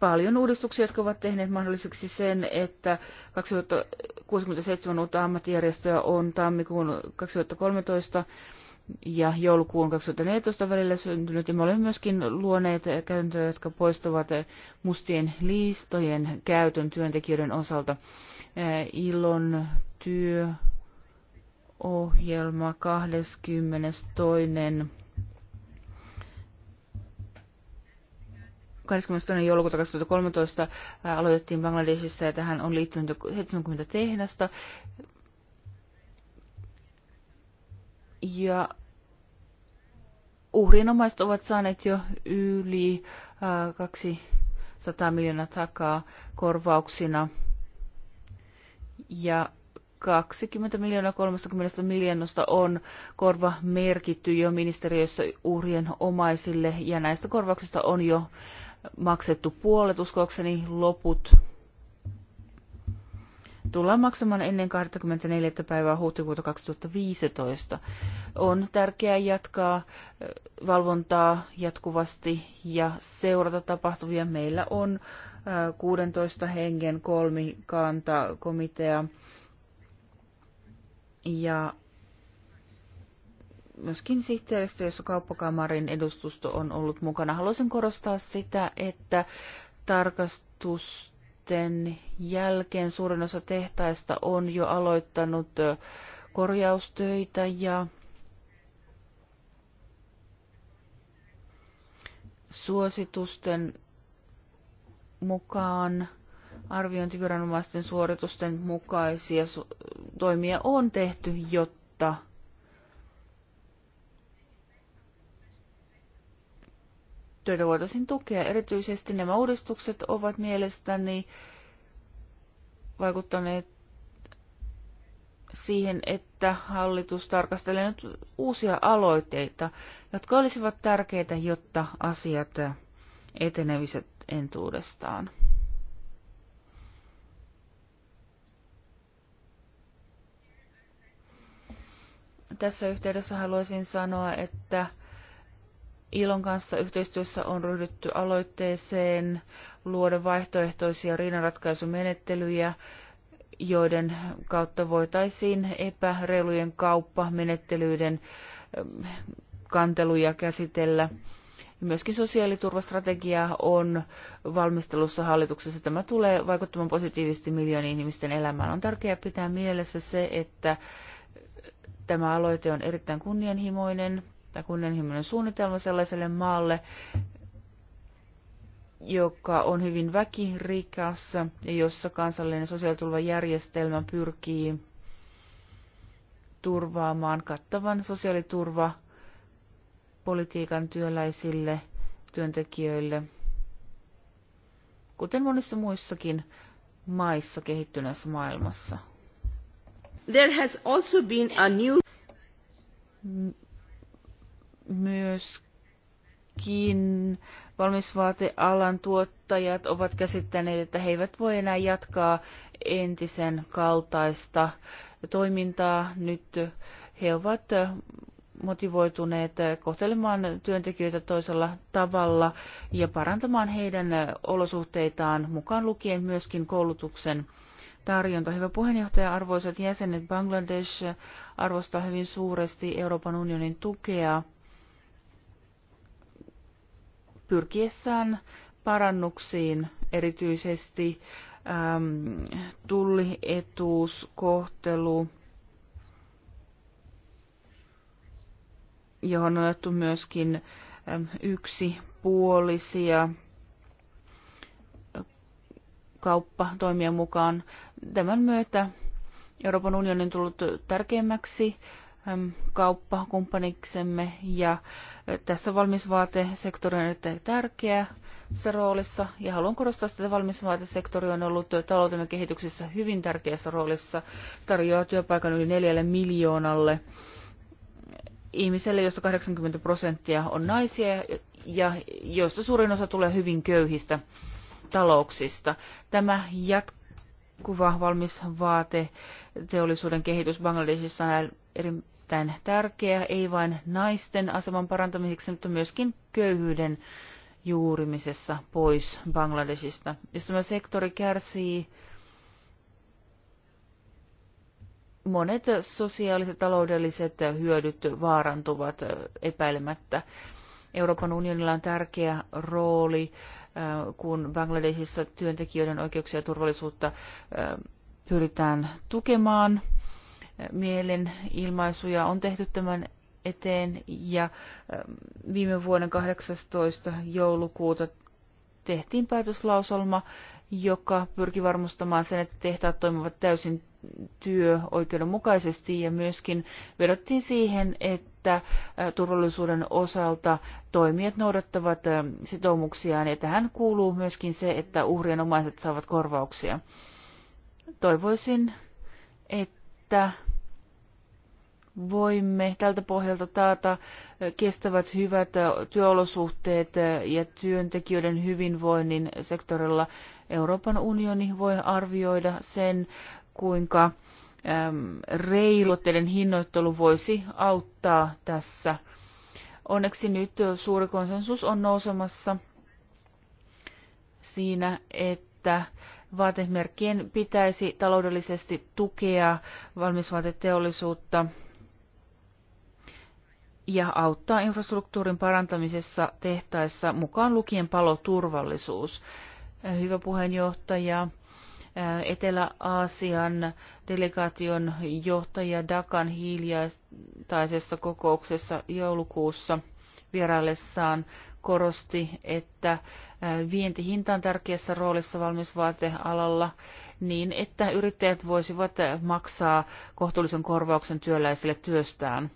paljon uudistuksia, jotka ovat tehneet mahdolliseksi sen, että 2067 uutta ammattijärjestöä on tammikuun 2013 ja joulukuun 2014 välillä syntynyt, ja me olemme myöskin luoneet käytäntöjä, jotka poistavat mustien liistojen käytön työntekijöiden osalta. Ilon työohjelma 22. 22. joulukuuta 2013 äh, aloitettiin Bangladesissa ja tähän on liittynyt 70 tehdasta. Ja uhrinomaiset ovat saaneet jo yli 200 äh, miljoonaa takaa korvauksina. Ja 20 miljoonaa 30 miljoonasta on korva merkitty jo ministeriössä uhrien omaisille ja näistä korvauksista on jo maksettu puolet, uskoakseni loput tullaan maksamaan ennen 24. päivää huhtikuuta 2015. On tärkeää jatkaa valvontaa jatkuvasti ja seurata tapahtuvia. Meillä on 16 hengen kolmikanta komitea ja myöskin sihteeristö, jossa kauppakamarin edustusto on ollut mukana. Haluaisin korostaa sitä, että tarkastusten jälkeen suurin osa tehtaista on jo aloittanut korjaustöitä ja suositusten mukaan arviointiviranomaisten suoritusten mukaisia toimia on tehty, jotta joita voitaisiin tukea. Erityisesti nämä uudistukset ovat mielestäni vaikuttaneet siihen, että hallitus tarkastelee nyt uusia aloitteita, jotka olisivat tärkeitä, jotta asiat eteneviset entuudestaan. Tässä yhteydessä haluaisin sanoa, että Ilon kanssa yhteistyössä on ryhdytty aloitteeseen luoda vaihtoehtoisia riidanratkaisumenettelyjä, joiden kautta voitaisiin epäreilujen kauppamenettelyiden ähm, kanteluja käsitellä. Myöskin sosiaaliturvastrategia on valmistelussa hallituksessa. Tämä tulee vaikuttamaan positiivisesti miljoonien ihmisten elämään. On tärkeää pitää mielessä se, että tämä aloite on erittäin kunnianhimoinen tai kunnianhimoinen suunnitelma sellaiselle maalle, joka on hyvin väkirikassa ja jossa kansallinen sosiaaliturvajärjestelmä pyrkii turvaamaan kattavan sosiaaliturvapolitiikan työläisille työntekijöille, kuten monissa muissakin maissa kehittyneessä maailmassa. There has also been a new myöskin valmisvaatealan tuottajat ovat käsittäneet, että he eivät voi enää jatkaa entisen kaltaista toimintaa. Nyt he ovat motivoituneet kohtelemaan työntekijöitä toisella tavalla ja parantamaan heidän olosuhteitaan mukaan lukien myöskin koulutuksen tarjonta. Hyvä puheenjohtaja, arvoisat jäsenet, Bangladesh arvostaa hyvin suuresti Euroopan unionin tukea pyrkiessään parannuksiin erityisesti äm, tullietuuskohtelu, johon on otettu myöskin äm, yksipuolisia äh, kauppatoimia mukaan. Tämän myötä Euroopan unionin on tullut äh, kauppakumppaniksemme ja tässä valmisvaatesektori on erittäin tärkeä roolissa ja haluan korostaa sitä, että valmisvaatesektori on ollut taloutemme kehityksessä hyvin tärkeässä roolissa, tarjoaa työpaikan yli neljälle miljoonalle ihmiselle, josta 80 prosenttia on naisia ja joista suurin osa tulee hyvin köyhistä talouksista. Tämä jatkuu kuva, valmis vaate, teollisuuden kehitys Bangladesissa on erittäin tärkeä, ei vain naisten aseman parantamiseksi, mutta myöskin köyhyyden juurimisessa pois Bangladesista. Jos tämä sektori kärsii, monet sosiaaliset taloudelliset hyödyt vaarantuvat epäilemättä. Euroopan unionilla on tärkeä rooli Äh, kun Bangladesissa työntekijöiden oikeuksia ja turvallisuutta äh, pyritään tukemaan. Äh, Mielenilmaisuja on tehty tämän eteen ja viime vuoden 18. joulukuuta tehtiin päätöslauselma, joka pyrki varmistamaan sen, että tehtaat toimivat täysin työoikeudenmukaisesti ja myöskin vedottiin siihen, että turvallisuuden osalta toimijat noudattavat sitoumuksiaan ja tähän kuuluu myöskin se, että uhrien omaiset saavat korvauksia. Toivoisin, että voimme tältä pohjalta taata kestävät hyvät työolosuhteet ja työntekijöiden hyvinvoinnin sektorilla. Euroopan unioni voi arvioida sen, kuinka reilotteiden hinnoittelu voisi auttaa tässä. Onneksi nyt suuri konsensus on nousemassa siinä, että vaatemerkkien pitäisi taloudellisesti tukea valmisvaateteollisuutta – ja auttaa infrastruktuurin parantamisessa tehtaissa mukaan lukien paloturvallisuus. Hyvä puheenjohtaja, Etelä-Aasian delegaation johtaja Dakan hiljaisessa kokouksessa joulukuussa vieraillessaan korosti, että vientihinta on tärkeässä roolissa valmisvaatealalla niin, että yrittäjät voisivat maksaa kohtuullisen korvauksen työläisille työstään.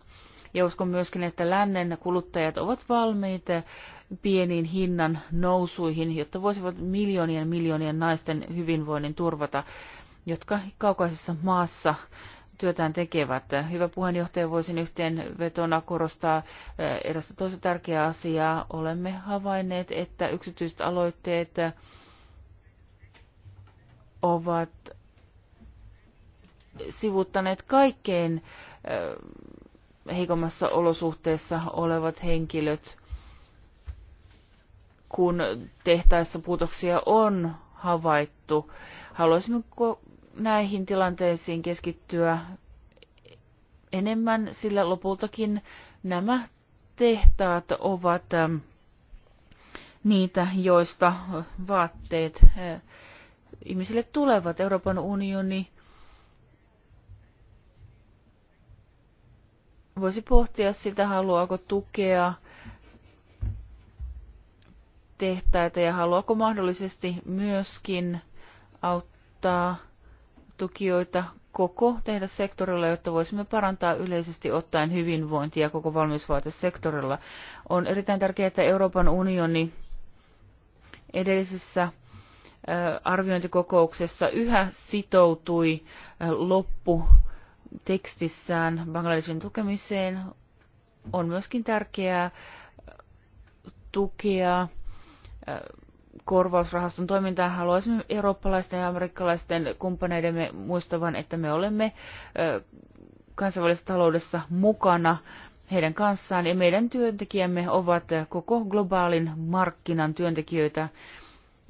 Ja uskon myöskin, että lännen kuluttajat ovat valmiita pieniin hinnan nousuihin, jotta voisivat miljoonien miljoonien naisten hyvinvoinnin turvata, jotka kaukaisessa maassa työtään tekevät. Hyvä puheenjohtaja, voisin yhteenvetona korostaa eh, erästä tosi tärkeää asiaa. Olemme havainneet, että yksityiset aloitteet eh, ovat sivuttaneet kaikkein eh, heikommassa olosuhteessa olevat henkilöt, kun tehtaissa puutoksia on havaittu. Haluaisimmeko näihin tilanteisiin keskittyä enemmän, sillä lopultakin nämä tehtaat ovat ähm, niitä, joista vaatteet äh, ihmisille tulevat. Euroopan unioni voisi pohtia sitä, haluaako tukea tehtaita ja haluaako mahdollisesti myöskin auttaa tukijoita koko tehdä sektorilla, jotta voisimme parantaa yleisesti ottaen hyvinvointia koko valmiusvaatesektorilla. On erittäin tärkeää, että Euroopan unioni edellisessä arviointikokouksessa yhä sitoutui loppu tekstissään Bangladesin tukemiseen on myöskin tärkeää tukea korvausrahaston toimintaa. Haluaisimme eurooppalaisten ja amerikkalaisten kumppaneidemme muistavan, että me olemme kansainvälisessä taloudessa mukana heidän kanssaan ja meidän työntekijämme ovat koko globaalin markkinan työntekijöitä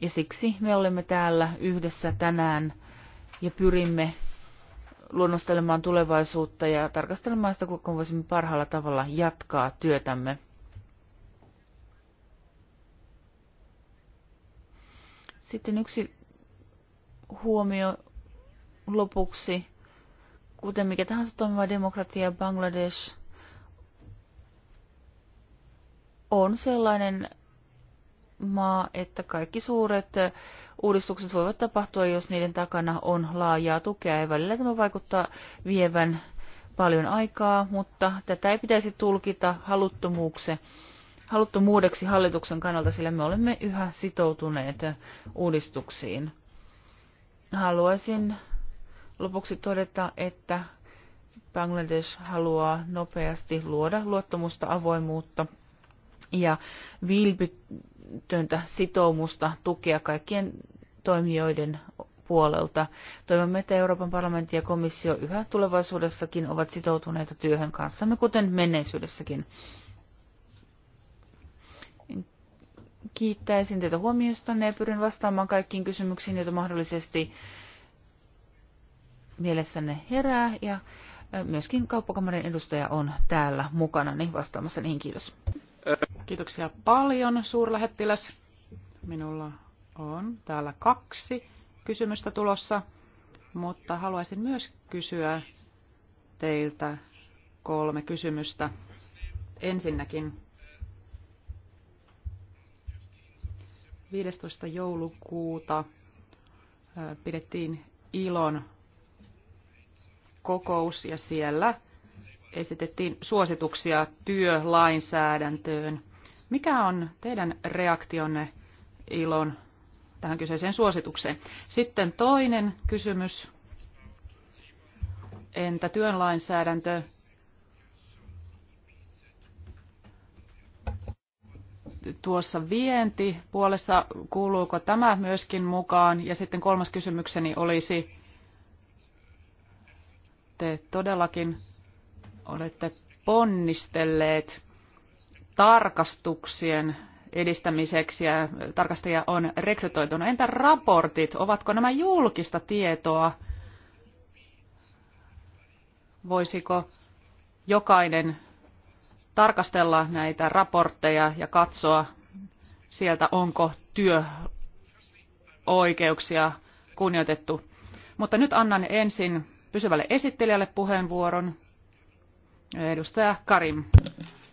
ja siksi me olemme täällä yhdessä tänään ja pyrimme luonnostelemaan tulevaisuutta ja tarkastelemaan sitä, kuinka voisimme parhaalla tavalla jatkaa työtämme. Sitten yksi huomio lopuksi. Kuten mikä tahansa toimiva demokratia, Bangladesh on sellainen maa, että kaikki suuret uudistukset voivat tapahtua, jos niiden takana on laajaa tukea. Ja välillä tämä vaikuttaa vievän paljon aikaa, mutta tätä ei pitäisi tulkita haluttomuudeksi hallituksen kannalta, sillä me olemme yhä sitoutuneet uudistuksiin. Haluaisin lopuksi todeta, että Bangladesh haluaa nopeasti luoda luottamusta, avoimuutta ja vilpitöntä sitoumusta tukea kaikkien toimijoiden puolelta. Toivomme, että Euroopan parlamentti ja komissio yhä tulevaisuudessakin ovat sitoutuneita työhön kanssamme, kuten menneisyydessäkin. Kiittäisin teitä huomiostanne ja pyrin vastaamaan kaikkiin kysymyksiin, joita mahdollisesti mielessänne herää. Ja myöskin kauppakamarin edustaja on täällä mukana niin vastaamassa niihin. Kiitos. Kiitoksia paljon, suurlähettiläs. Minulla on täällä kaksi kysymystä tulossa, mutta haluaisin myös kysyä teiltä kolme kysymystä. Ensinnäkin 15. joulukuuta pidettiin ilon kokous ja siellä esitettiin suosituksia työlainsäädäntöön. Mikä on teidän reaktionne Ilon tähän kyseiseen suositukseen? Sitten toinen kysymys. Entä työlainsäädäntö? Tuossa vienti puolessa kuuluuko tämä myöskin mukaan? Ja sitten kolmas kysymykseni olisi, te todellakin olette ponnistelleet tarkastuksien edistämiseksi ja tarkastajia on rekrytoitu. No entä raportit? Ovatko nämä julkista tietoa? Voisiko jokainen tarkastella näitä raportteja ja katsoa sieltä, onko työoikeuksia kunnioitettu. Mutta nyt annan ensin pysyvälle esittelijälle puheenvuoron. Edustaja Karim.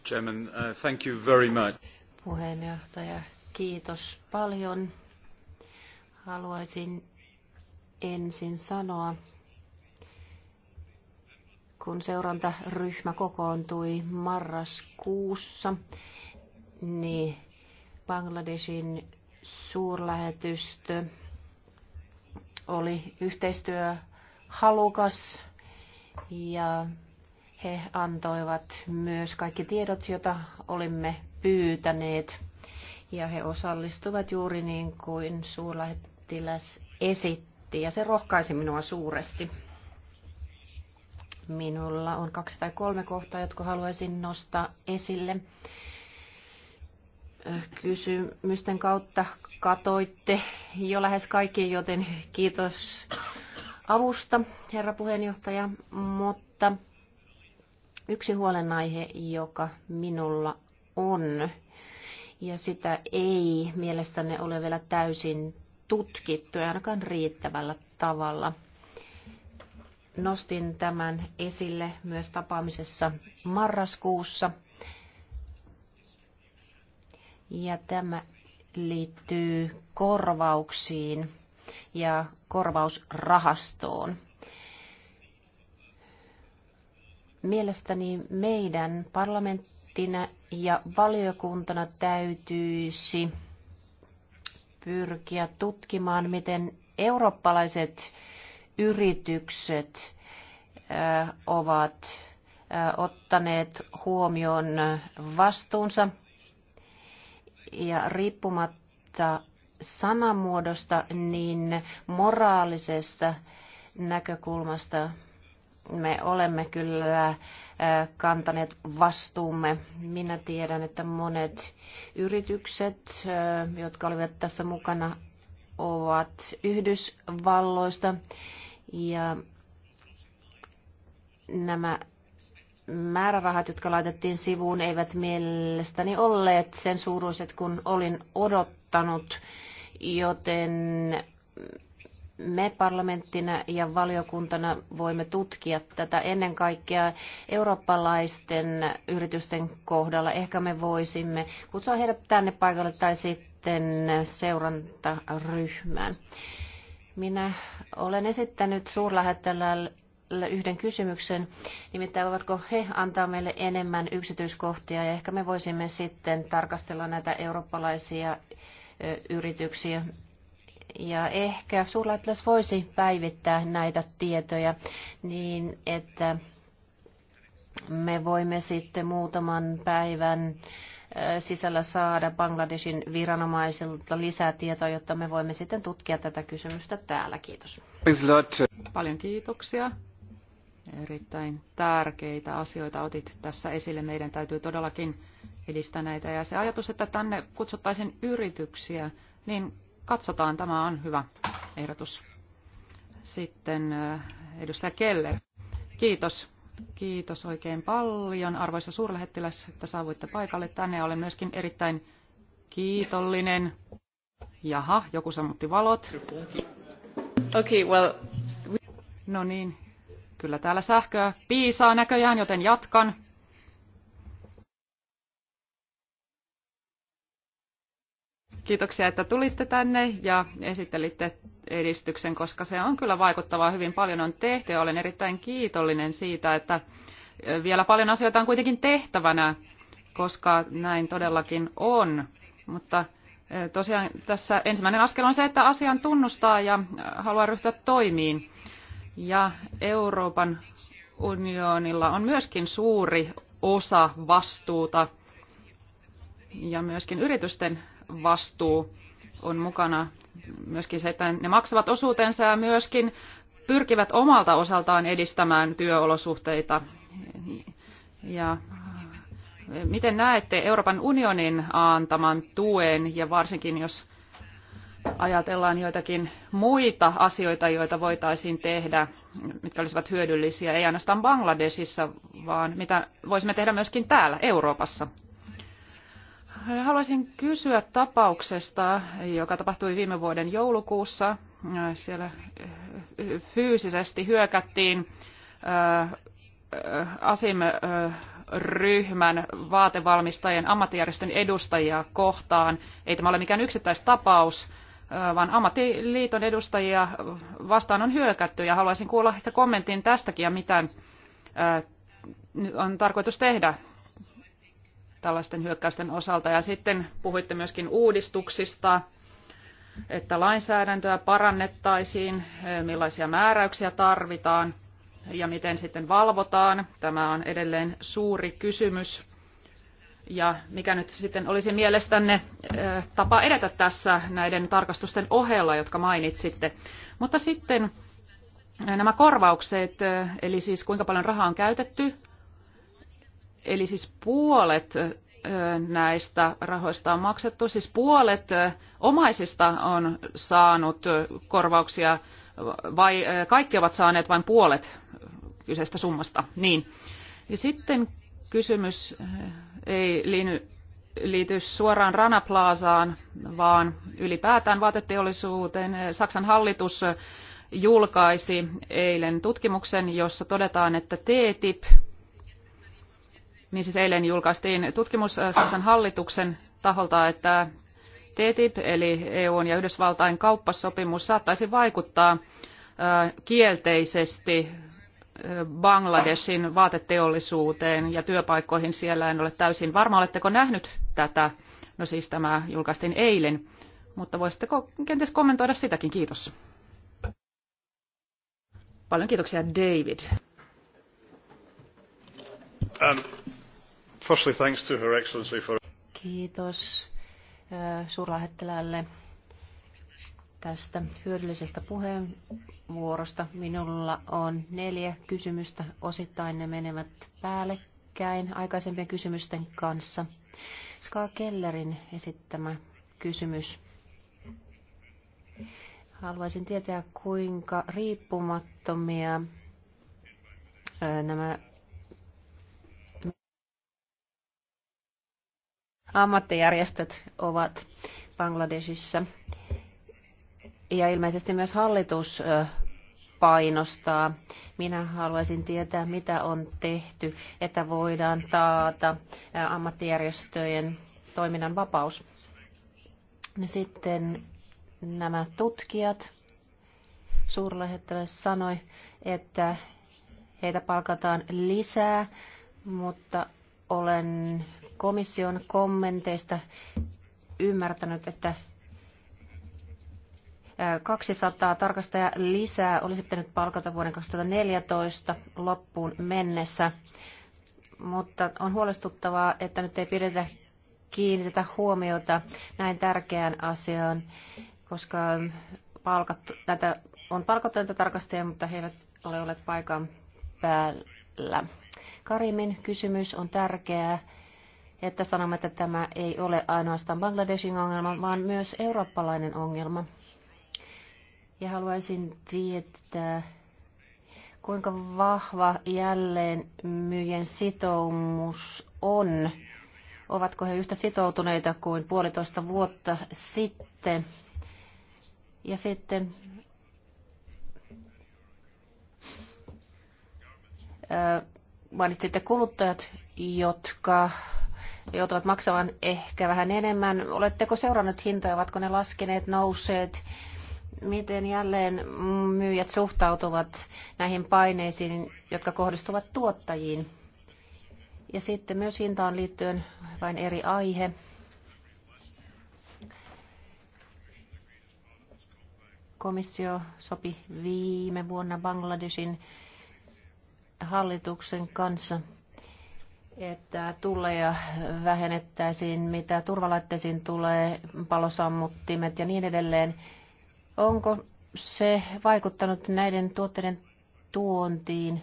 Chairman, uh, thank you very much. Puheenjohtaja, kiitos paljon. Haluaisin ensin sanoa, kun seurantaryhmä kokoontui marraskuussa, niin Bangladeshin suurlähetystö oli yhteistyöhalukas ja he antoivat myös kaikki tiedot, joita olimme pyytäneet. Ja he osallistuvat juuri niin kuin suurlähettiläs esitti. Ja se rohkaisi minua suuresti. Minulla on kaksi tai kolme kohtaa, jotka haluaisin nostaa esille. Kysymysten kautta katoitte jo lähes kaikki, joten kiitos avusta, herra puheenjohtaja. Mutta Yksi huolenaihe, joka minulla on, ja sitä ei mielestäni ole vielä täysin tutkittu, ainakaan riittävällä tavalla. Nostin tämän esille myös tapaamisessa marraskuussa. Ja tämä liittyy korvauksiin ja korvausrahastoon. Mielestäni meidän parlamenttina ja valiokuntana täytyisi pyrkiä tutkimaan, miten eurooppalaiset yritykset ovat ottaneet huomioon vastuunsa ja riippumatta sanamuodosta, niin moraalisesta näkökulmasta me olemme kyllä kantaneet vastuumme. Minä tiedän, että monet yritykset, jotka olivat tässä mukana, ovat Yhdysvalloista ja nämä määrärahat, jotka laitettiin sivuun, eivät mielestäni olleet sen suuruiset, kun olin odottanut, joten me parlamenttina ja valiokuntana voimme tutkia tätä ennen kaikkea eurooppalaisten yritysten kohdalla. Ehkä me voisimme kutsua heidät tänne paikalle tai sitten seurantaryhmään. Minä olen esittänyt suurlähettilälle yhden kysymyksen, nimittäin voivatko he antaa meille enemmän yksityiskohtia ja ehkä me voisimme sitten tarkastella näitä eurooppalaisia yrityksiä ja ehkä suurlähettiläs voisi päivittää näitä tietoja niin, että me voimme sitten muutaman päivän sisällä saada Bangladesin viranomaisilta lisää tietoa, jotta me voimme sitten tutkia tätä kysymystä täällä. Kiitos. Paljon kiitoksia. Erittäin tärkeitä asioita otit tässä esille. Meidän täytyy todellakin edistää näitä. Ja se ajatus, että tänne kutsuttaisiin yrityksiä, niin katsotaan. Tämä on hyvä ehdotus. Sitten eh, edustaja Keller. Kiitos. Kiitos oikein paljon, arvoisa suurlähettiläs, että saavuitte paikalle tänne. Olen myöskin erittäin kiitollinen. Jaha, joku sammutti valot. Okay, well... No niin, kyllä täällä sähköä piisaa näköjään, joten jatkan. Kiitoksia, että tulitte tänne ja esittelitte edistyksen, koska se on kyllä vaikuttavaa. Hyvin paljon on tehty ja olen erittäin kiitollinen siitä, että vielä paljon asioita on kuitenkin tehtävänä, koska näin todellakin on. Mutta tosiaan tässä ensimmäinen askel on se, että asian tunnustaa ja haluaa ryhtyä toimiin. Ja Euroopan unionilla on myöskin suuri osa vastuuta ja myöskin yritysten vastuu on mukana. Myöskin se, että ne maksavat osuutensa ja myöskin pyrkivät omalta osaltaan edistämään työolosuhteita. Ja miten näette Euroopan unionin antaman tuen ja varsinkin jos ajatellaan joitakin muita asioita, joita voitaisiin tehdä, mitkä olisivat hyödyllisiä, ei ainoastaan Bangladesissa, vaan mitä voisimme tehdä myöskin täällä Euroopassa. Haluaisin kysyä tapauksesta, joka tapahtui viime vuoden joulukuussa. Siellä eh, fyysisesti hyökättiin eh, eh, ASIM-ryhmän vaatevalmistajien ammattijärjestön edustajia kohtaan. Ei tämä ole mikään yksittäistapaus, vaan ammattiliiton edustajia vastaan on hyökätty ja haluaisin kuulla ehkä kommentin tästäkin ja mitä on tarkoitus tehdä tällaisten hyökkäysten osalta. Ja sitten puhuitte myöskin uudistuksista, että lainsäädäntöä parannettaisiin, eh, millaisia määräyksiä tarvitaan ja miten sitten valvotaan. Tämä on edelleen suuri kysymys. Ja mikä nyt sitten olisi mielestänne eh, tapa edetä tässä näiden tarkastusten ohella, jotka mainitsitte. Mutta sitten eh, nämä korvaukset, eli siis kuinka paljon rahaa on käytetty Eli siis puolet näistä rahoista on maksettu, siis puolet omaisista on saanut korvauksia vai kaikki ovat saaneet vain puolet kyseistä summasta. Niin. Ja sitten kysymys ei liity suoraan Ranaplaasaan, vaan ylipäätään vaateteollisuuteen. Saksan hallitus julkaisi eilen tutkimuksen, jossa todetaan, että TTIP niin siis eilen julkaistiin tutkimus äh, Saksan hallituksen taholta, että TTIP eli EUn ja Yhdysvaltain kauppasopimus saattaisi vaikuttaa äh, kielteisesti äh, Bangladesin vaateteollisuuteen ja työpaikkoihin siellä. En ole täysin varma, oletteko nähnyt tätä? No siis tämä julkaistiin eilen, mutta voisitteko kenties kommentoida sitäkin? Kiitos. Paljon kiitoksia, David. Um. Firstly, thanks to Her Excellency for... Kiitos suurlähettiläälle tästä hyödyllisestä puheenvuorosta. Minulla on neljä kysymystä. Osittain ne menevät päällekkäin aikaisempien kysymysten kanssa. Ska Kellerin esittämä kysymys. Haluaisin tietää, kuinka riippumattomia nämä ammattijärjestöt ovat Bangladesissa. Ja ilmeisesti myös hallitus painostaa. Minä haluaisin tietää, mitä on tehty, että voidaan taata ammattijärjestöjen toiminnan vapaus. No sitten nämä tutkijat, suurlähettiläs sanoi, että heitä palkataan lisää, mutta olen komission kommenteista ymmärtänyt, että 200 tarkastajaa lisää olisi pitänyt palkata vuoden 2014 loppuun mennessä, mutta on huolestuttavaa, että nyt ei pidetä kiinnitetä huomiota näin tärkeään asiaan, koska palkattu, näitä, on palkattu näitä tarkastajia, mutta he eivät ole olleet paikan päällä. Karimin kysymys on tärkeää että sanomme, että tämä ei ole ainoastaan Bangladeshin ongelma, vaan myös eurooppalainen ongelma. Ja haluaisin tietää, kuinka vahva jälleen myyjen sitoumus on. Ovatko he yhtä sitoutuneita kuin puolitoista vuotta sitten? Ja sitten mainitsitte kuluttajat, jotka joutuvat maksamaan ehkä vähän enemmän. Oletteko seurannut hintoja, ovatko ne laskeneet, nousseet? Miten jälleen myyjät suhtautuvat näihin paineisiin, jotka kohdistuvat tuottajiin? Ja sitten myös hintaan liittyen vain eri aihe. Komissio sopi viime vuonna Bangladesin hallituksen kanssa että tulleja vähennettäisiin, mitä turvalaitteisiin tulee, palosammuttimet ja niin edelleen. Onko se vaikuttanut näiden tuotteiden tuontiin?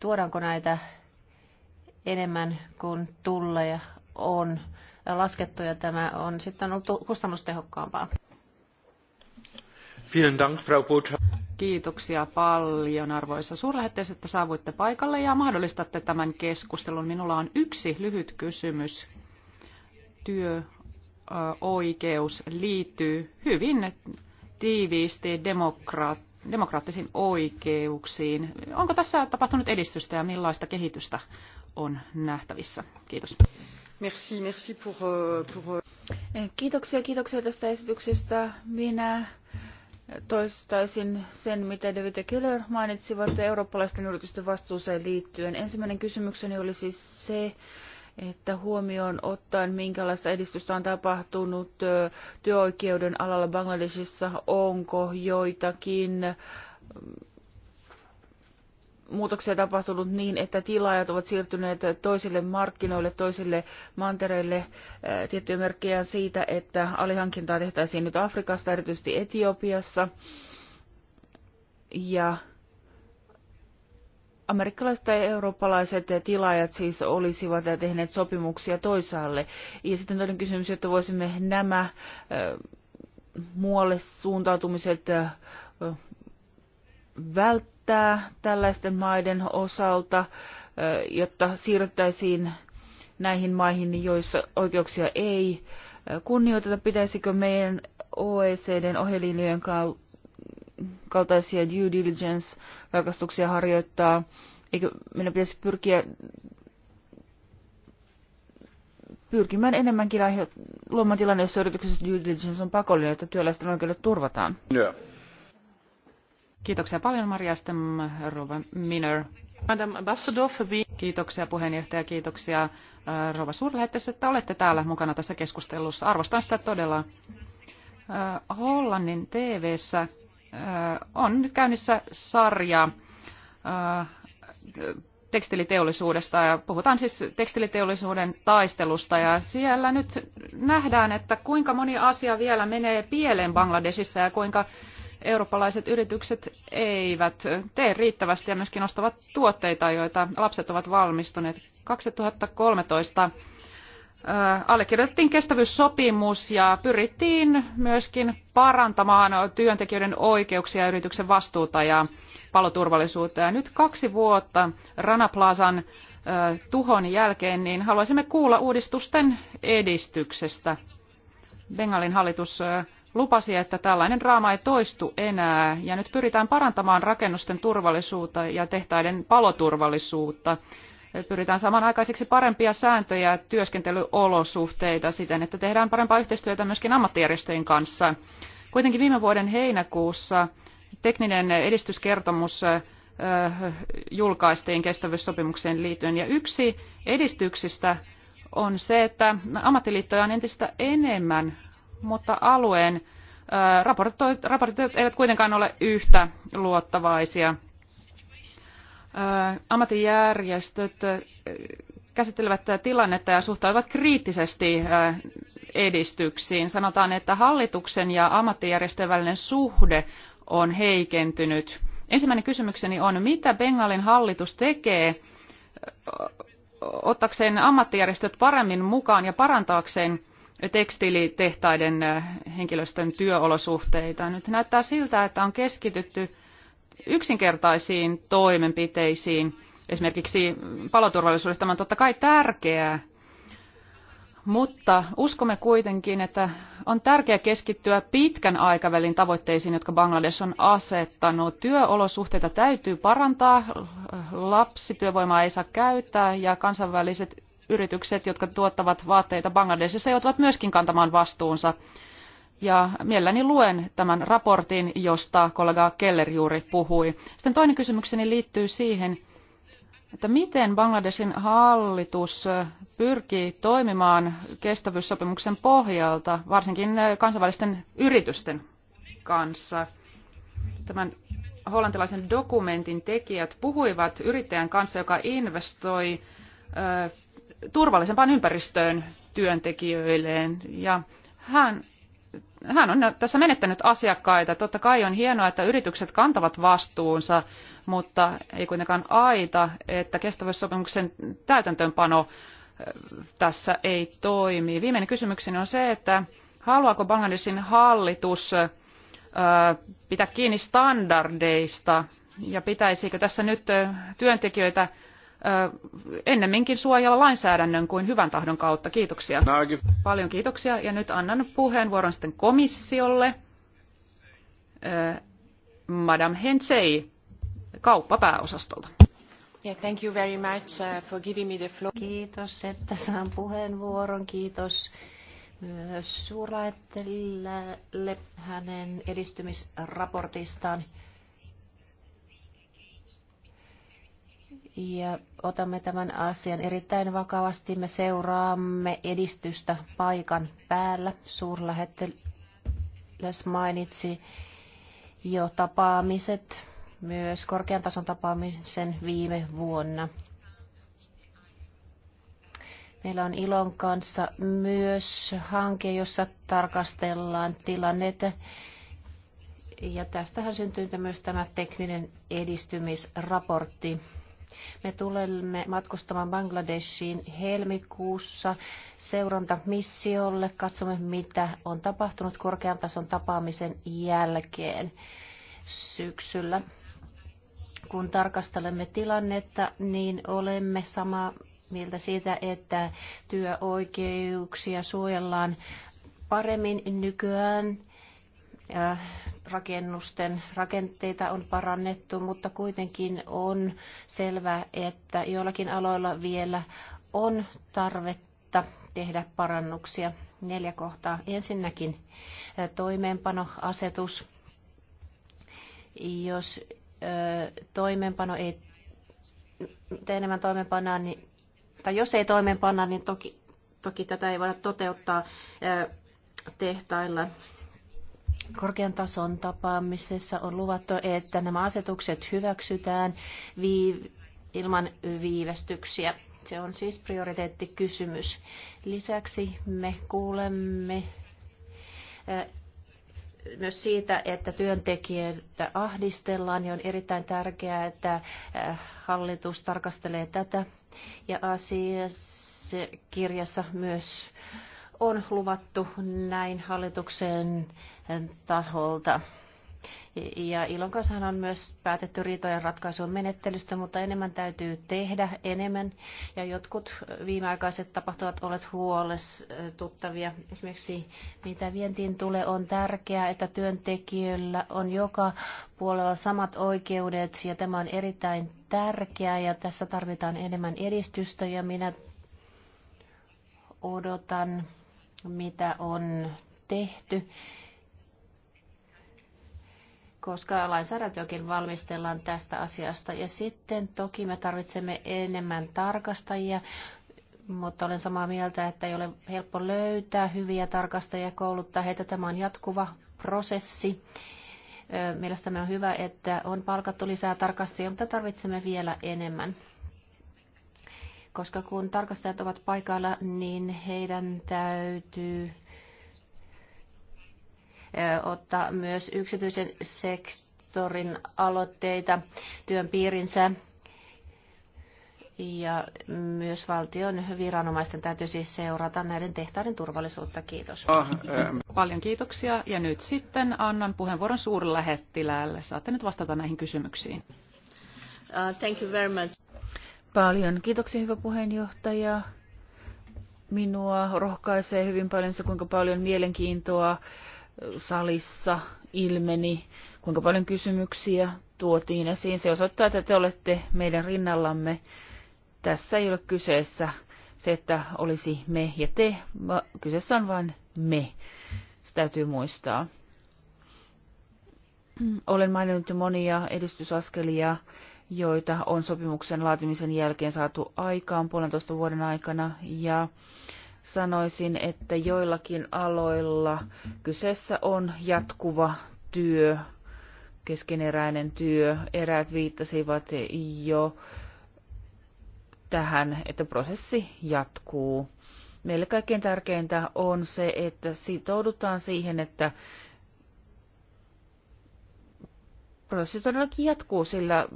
Tuodaanko näitä enemmän kuin tulleja on laskettu ja tämä on sitten ollut kustannustehokkaampaa? Vielen Dank, Frau Botschafter. Kiitoksia paljon arvoisa suurlähetteessä, että saavuitte paikalle ja mahdollistatte tämän keskustelun. Minulla on yksi lyhyt kysymys. Työoikeus liittyy hyvin tiiviisti demokraattiin demokraattisiin oikeuksiin. Onko tässä tapahtunut edistystä ja millaista kehitystä on nähtävissä? Kiitos. Merci, merci pour, euh, pour... Euh. Kiitoksia, kiitoksia tästä esityksestä. Minä toistaisin sen, mitä David ja Keller mainitsivat eurooppalaisten yritysten vastuuseen liittyen. Ensimmäinen kysymykseni oli siis se, että huomioon ottaen, minkälaista edistystä on tapahtunut työoikeuden alalla Bangladesissa, onko joitakin muutoksia tapahtunut niin, että tilaajat ovat siirtyneet toisille markkinoille, toisille mantereille. Äh, tiettyjä merkkejä siitä, että alihankintaa tehtäisiin nyt Afrikasta, erityisesti Etiopiassa. Ja amerikkalaiset ja eurooppalaiset tilaajat siis olisivat tehneet sopimuksia toisaalle. Ja sitten toinen kysymys, että voisimme nämä äh, muualle suuntautumiset äh, välttää estää tällaisten maiden osalta, jotta siirryttäisiin näihin maihin, joissa oikeuksia ei kunnioiteta? Pitäisikö meidän OECDn ohjelinjojen kaltaisia due diligence-tarkastuksia harjoittaa? Eikö meidän pitäisi pyrkiä pyrkimään enemmänkin aihe, luomaan tilanne, jossa yrityksessä due diligence on pakollinen, että työläisten oikeudet turvataan? Yeah. Kiitoksia paljon Maria Stem, Rova Miner. Madam Kiitoksia puheenjohtaja, kiitoksia äh, Rova Suurlähettäis, että olette täällä mukana tässä keskustelussa. Arvostan sitä todella. Äh, Hollannin tv äh, on nyt käynnissä sarja tekstiliteollisuudesta ja puhutaan siis tekstiliteollisuuden taistelusta ja siellä nyt nähdään, että kuinka moni asia vielä menee pieleen Bangladesissa ja kuinka eurooppalaiset yritykset eivät tee riittävästi ja myöskin ostavat tuotteita, joita lapset ovat valmistuneet. 2013 allekirjoitettiin kestävyyssopimus ja pyrittiin myöskin parantamaan työntekijöiden oikeuksia, yrityksen vastuuta ja paloturvallisuutta. Ja nyt kaksi vuotta Rana Plazan tuhon jälkeen, niin haluaisimme kuulla uudistusten edistyksestä. Bengalin hallitus lupasi, että tällainen draama ei toistu enää ja nyt pyritään parantamaan rakennusten turvallisuutta ja tehtaiden paloturvallisuutta. Pyritään samanaikaiseksi parempia sääntöjä ja työskentelyolosuhteita siten, että tehdään parempaa yhteistyötä myöskin ammattijärjestöjen kanssa. Kuitenkin viime vuoden heinäkuussa tekninen edistyskertomus julkaistiin kestävyyssopimukseen liittyen. Ja yksi edistyksistä on se, että ammattiliittoja on entistä enemmän mutta alueen raportit eivät kuitenkaan ole yhtä luottavaisia. Ammattijärjestöt käsittelevät tilannetta ja suhtautuvat kriittisesti edistyksiin. Sanotaan, että hallituksen ja ammattijärjestöjen välinen suhde on heikentynyt. Ensimmäinen kysymykseni on, mitä Bengalin hallitus tekee ottakseen ammattijärjestöt paremmin mukaan ja parantaakseen tekstiilitehtaiden äh, henkilöstön työolosuhteita. Nyt näyttää siltä, että on keskitytty yksinkertaisiin toimenpiteisiin. Esimerkiksi paloturvallisuudesta on totta kai tärkeää, mutta uskomme kuitenkin, että on tärkeää keskittyä pitkän aikavälin tavoitteisiin, jotka Bangladesh on asettanut. Työolosuhteita täytyy parantaa, lapsityövoimaa ei saa käyttää ja kansainväliset yritykset, jotka tuottavat vaatteita Bangladesissa, joutuvat myöskin kantamaan vastuunsa. Ja mielelläni luen tämän raportin, josta kollega Keller juuri puhui. Sitten toinen kysymykseni liittyy siihen, että miten Bangladesin hallitus pyrkii toimimaan kestävyyssopimuksen pohjalta, varsinkin kansainvälisten yritysten kanssa. Tämän hollantilaisen dokumentin tekijät puhuivat yrittäjän kanssa, joka investoi turvallisempaan ympäristöön työntekijöilleen. Ja hän, hän on tässä menettänyt asiakkaita. Totta kai on hienoa, että yritykset kantavat vastuunsa, mutta ei kuitenkaan aita, että kestävyyssopimuksen täytäntöönpano tässä ei toimi. Viimeinen kysymykseni on se, että haluaako Bangladesin hallitus pitää kiinni standardeista ja pitäisikö tässä nyt työntekijöitä ennemminkin suojella lainsäädännön kuin hyvän tahdon kautta. Kiitoksia. Paljon kiitoksia. Ja nyt annan puheenvuoron sitten komissiolle. Madame Hensei kauppapääosastolta. Yeah, thank you very much uh, for giving me the floor. Kiitos, että saan puheenvuoron. Kiitos myös suurlaettelille hänen edistymisraportistaan. ja otamme tämän asian erittäin vakavasti. Me seuraamme edistystä paikan päällä. Suurlähettiläs mainitsi jo tapaamiset, myös korkean tason tapaamisen viime vuonna. Meillä on Ilon kanssa myös hanke, jossa tarkastellaan tilannetta. Ja tästähän syntyy myös tämä tekninen edistymisraportti. Me tulemme matkustamaan Bangladeshiin helmikuussa seurantamissiolle. Katsomme, mitä on tapahtunut korkean tason tapaamisen jälkeen syksyllä. Kun tarkastelemme tilannetta, niin olemme samaa mieltä siitä, että työoikeuksia suojellaan paremmin nykyään äh, rakennusten rakenteita on parannettu, mutta kuitenkin on selvää, että joillakin aloilla vielä on tarvetta tehdä parannuksia. Neljä kohtaa. Ensinnäkin toimeenpanoasetus. Jos toimeenpano ei, mitä enemmän toimeenpanaa, niin, tai jos ei toimeenpanna, niin toki, toki tätä ei voida toteuttaa tehtailla korkean tason tapaamisessa on luvattu, että nämä asetukset hyväksytään viiv- ilman viivästyksiä. Se on siis prioriteettikysymys. Lisäksi me kuulemme eh, myös siitä, että työntekijöitä ahdistellaan niin on erittäin tärkeää, että eh, hallitus tarkastelee tätä. Ja asiassa kirjassa myös on luvattu näin hallituksen taholta. Ja Ilon kanssa on myös päätetty riitojen ratkaisun menettelystä, mutta enemmän täytyy tehdä enemmän. Ja jotkut viimeaikaiset tapahtuvat olet huolestuttavia. Esimerkiksi mitä vientiin tulee, on tärkeää, että työntekijöillä on joka puolella samat oikeudet ja tämä on erittäin tärkeää ja tässä tarvitaan enemmän edistystä ja minä odotan mitä on tehty, koska lainsäädäntöäkin valmistellaan tästä asiasta. Ja sitten toki me tarvitsemme enemmän tarkastajia, mutta olen samaa mieltä, että ei ole helppo löytää hyviä tarkastajia kouluttaa heitä. Tämä on jatkuva prosessi. Mielestäni on hyvä, että on palkattu lisää tarkastajia, mutta tarvitsemme vielä enemmän koska kun tarkastajat ovat paikalla, niin heidän täytyy ottaa myös yksityisen sektorin aloitteita työn piirinsä. Ja myös valtion viranomaisten täytyy siis seurata näiden tehtaiden turvallisuutta. Kiitos. Ah, ähm. Paljon kiitoksia. Ja nyt sitten annan puheenvuoron suurlähettiläälle. Saatte nyt vastata näihin kysymyksiin. Uh, thank you very much. Paljon kiitoksia, hyvä puheenjohtaja. Minua rohkaisee hyvin paljon se, kuinka paljon mielenkiintoa salissa ilmeni, kuinka paljon kysymyksiä tuotiin esiin. Se osoittaa, että te olette meidän rinnallamme. Tässä ei ole kyseessä se, että olisi me ja te, kyseessä on vain me. Se täytyy muistaa. Olen maininnut monia edistysaskelia joita on sopimuksen laatimisen jälkeen saatu aikaan puolentoista vuoden aikana ja sanoisin, että joillakin aloilla kyseessä on jatkuva työ, keskeneräinen työ. Eräät viittasivat jo tähän, että prosessi jatkuu. Meille kaikkein tärkeintä on se, että sitoudutaan siihen, että prosessi todellakin jatkuu, sillä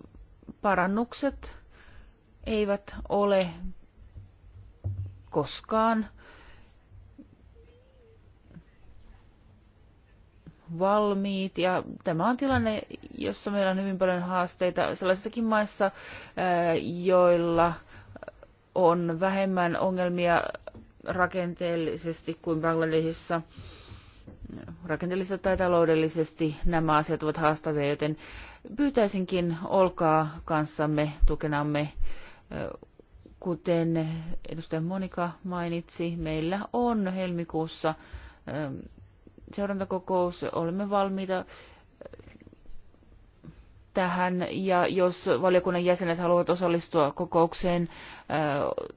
parannukset eivät ole koskaan valmiit. Ja tämä on tilanne, jossa meillä on hyvin paljon haasteita sellaisissakin maissa, äh, joilla on vähemmän ongelmia rakenteellisesti kuin Bangladesissa rakenteellisesti tai taloudellisesti nämä asiat ovat haastavia, joten pyytäisinkin olkaa kanssamme, tukenamme. Kuten edustaja Monika mainitsi, meillä on helmikuussa seurantakokous, olemme valmiita tähän ja jos valiokunnan jäsenet haluavat osallistua kokoukseen,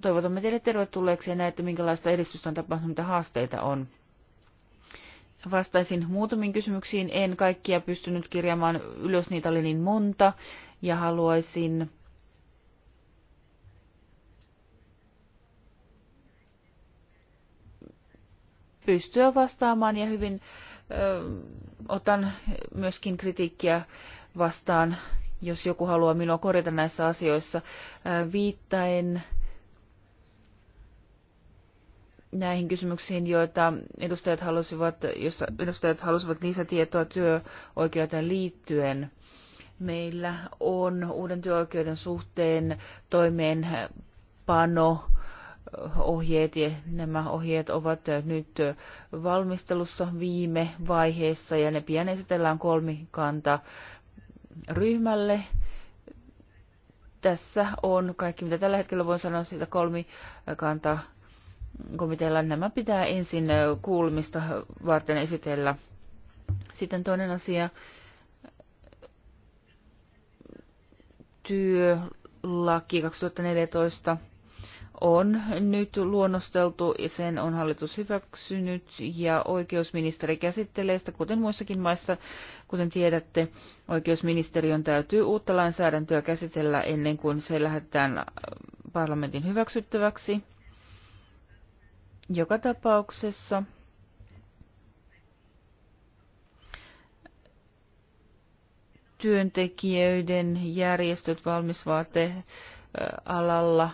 toivotamme teille tervetulleeksi ja näette, minkälaista edistystä on tapahtunut, mitä haasteita on. Vastaisin muutamiin kysymyksiin. En kaikkia pystynyt kirjaamaan ylös, niitä oli niin monta. Ja haluaisin pystyä vastaamaan ja hyvin ö, otan myöskin kritiikkiä vastaan, jos joku haluaa minua korjata näissä asioissa. Ö, Ö, näihin kysymyksiin, joita edustajat halusivat, jossa edustajat halusivat lisätietoa työoikeuteen liittyen. Meillä on uuden työoikeuden suhteen toimeenpano ohjeet ja nämä ohjeet ovat nyt valmistelussa viime vaiheessa ja ne pian esitellään kolmikanta ryhmälle tässä on kaikki, mitä tällä hetkellä voin sanoa siitä kolmikanta komitealla nämä pitää ensin kuulumista varten esitellä. Sitten toinen asia, työlaki 2014 on nyt luonnosteltu ja sen on hallitus hyväksynyt ja oikeusministeri käsittelee sitä, kuten muissakin maissa, kuten tiedätte, oikeusministeriön täytyy uutta lainsäädäntöä käsitellä ennen kuin se lähetetään parlamentin hyväksyttäväksi. Joka tapauksessa työntekijöiden järjestöt valmisvaatealalla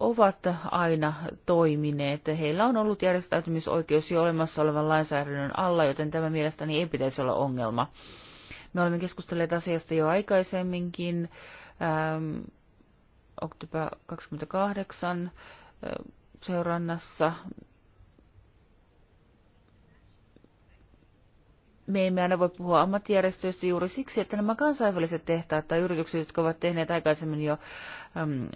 ovat aina toimineet. Heillä on ollut järjestäytymisoikeus jo olemassa olevan lainsäädännön alla, joten tämä mielestäni ei pitäisi olla ongelma. Me olemme keskustelleet asiasta jo aikaisemminkin. Ähm, Oktober 28 seurannassa me emme aina voi puhua ammattijärjestöistä juuri siksi, että nämä kansainväliset tehtaat tai yritykset, jotka ovat tehneet aikaisemmin jo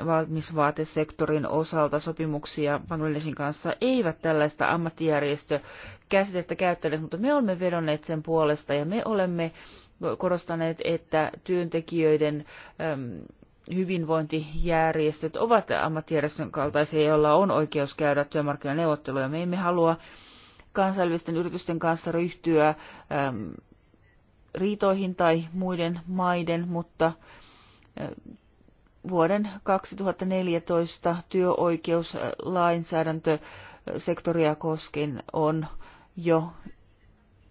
valmisvaatesektorin osalta sopimuksia Bangladesin kanssa, eivät tällaista ammattijärjestökäsitettä käyttäneet, mutta me olemme vedonneet sen puolesta ja me olemme korostaneet, että työntekijöiden äm, hyvinvointijärjestöt ovat ammattijärjestön kaltaisia, joilla on oikeus käydä työmarkkinaneuvotteluja. Me emme halua kansainvälisten yritysten kanssa ryhtyä ähm, riitoihin tai muiden maiden, mutta äh, vuoden 2014 työoikeuslainsäädäntö sektoria koskin on jo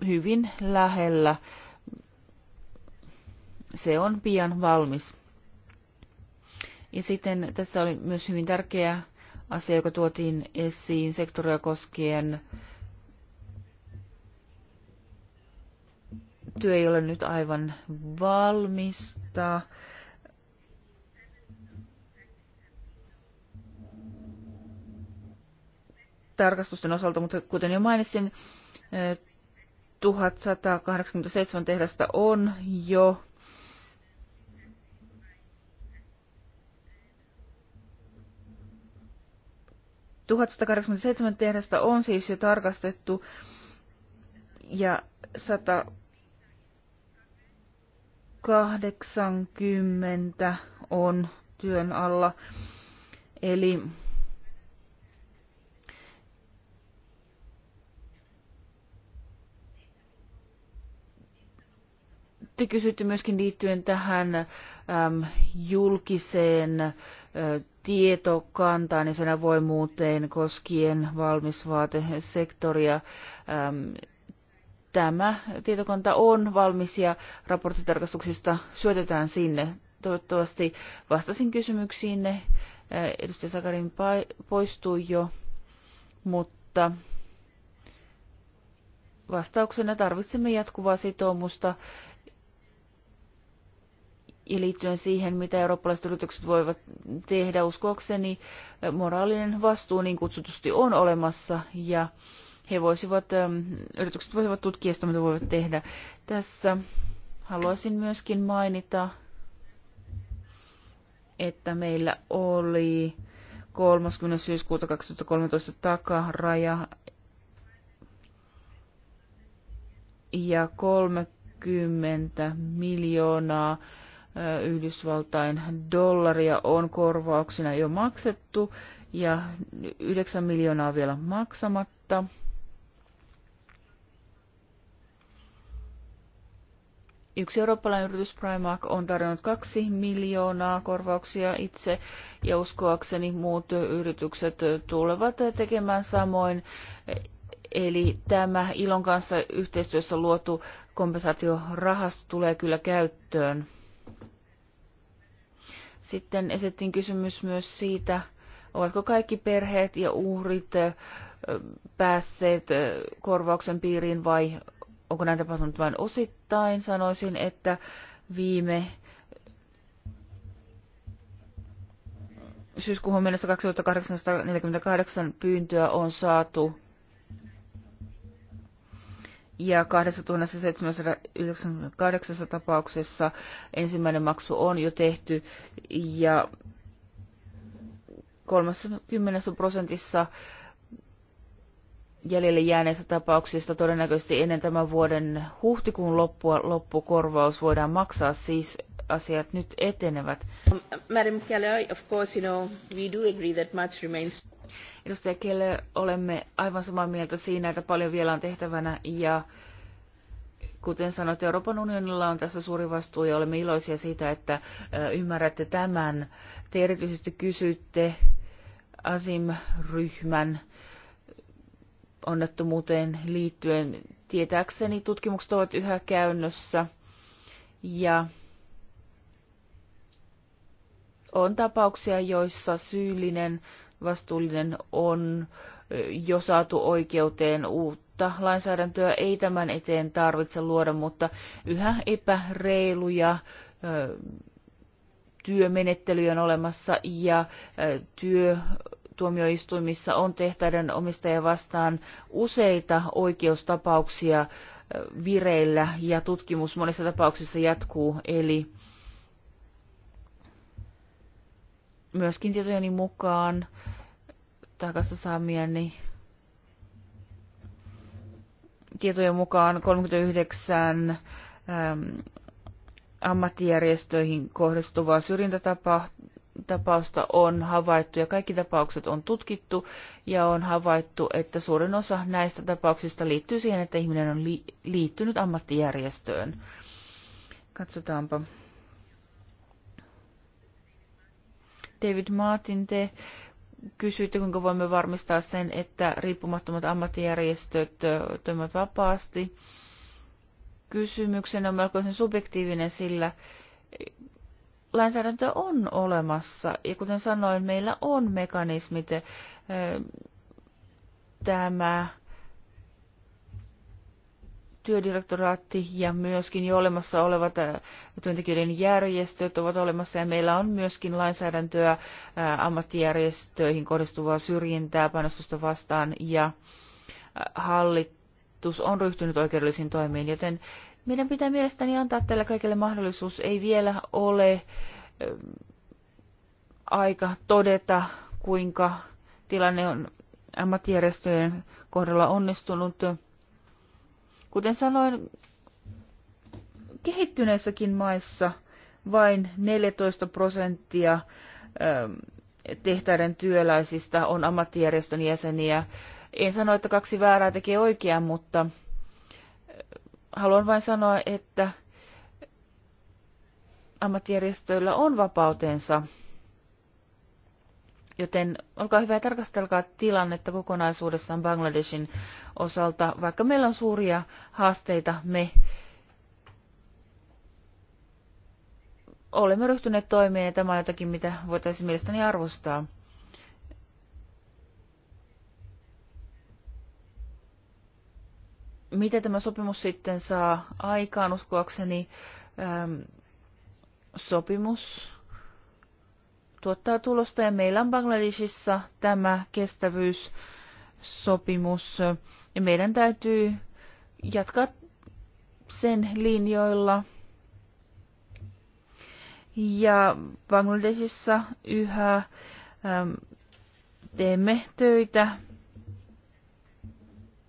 hyvin lähellä. Se on pian valmis. Ja sitten tässä oli myös hyvin tärkeä asia, joka tuotiin esiin sektoria koskien. Työ ei ole nyt aivan valmista. tarkastusten osalta, mutta kuten jo mainitsin, 1187 tehdasta on jo 1187 tehdasta on siis jo tarkastettu ja 180 on työn alla. Eli te kysytte myöskin liittyen tähän äm, julkiseen äh, tietokantaan ja sen avoimuuteen koskien valmisvaatesektoria. Ähm, tämä tietokanta on valmis ja raporttitarkastuksista syötetään sinne. Toivottavasti vastasin kysymyksiinne. Äh, edustaja Sakarin poistui jo, mutta vastauksena tarvitsemme jatkuvaa sitoumusta ja liittyen siihen, mitä eurooppalaiset yritykset voivat tehdä, uskoakseni eh, moraalinen vastuu niin kutsutusti on olemassa ja he voisivat, eh, yritykset voisivat tutkia sitä, mitä voivat tehdä. Tässä haluaisin myöskin mainita, että meillä oli 30. syyskuuta 2013 takaraja ja 30 miljoonaa Yhdysvaltain dollaria on korvauksina jo maksettu ja 9 miljoonaa vielä maksamatta. Yksi eurooppalainen yritys Primark on tarjonnut kaksi miljoonaa korvauksia itse ja uskoakseni muut yritykset tulevat tekemään samoin. Eli tämä Ilon kanssa yhteistyössä luotu kompensaatiorahasto tulee kyllä käyttöön. Sitten esitin kysymys myös siitä, ovatko kaikki perheet ja uhrit päässeet korvauksen piiriin vai onko näin tapahtunut vain osittain. Sanoisin, että viime syyskuuhun mennessä 2848 pyyntöä on saatu ja 2798 tapauksessa ensimmäinen maksu on jo tehty ja 30 prosentissa jäljelle jääneistä tapauksista todennäköisesti ennen tämän vuoden huhtikuun loppua loppukorvaus voidaan maksaa, siis asiat nyt etenevät. Um, Madam Keller, of course, you know, we do agree that much remains Edustaja Kelle, olemme aivan samaa mieltä siinä, että paljon vielä on tehtävänä ja kuten sanoit, Euroopan unionilla on tässä suuri vastuu ja olemme iloisia siitä, että ymmärrätte tämän. Te erityisesti kysytte ASIM-ryhmän onnettomuuteen liittyen. Tietääkseni tutkimukset ovat yhä käynnössä ja on tapauksia, joissa syyllinen vastuullinen on jo saatu oikeuteen uutta lainsäädäntöä ei tämän eteen tarvitse luoda, mutta yhä epäreiluja työmenettelyjä on olemassa ja työ tuomioistuimissa on tehtäiden omistaja vastaan useita oikeustapauksia vireillä ja tutkimus monissa tapauksissa jatkuu, eli myöskin tietojeni mukaan takaisin saamieni tietojen mukaan 39 ähm, ammattijärjestöihin kohdistuvaa syrjintätapausta on havaittu ja kaikki tapaukset on tutkittu ja on havaittu, että suurin osa näistä tapauksista liittyy siihen, että ihminen on liittynyt ammattijärjestöön. Katsotaanpa. David Martin, te kysyitte, kuinka voimme varmistaa sen, että riippumattomat ammattijärjestöt toimivat vapaasti. Kysymyksen on melkoisen subjektiivinen, sillä lainsäädäntö on olemassa. Ja kuten sanoin, meillä on mekanismit. Tämä työdirektoraatti ja myöskin jo olemassa olevat äh, työntekijöiden järjestöt ovat olemassa ja meillä on myöskin lainsäädäntöä äh, ammattijärjestöihin kohdistuvaa syrjintää, panostusta vastaan ja äh, hallitus on ryhtynyt oikeudellisiin toimiin, joten meidän pitää mielestäni antaa tällä kaikille mahdollisuus. Ei vielä ole aika todeta, kuinka tilanne on ammattijärjestöjen kohdalla onnistunut. Kuten sanoin, kehittyneissäkin maissa vain 14 prosenttia ähm, tehtäiden työläisistä on ammattijärjestön jäseniä. En sano, että kaksi väärää tekee oikean, mutta äh, haluan vain sanoa, että ammattijärjestöillä on vapautensa Joten olkaa hyvä ja tarkastelkaa tilannetta kokonaisuudessaan Bangladeshin osalta. Vaikka meillä on suuria haasteita, me olemme ryhtyneet toimeen ja tämä on jotakin, mitä voitaisiin mielestäni arvostaa. Mitä tämä sopimus sitten saa aikaan, uskoakseni? Ähm, sopimus tuottaa tulosta ja meillä on Bangladesissa tämä kestävyyssopimus ja meidän täytyy jatkaa sen linjoilla. Ja Bangladesissa yhä äm, teemme töitä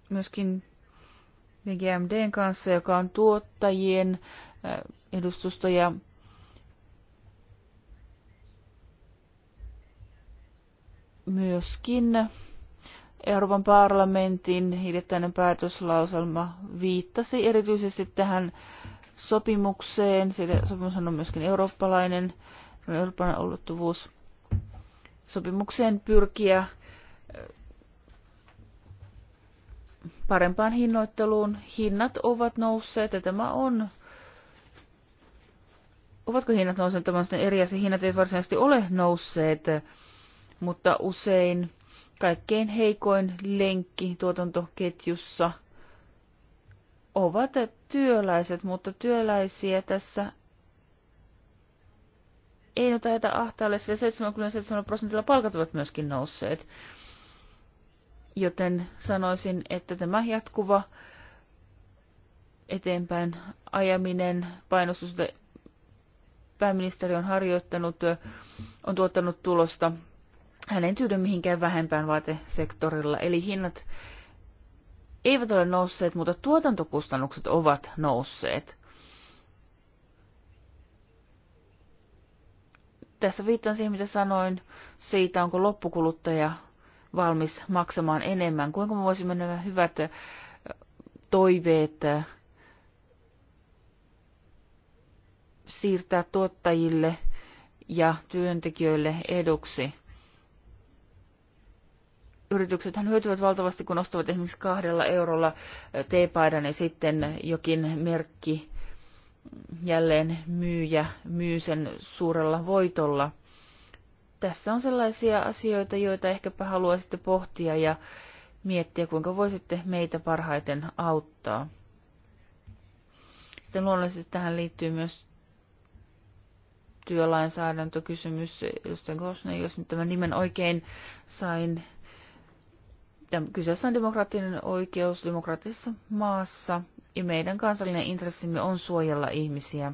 myöskin BGMDn kanssa, joka on tuottajien edustusta ja myöskin Euroopan parlamentin hiljattainen päätöslauselma viittasi erityisesti tähän sopimukseen. Sillä sopimus on myöskin eurooppalainen, Euroopan ulottuvuus sopimukseen pyrkiä eh, parempaan hinnoitteluun. Hinnat ovat nousseet ja tämä on Ovatko hinnat nousseet? Tämä on eri asia. Hinnat eivät varsinaisesti ole nousseet mutta usein kaikkein heikoin lenkki tuotantoketjussa ovat työläiset, mutta työläisiä tässä ei nyt ajeta ahtaalle, sillä 77 prosentilla palkat ovat myöskin nousseet. Joten sanoisin, että tämä jatkuva eteenpäin ajaminen, painostus, pääministeri on harjoittanut, on tuottanut tulosta hän ei tyydy mihinkään vähempään vaatesektorilla, eli hinnat eivät ole nousseet, mutta tuotantokustannukset ovat nousseet. Tässä viittaan siihen, mitä sanoin siitä, onko loppukuluttaja valmis maksamaan enemmän. Kuinka me voisimme nämä hyvät toiveet siirtää tuottajille ja työntekijöille eduksi? yrityksethän hyötyvät valtavasti, kun ostavat esimerkiksi kahdella eurolla teepaidan ja sitten jokin merkki jälleen myyjä myy sen suurella voitolla. Tässä on sellaisia asioita, joita ehkäpä haluaisitte pohtia ja miettiä, kuinka voisitte meitä parhaiten auttaa. Sitten luonnollisesti tähän liittyy myös työlainsäädäntökysymys. Justin jos nyt tämän nimen oikein sain, Kyseessä on demokraattinen oikeus demokraattisessa maassa ja meidän kansallinen intressimme on suojella ihmisiä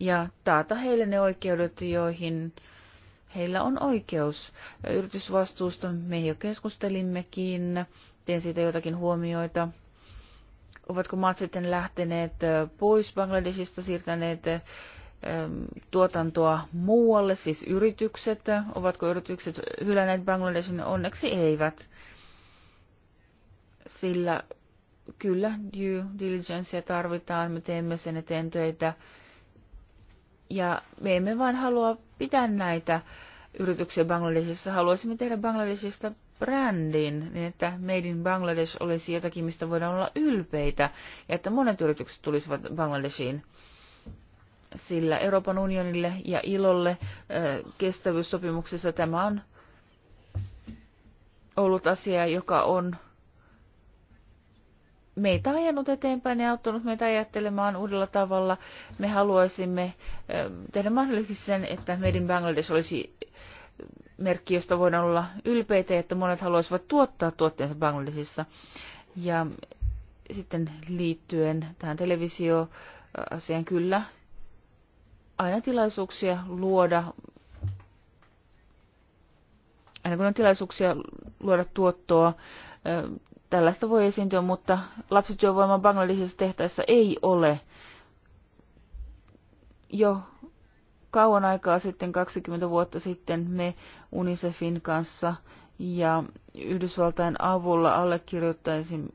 ja taata heille ne oikeudet, joihin heillä on oikeus. Yritysvastuusta me jo keskustelimmekin, teen siitä jotakin huomioita. Ovatko maat sitten lähteneet pois Bangladesista, siirtäneet Ähm, tuotantoa muualle, siis yritykset. Ovatko yritykset hylänneet Bangladesin? Onneksi eivät. Sillä kyllä due diligencea tarvitaan, me teemme sen eteen töitä. Ja me emme vain halua pitää näitä yrityksiä Bangladesissa. Haluaisimme tehdä Bangladesista brändin, niin että Made in Bangladesh olisi jotakin, mistä voidaan olla ylpeitä, ja että monet yritykset tulisivat Bangladesiin sillä Euroopan unionille ja ilolle kestävyyssopimuksessa tämä on ollut asia, joka on meitä ajanut eteenpäin ja auttanut meitä ajattelemaan uudella tavalla. Me haluaisimme tehdä mahdolliseksi sen, että Made in Bangladesh olisi merkki, josta voidaan olla ylpeitä, että monet haluaisivat tuottaa tuotteensa Bangladesissa. Ja sitten liittyen tähän televisioasiaan, kyllä, aina tilaisuuksia luoda aina kun on tilaisuuksia luoda tuottoa, tällaista voi esiintyä, mutta lapsityövoiman bangladesissa tehtäessä ei ole. Jo kauan aikaa sitten, 20 vuotta sitten, me UNICEFin kanssa ja Yhdysvaltain avulla allekirjoittaisimme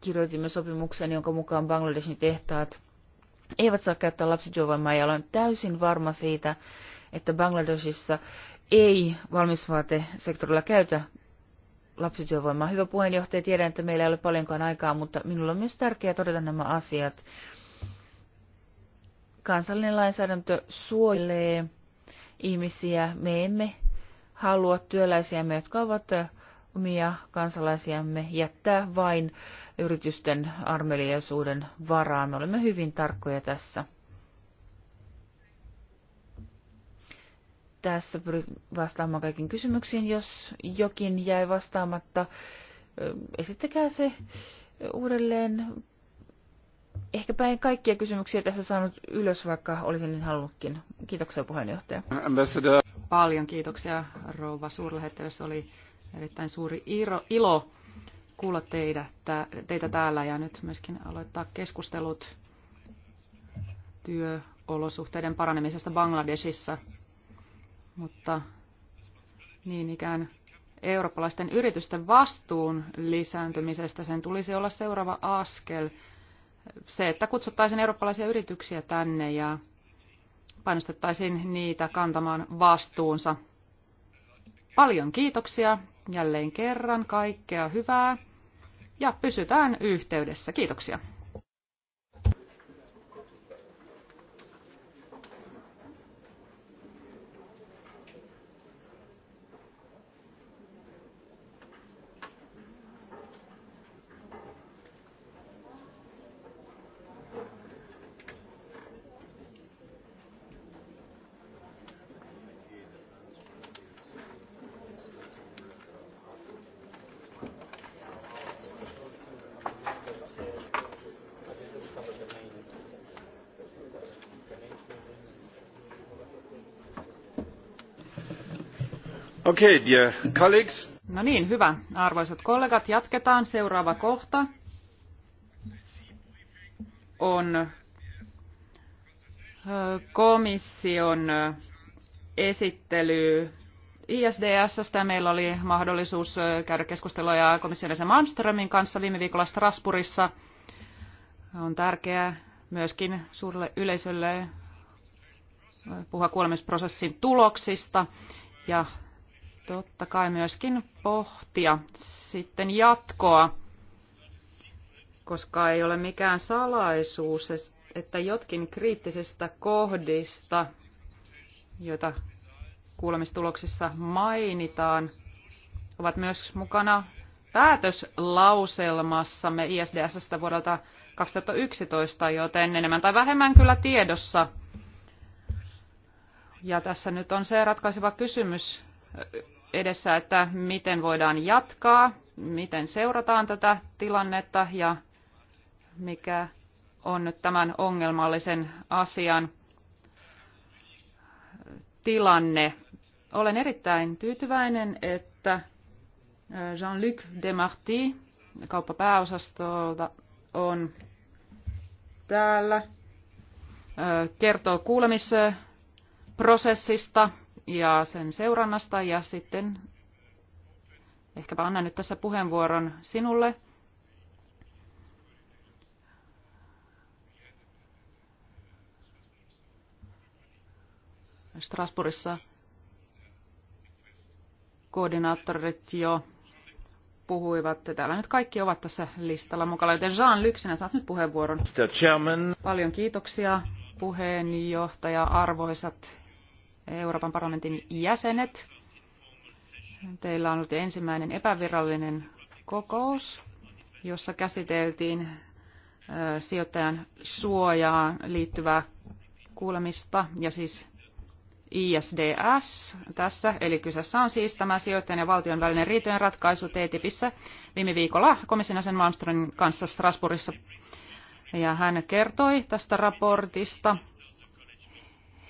kirjoitimme sopimuksen, jonka mukaan Bangladesin tehtaat eivät saa käyttää lapsityövoimaa ja olen täysin varma siitä, että Bangladesissa ei valmisvaatesektorilla käytä lapsityövoimaa. Hyvä puheenjohtaja, tiedän, että meillä ei ole paljonkaan aikaa, mutta minulla on myös tärkeää todeta nämä asiat. Kansallinen lainsäädäntö suojelee ihmisiä. Me emme halua työläisiämme, jotka ovat omia kansalaisiamme jättää vain yritysten armeliaisuuden varaan. Me olemme hyvin tarkkoja tässä. Tässä pyrin vastaamaan kaikin kysymyksiin. Jos jokin jäi vastaamatta, esittäkää se uudelleen. Ehkäpä en kaikkia kysymyksiä tässä saanut ylös, vaikka olisin niin halunnutkin. Kiitoksia puheenjohtaja. Paljon kiitoksia rouva suurlähettiläs. Oli erittäin suuri ilo, ilo kuulla teitä, teitä täällä ja nyt myöskin aloittaa keskustelut työolosuhteiden paranemisesta Bangladesissa. Mutta niin ikään eurooppalaisten yritysten vastuun lisääntymisestä sen tulisi olla seuraava askel. Se, että kutsuttaisiin eurooppalaisia yrityksiä tänne ja painostettaisiin niitä kantamaan vastuunsa. Paljon kiitoksia Jälleen kerran kaikkea hyvää ja pysytään yhteydessä. Kiitoksia. Okay, dear colleagues. No niin, hyvä. Arvoisat kollegat, jatketaan. Seuraava kohta on komission esittely ISDSstä. Meillä oli mahdollisuus käydä keskustelua komission jäsen Malmströmin kanssa viime viikolla Strasbourgissa. On tärkeää myöskin suurelle yleisölle puhua kuulemisprosessin tuloksista ja totta kai myöskin pohtia sitten jatkoa, koska ei ole mikään salaisuus, että jotkin kriittisistä kohdista, joita kuulemistuloksissa mainitaan, ovat myös mukana päätöslauselmassamme ISDSstä vuodelta 2011, joten enemmän tai vähemmän kyllä tiedossa. Ja tässä nyt on se ratkaiseva kysymys, edessä, että miten voidaan jatkaa, miten seurataan tätä tilannetta ja mikä on nyt tämän ongelmallisen asian tilanne. Olen erittäin tyytyväinen, että Jean-Luc Demarty kauppapääosastolta on täällä, kertoo kuulemisprosessista ja sen seurannasta ja sitten ehkäpä annan nyt tässä puheenvuoron sinulle. Strasbourgissa koordinaattorit jo puhuivat. Täällä nyt kaikki ovat tässä listalla mukana, joten Jean Lyksinä saat nyt puheenvuoron. Paljon kiitoksia puheenjohtaja, arvoisat Euroopan parlamentin jäsenet. Teillä on ollut ensimmäinen epävirallinen kokous, jossa käsiteltiin sijoittajan suojaan liittyvää kuulemista ja siis ISDS tässä, eli kyseessä on siis tämä sijoittajan ja valtion välinen riitojen ratkaisu TTIPissä viime viikolla komission jäsen Malmströmin kanssa Strasbourgissa. Ja hän kertoi tästä raportista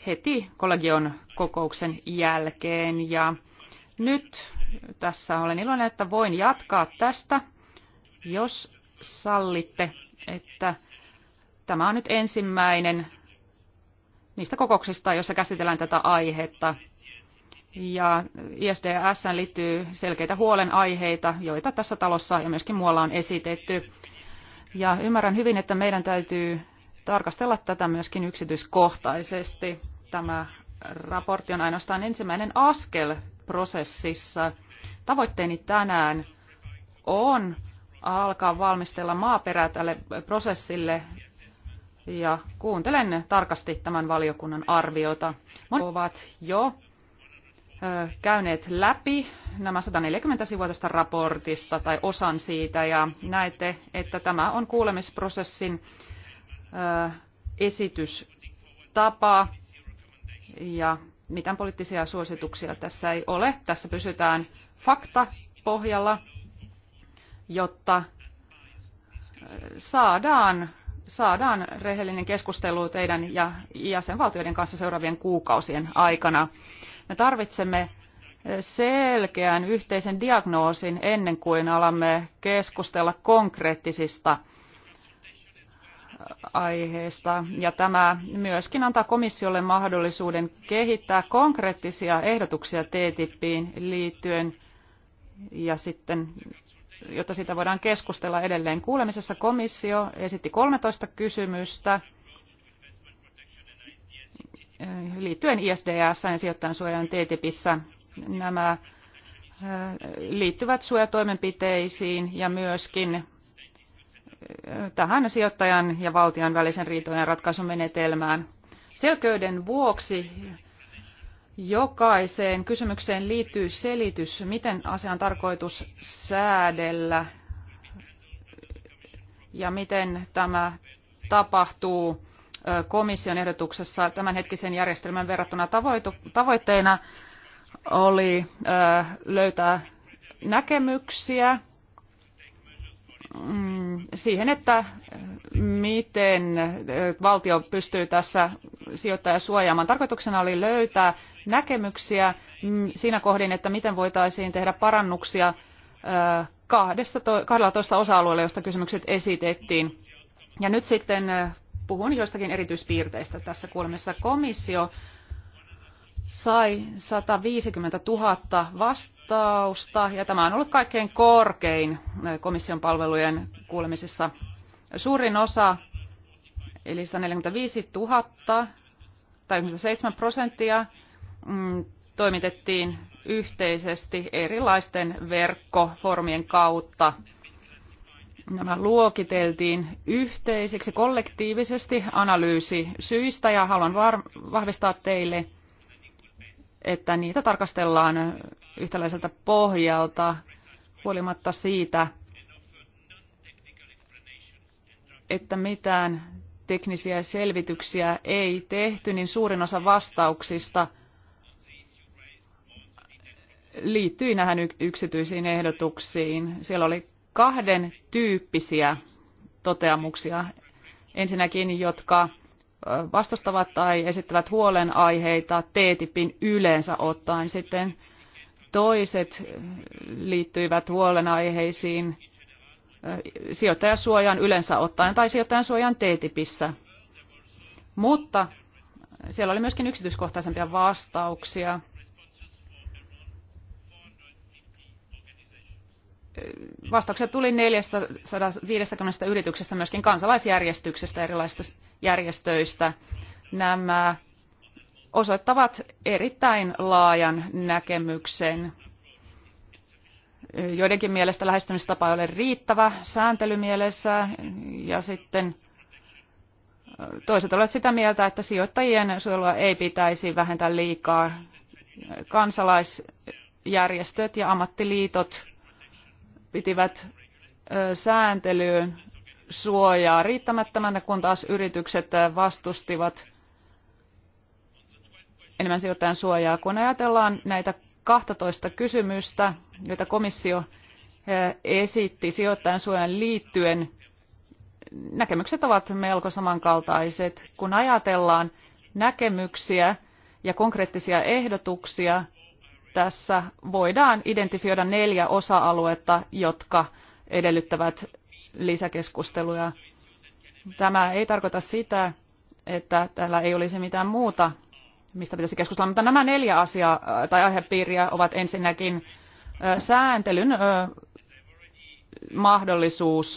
heti kollegion kokouksen jälkeen. Ja nyt tässä olen iloinen, että voin jatkaa tästä, jos sallitte, että tämä on nyt ensimmäinen niistä kokouksista, jossa käsitellään tätä aihetta. Ja ISDS liittyy selkeitä huolenaiheita, joita tässä talossa ja myöskin muualla on esitetty. Ja ymmärrän hyvin, että meidän täytyy tarkastella tätä myöskin yksityiskohtaisesti. Tämä raportti on ainoastaan ensimmäinen askel prosessissa. Tavoitteeni tänään on alkaa valmistella maaperää tälle prosessille ja kuuntelen tarkasti tämän valiokunnan arviota. Monet ovat jo käyneet läpi nämä 140 sivua tästä raportista tai osan siitä ja näette, että tämä on kuulemisprosessin esitystapa ja mitään poliittisia suosituksia tässä ei ole. Tässä pysytään fakta pohjalla, jotta saadaan, saadaan rehellinen keskustelu teidän ja jäsenvaltioiden kanssa seuraavien kuukausien aikana. Me tarvitsemme selkeän yhteisen diagnoosin ennen kuin alamme keskustella konkreettisista aiheesta ja tämä myöskin antaa komissiolle mahdollisuuden kehittää konkreettisia ehdotuksia TTIPiin liittyen ja sitten jotta siitä voidaan keskustella edelleen. Kuulemisessa komissio esitti 13 kysymystä eh, liittyen ISDS ja sijoittajan suojan TTIPissä. Nämä eh, liittyvät suojatoimenpiteisiin ja myöskin tähän sijoittajan ja valtion välisen riitojen ratkaisumenetelmään. Selkeyden vuoksi jokaiseen kysymykseen liittyy selitys, miten asian tarkoitus säädellä ja miten tämä tapahtuu komission ehdotuksessa tämänhetkisen järjestelmän verrattuna tavoitteena oli löytää näkemyksiä Mm, siihen, että äh, miten äh, valtio pystyy tässä sijoittaja suojaamaan. Tarkoituksena oli löytää näkemyksiä mm, siinä kohdin, että miten voitaisiin tehdä parannuksia 12 äh, osa-alueella, josta kysymykset esitettiin. Ja nyt sitten puhun joistakin erityispiirteistä tässä kuulemassa. Komissio sai 150 000 vastausta ja tämä on ollut kaikkein korkein komission palvelujen kuulemisissa. Suurin osa eli 145 000 tai 7 prosenttia mm, toimitettiin yhteisesti erilaisten verkkoformien kautta. Nämä luokiteltiin yhteisiksi kollektiivisesti analyysi syistä ja haluan vahvistaa teille, että niitä tarkastellaan yhtäläiseltä pohjalta huolimatta siitä, että mitään teknisiä selvityksiä ei tehty, niin suurin osa vastauksista liittyi näihin yksityisiin ehdotuksiin. Siellä oli kahden tyyppisiä toteamuksia. Ensinnäkin, jotka vastustavat tai esittävät huolenaiheita TTIPin yleensä ottaen. Sitten toiset liittyivät huolenaiheisiin sijoittajasuojaan yleensä ottaen tai sijoittajan suojaan TTIPissä. Mutta siellä oli myöskin yksityiskohtaisempia vastauksia vastauksia tuli 450 yrityksestä, myöskin kansalaisjärjestyksestä, erilaisista järjestöistä. Nämä osoittavat erittäin laajan näkemyksen. Joidenkin mielestä lähestymistapa ei ole riittävä sääntelymielessä ja sitten toiset ovat sitä mieltä, että sijoittajien suojelua ei pitäisi vähentää liikaa. Kansalaisjärjestöt ja ammattiliitot pitivät sääntelyyn suojaa riittämättömänä, kun taas yritykset vastustivat enemmän sijoittajan suojaa. Kun ajatellaan näitä 12 kysymystä, joita komissio esitti sijoittajan suojan liittyen, näkemykset ovat melko samankaltaiset. Kun ajatellaan näkemyksiä ja konkreettisia ehdotuksia, tässä voidaan identifioida neljä osa-aluetta, jotka edellyttävät lisäkeskusteluja. Tämä ei tarkoita sitä, että täällä ei olisi mitään muuta, mistä pitäisi keskustella, mutta nämä neljä asiaa äh, tai aihepiiriä ovat ensinnäkin äh, sääntelyn äh, mahdollisuus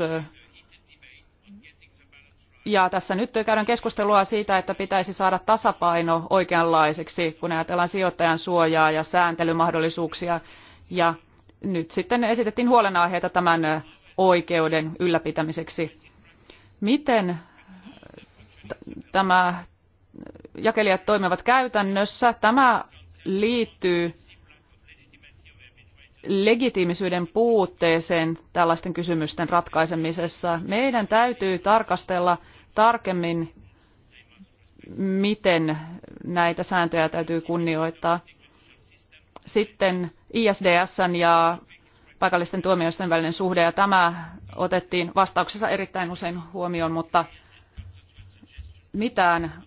ja tässä nyt käydään keskustelua siitä, että pitäisi saada tasapaino oikeanlaiseksi, kun ajatellaan sijoittajan suojaa ja sääntelymahdollisuuksia. Ja nyt sitten esitettiin huolenaiheita tämän oikeuden ylläpitämiseksi. Miten tämä jakelijat toimivat käytännössä? Tämä liittyy legitiimisyyden puutteeseen tällaisten kysymysten ratkaisemisessa. Meidän täytyy tarkastella tarkemmin, miten näitä sääntöjä täytyy kunnioittaa. Sitten ISDSn ja paikallisten tuomioisten välinen suhde, ja tämä otettiin vastauksessa erittäin usein huomioon, mutta mitään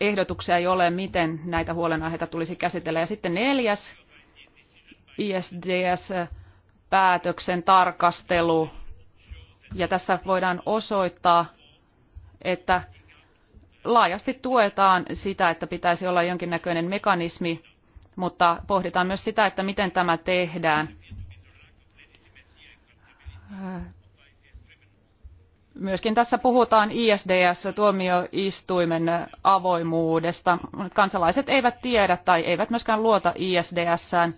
ehdotuksia ei ole, miten näitä huolenaiheita tulisi käsitellä. Ja sitten neljäs ISDS-päätöksen tarkastelu. Ja tässä voidaan osoittaa, että laajasti tuetaan sitä, että pitäisi olla jonkinnäköinen mekanismi, mutta pohditaan myös sitä, että miten tämä tehdään. Myöskin tässä puhutaan ISDS-tuomioistuimen avoimuudesta. Kansalaiset eivät tiedä tai eivät myöskään luota ISDS-sään.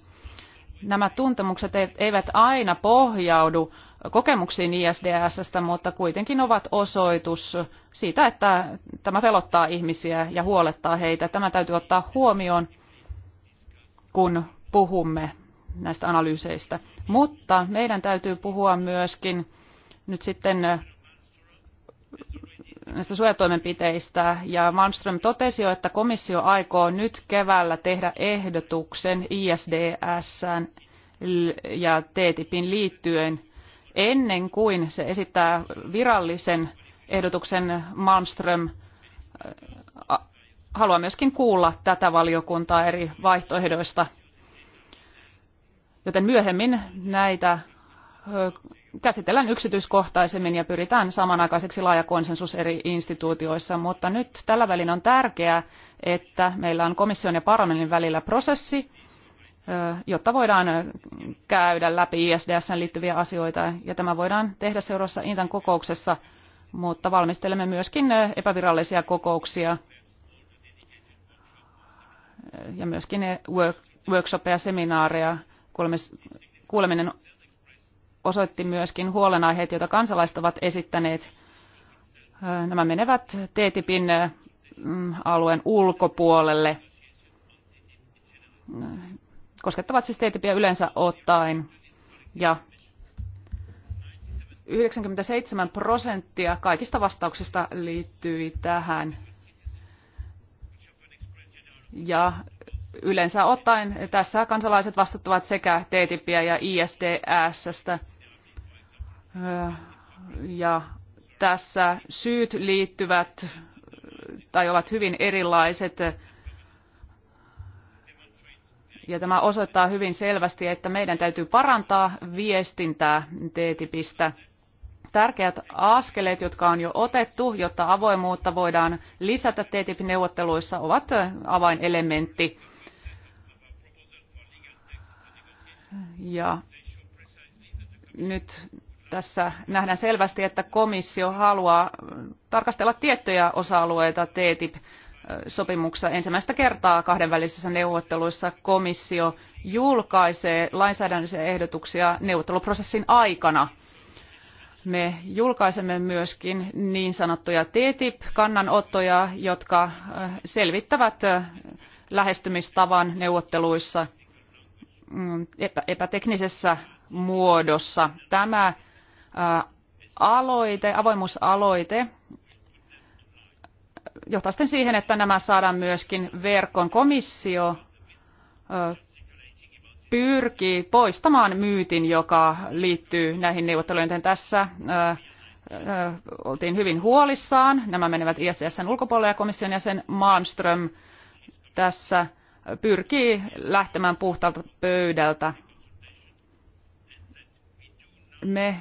Nämä tuntemukset eivät aina pohjaudu kokemuksiin ISDSstä, mutta kuitenkin ovat osoitus siitä, että tämä pelottaa ihmisiä ja huolettaa heitä. Tämä täytyy ottaa huomioon, kun puhumme näistä analyyseistä. Mutta meidän täytyy puhua myöskin nyt sitten näistä suojatoimenpiteistä. Ja Malmström totesi jo, että komissio aikoo nyt keväällä tehdä ehdotuksen ISDS ja TTIPin liittyen – ennen kuin se esittää virallisen ehdotuksen Malmström äh, haluaa myöskin kuulla tätä valiokuntaa eri vaihtoehdoista. Joten myöhemmin näitä äh, käsitellään yksityiskohtaisemmin ja pyritään samanaikaiseksi laaja konsensus eri instituutioissa, mutta nyt tällä välin on tärkeää, että meillä on komission ja parlamentin välillä prosessi, jotta voidaan käydä läpi ISDSn liittyviä asioita, ja tämä voidaan tehdä seuraavassa Intan kokouksessa, mutta valmistelemme myöskin epävirallisia kokouksia ja myöskin work, workshoppeja, seminaareja. Kuuleminen osoitti myöskin huolenaiheet, joita kansalaiset ovat esittäneet. Nämä menevät TTIPin mm, alueen ulkopuolelle koskettavat siis teitä yleensä ottaen. Ja 97 prosenttia kaikista vastauksista liittyi tähän. Ja yleensä ottaen tässä kansalaiset vastattavat sekä TTIPiä ja ISDSstä. Ja tässä syyt liittyvät tai ovat hyvin erilaiset ja tämä osoittaa hyvin selvästi, että meidän täytyy parantaa viestintää TTIPistä. Tärkeät askeleet, jotka on jo otettu, jotta avoimuutta voidaan lisätä TTIP-neuvotteluissa, ovat avainelementti. Ja nyt tässä nähdään selvästi, että komissio haluaa tarkastella tiettyjä osa-alueita TTIP sopimuksessa ensimmäistä kertaa kahdenvälisissä neuvotteluissa komissio julkaisee lainsäädännöllisiä ehdotuksia neuvotteluprosessin aikana. Me julkaisemme myöskin niin sanottuja TTIP-kannanottoja, jotka äh, selvittävät äh, lähestymistavan neuvotteluissa mm, epäteknisessä muodossa. Tämä äh, aloite, avoimuusaloite johtaa sitten siihen, että nämä saadaan myöskin verkon komissio pyrkii poistamaan myytin, joka liittyy näihin neuvotteluihin. Joten tässä oltiin hyvin huolissaan. Nämä menevät ISSn ulkopuolelle ja komission jäsen Malmström tässä pyrkii lähtemään puhtaalta pöydältä. Me,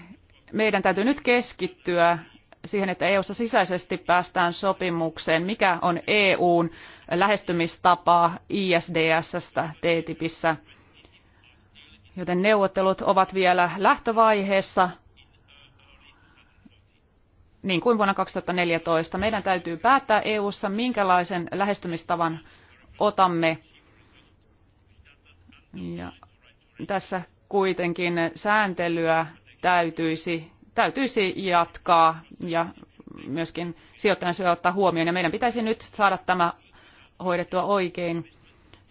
meidän täytyy nyt keskittyä siihen, että EU:ssa sisäisesti päästään sopimukseen, mikä on EUn lähestymistapa ISDSstä TTIPissä. Joten neuvottelut ovat vielä lähtövaiheessa, niin kuin vuonna 2014. Meidän täytyy päättää EU:ssa, minkälaisen lähestymistavan otamme. Ja tässä kuitenkin sääntelyä täytyisi täytyisi jatkaa ja myöskin sijoittajan syö ottaa huomioon. Ja meidän pitäisi nyt saada tämä hoidettua oikein.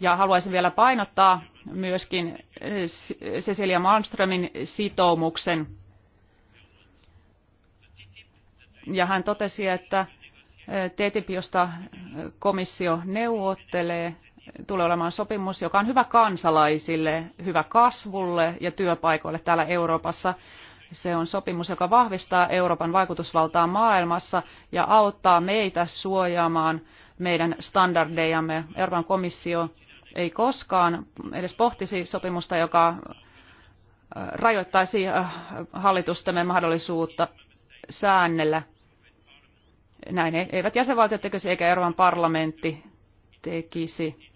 Ja haluaisin vielä painottaa myöskin Cecilia Malmströmin sitoumuksen. Ja hän totesi, että TTIP, josta komissio neuvottelee, tulee olemaan sopimus, joka on hyvä kansalaisille, hyvä kasvulle ja työpaikoille täällä Euroopassa. Se on sopimus, joka vahvistaa Euroopan vaikutusvaltaa maailmassa ja auttaa meitä suojaamaan meidän standardejamme. Euroopan komissio ei koskaan edes pohtisi sopimusta, joka äh, rajoittaisi äh, hallitustemme mahdollisuutta säännellä. Näin eivät jäsenvaltiot tekisi eikä Euroopan parlamentti tekisi.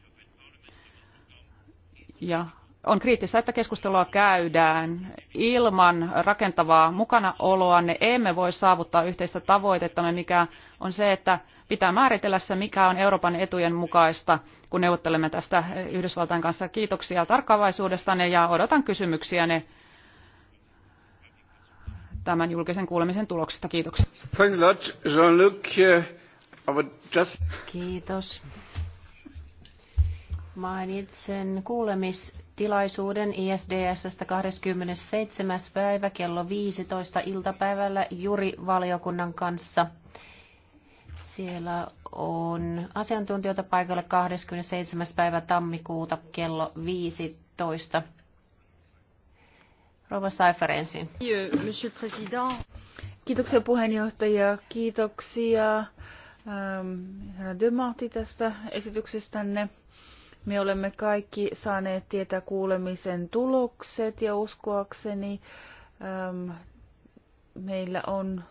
Ja on kriittistä, että keskustelua käydään. Ilman rakentavaa mukanaoloa ne emme voi saavuttaa yhteistä tavoitettamme, mikä on se, että pitää määritellä se, mikä on Euroopan etujen mukaista, kun neuvottelemme tästä Yhdysvaltain kanssa. Kiitoksia tarkkaavaisuudestanne ja odotan kysymyksiänne tämän julkisen kuulemisen tuloksista. Kiitoksia. Uh, Kiitos. Mainitsen kuulemistilaisuuden ISDSstä 27. päivä kello 15 iltapäivällä Juri-valiokunnan kanssa. Siellä on asiantuntijoita paikalle 27. päivä tammikuuta kello 15. Rova Seifer ensin. Kiitoksia puheenjohtaja. Kiitoksia. Ähm, herra Dömahti tästä esityksestänne. Me olemme kaikki saaneet tietää kuulemisen tulokset ja uskoakseni äm, meillä on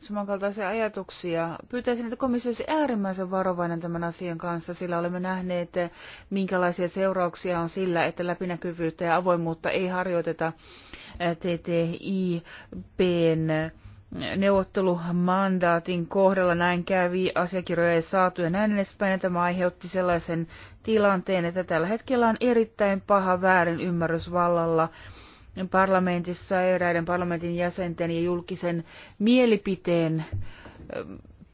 samankaltaisia ajatuksia. Pyytäisin, että komissio olisi äärimmäisen varovainen tämän asian kanssa, sillä olemme nähneet, minkälaisia seurauksia on sillä, että läpinäkyvyyttä ja avoimuutta ei harjoiteta äh, TTIPn neuvottelumandaatin kohdalla näin kävi, asiakirjoja ei saatu ja näin edespäin. Ja tämä aiheutti sellaisen tilanteen, että tällä hetkellä on erittäin paha väärin ymmärrys vallalla parlamentissa eräiden parlamentin jäsenten ja julkisen mielipiteen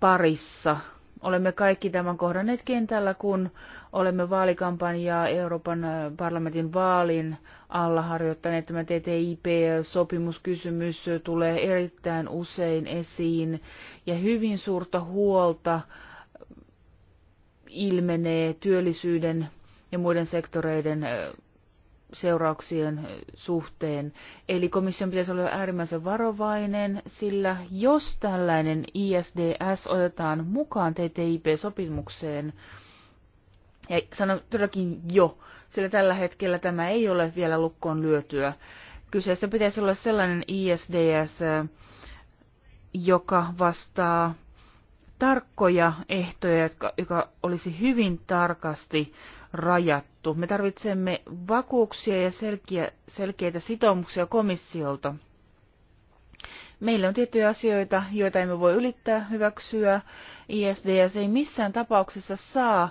parissa. Olemme kaikki tämän kohdanneet kentällä, kun olemme vaalikampanjaa Euroopan parlamentin vaalin alla harjoittaneet. Tämä TTIP-sopimuskysymys tulee erittäin usein esiin ja hyvin suurta huolta ilmenee työllisyyden ja muiden sektoreiden seurauksien suhteen. Eli komission pitäisi olla äärimmäisen varovainen, sillä jos tällainen ISDS otetaan mukaan TTIP-sopimukseen, ja sanon todellakin jo, sillä tällä hetkellä tämä ei ole vielä lukkoon lyötyä. Kyseessä pitäisi olla sellainen ISDS, joka vastaa tarkkoja ehtoja, jotka, joka olisi hyvin tarkasti rajattu. Me tarvitsemme vakuuksia ja selkeä, selkeitä sitoumuksia komissiolta. Meillä on tiettyjä asioita, joita emme voi ylittää, hyväksyä. ISDS ei missään tapauksessa saa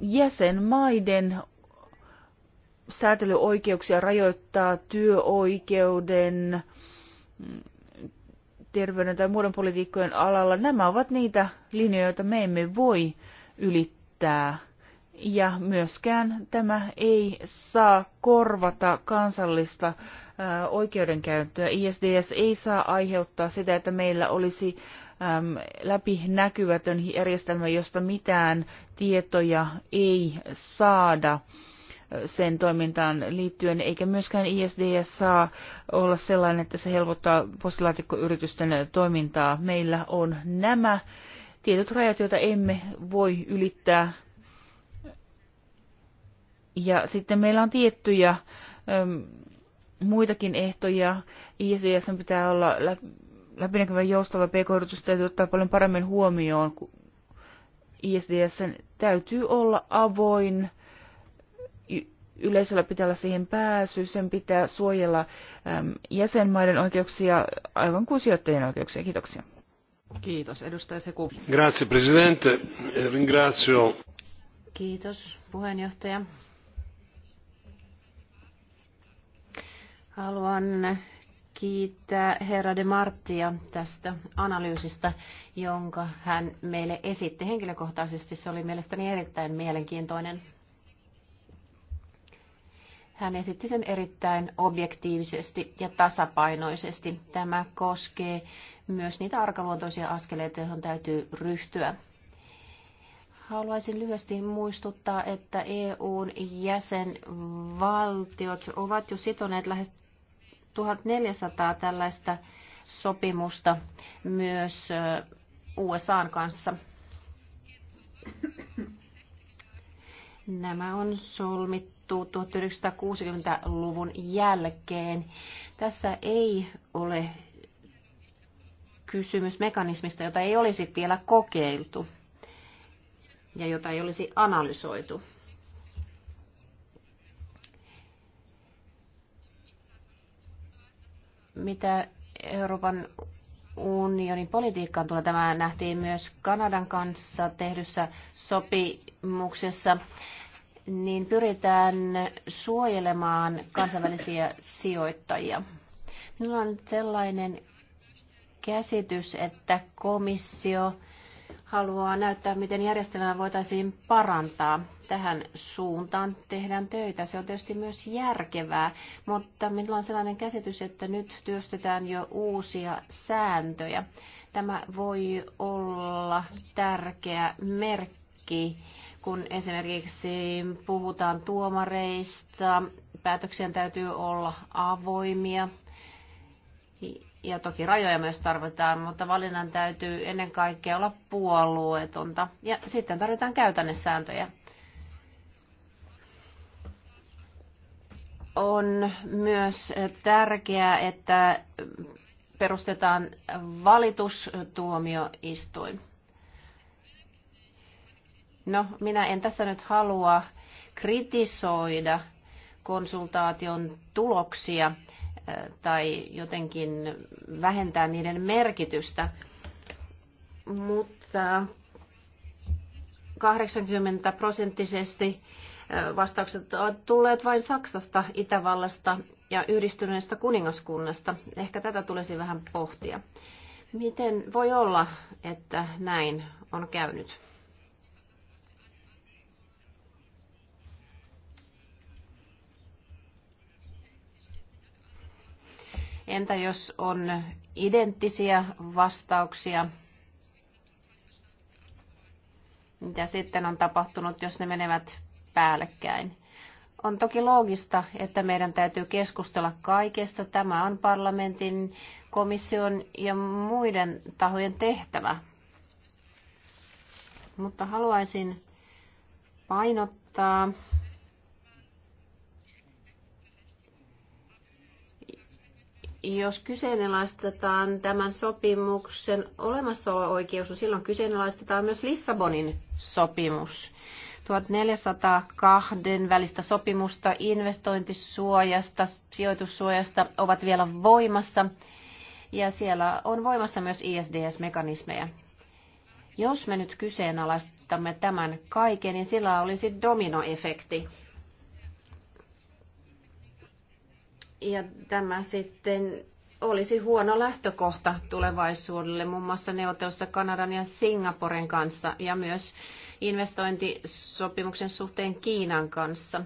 jäsenmaiden säätelyoikeuksia rajoittaa työoikeuden, terveyden tai muiden politiikkojen alalla. Nämä ovat niitä linjoja, joita me emme voi ylittää. Ja myöskään tämä ei saa korvata kansallista oikeudenkäyttöä. ISDS ei saa aiheuttaa sitä, että meillä olisi äm, läpinäkyvätön järjestelmä, josta mitään tietoja ei saada sen toimintaan liittyen, eikä myöskään ISDS saa olla sellainen, että se helpottaa postilaatikkoyritysten toimintaa. Meillä on nämä tietyt rajat, joita emme voi ylittää. Ja sitten meillä on tiettyjä äm, muitakin ehtoja. ISDS pitää olla läpinäkyvä joustava pk-yritys täytyy ottaa paljon paremmin huomioon. ISDS täytyy olla avoin, yleisöllä pitää olla siihen pääsy, sen pitää suojella äm, jäsenmaiden oikeuksia aivan kuin sijoittajien oikeuksia. Kiitoksia. Kiitos. Edustaja Seku. Grazie, presidente. Eh, ringrazio. Kiitos, puheenjohtaja. Haluan kiittää herra de Marttia tästä analyysistä, jonka hän meille esitti henkilökohtaisesti. Se oli mielestäni erittäin mielenkiintoinen. Hän esitti sen erittäin objektiivisesti ja tasapainoisesti. Tämä koskee myös niitä arkaluontoisia askeleita, joihin täytyy ryhtyä. Haluaisin lyhyesti muistuttaa, että EUn jäsenvaltiot ovat jo sitoneet lähes 1400 tällaista sopimusta myös USAn kanssa. Nämä on solmittu 1960-luvun jälkeen. Tässä ei ole kysymys mekanismista, jota ei olisi vielä kokeiltu ja jota ei olisi analysoitu. Mitä Euroopan unionin politiikkaan tulee, tämä nähtiin myös Kanadan kanssa tehdyssä sopimuksessa, niin pyritään suojelemaan kansainvälisiä sijoittajia. Minulla on sellainen käsitys, että komissio haluaa näyttää, miten järjestelmää voitaisiin parantaa. Tähän suuntaan tehdään töitä. Se on tietysti myös järkevää, mutta minulla on sellainen käsitys, että nyt työstetään jo uusia sääntöjä. Tämä voi olla tärkeä merkki, kun esimerkiksi puhutaan tuomareista, päätöksien täytyy olla avoimia ja toki rajoja myös tarvitaan, mutta valinnan täytyy ennen kaikkea olla puolueetonta. Ja sitten tarvitaan käytännössääntöjä. On myös tärkeää, että perustetaan valitustuomioistuin. No, minä en tässä nyt halua kritisoida konsultaation tuloksia – tai jotenkin vähentää niiden merkitystä. Mutta 80 prosenttisesti vastaukset ovat tulleet vain Saksasta, Itävallasta ja yhdistyneestä kuningaskunnasta. Ehkä tätä tulisi vähän pohtia. Miten voi olla, että näin on käynyt? Entä jos on identtisiä vastauksia? Mitä sitten on tapahtunut, jos ne menevät päällekkäin? On toki loogista, että meidän täytyy keskustella kaikesta. Tämä on parlamentin, komission ja muiden tahojen tehtävä. Mutta haluaisin painottaa Jos kyseenalaistetaan tämän sopimuksen olemassaolo-oikeus, niin silloin kyseenalaistetaan myös Lissabonin sopimus. 1402 välistä sopimusta investointisuojasta, sijoitussuojasta ovat vielä voimassa ja siellä on voimassa myös ISDS-mekanismeja. Jos me nyt kyseenalaistamme tämän kaiken, niin sillä olisi dominoefekti Ja tämä sitten olisi huono lähtökohta tulevaisuudelle muun muassa neuvottelussa Kanadan ja Singaporen kanssa ja myös investointisopimuksen suhteen Kiinan kanssa.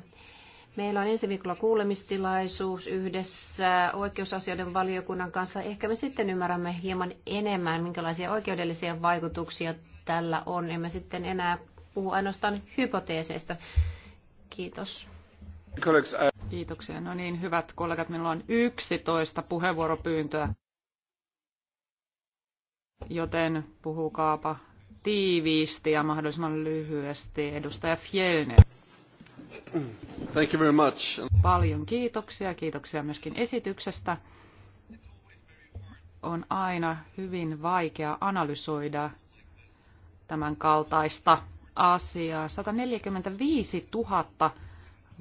Meillä on ensi viikolla kuulemistilaisuus yhdessä oikeusasioiden valiokunnan kanssa. Ehkä me sitten ymmärrämme hieman enemmän, minkälaisia oikeudellisia vaikutuksia tällä on. Emme sitten enää puhu ainoastaan hypoteeseista. Kiitos. Kiitoksia. No niin, hyvät kollegat, minulla on 11 puheenvuoropyyntöä, joten puhukaapa tiiviisti ja mahdollisimman lyhyesti. Edustaja Fjellner. Thank you very much. Paljon kiitoksia. Kiitoksia myöskin esityksestä. On aina hyvin vaikea analysoida tämän kaltaista asiaa. 145 000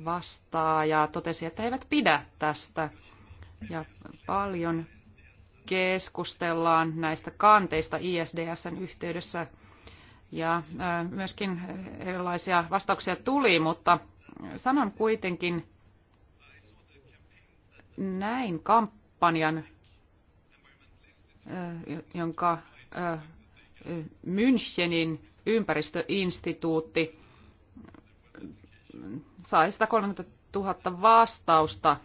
vastaa ja totesi, että he eivät pidä tästä. Ja paljon keskustellaan näistä kanteista ISDSn yhteydessä ja myöskin erilaisia vastauksia tuli, mutta sanon kuitenkin näin kampanjan, jonka Münchenin ympäristöinstituutti sai 130 000 vastausta.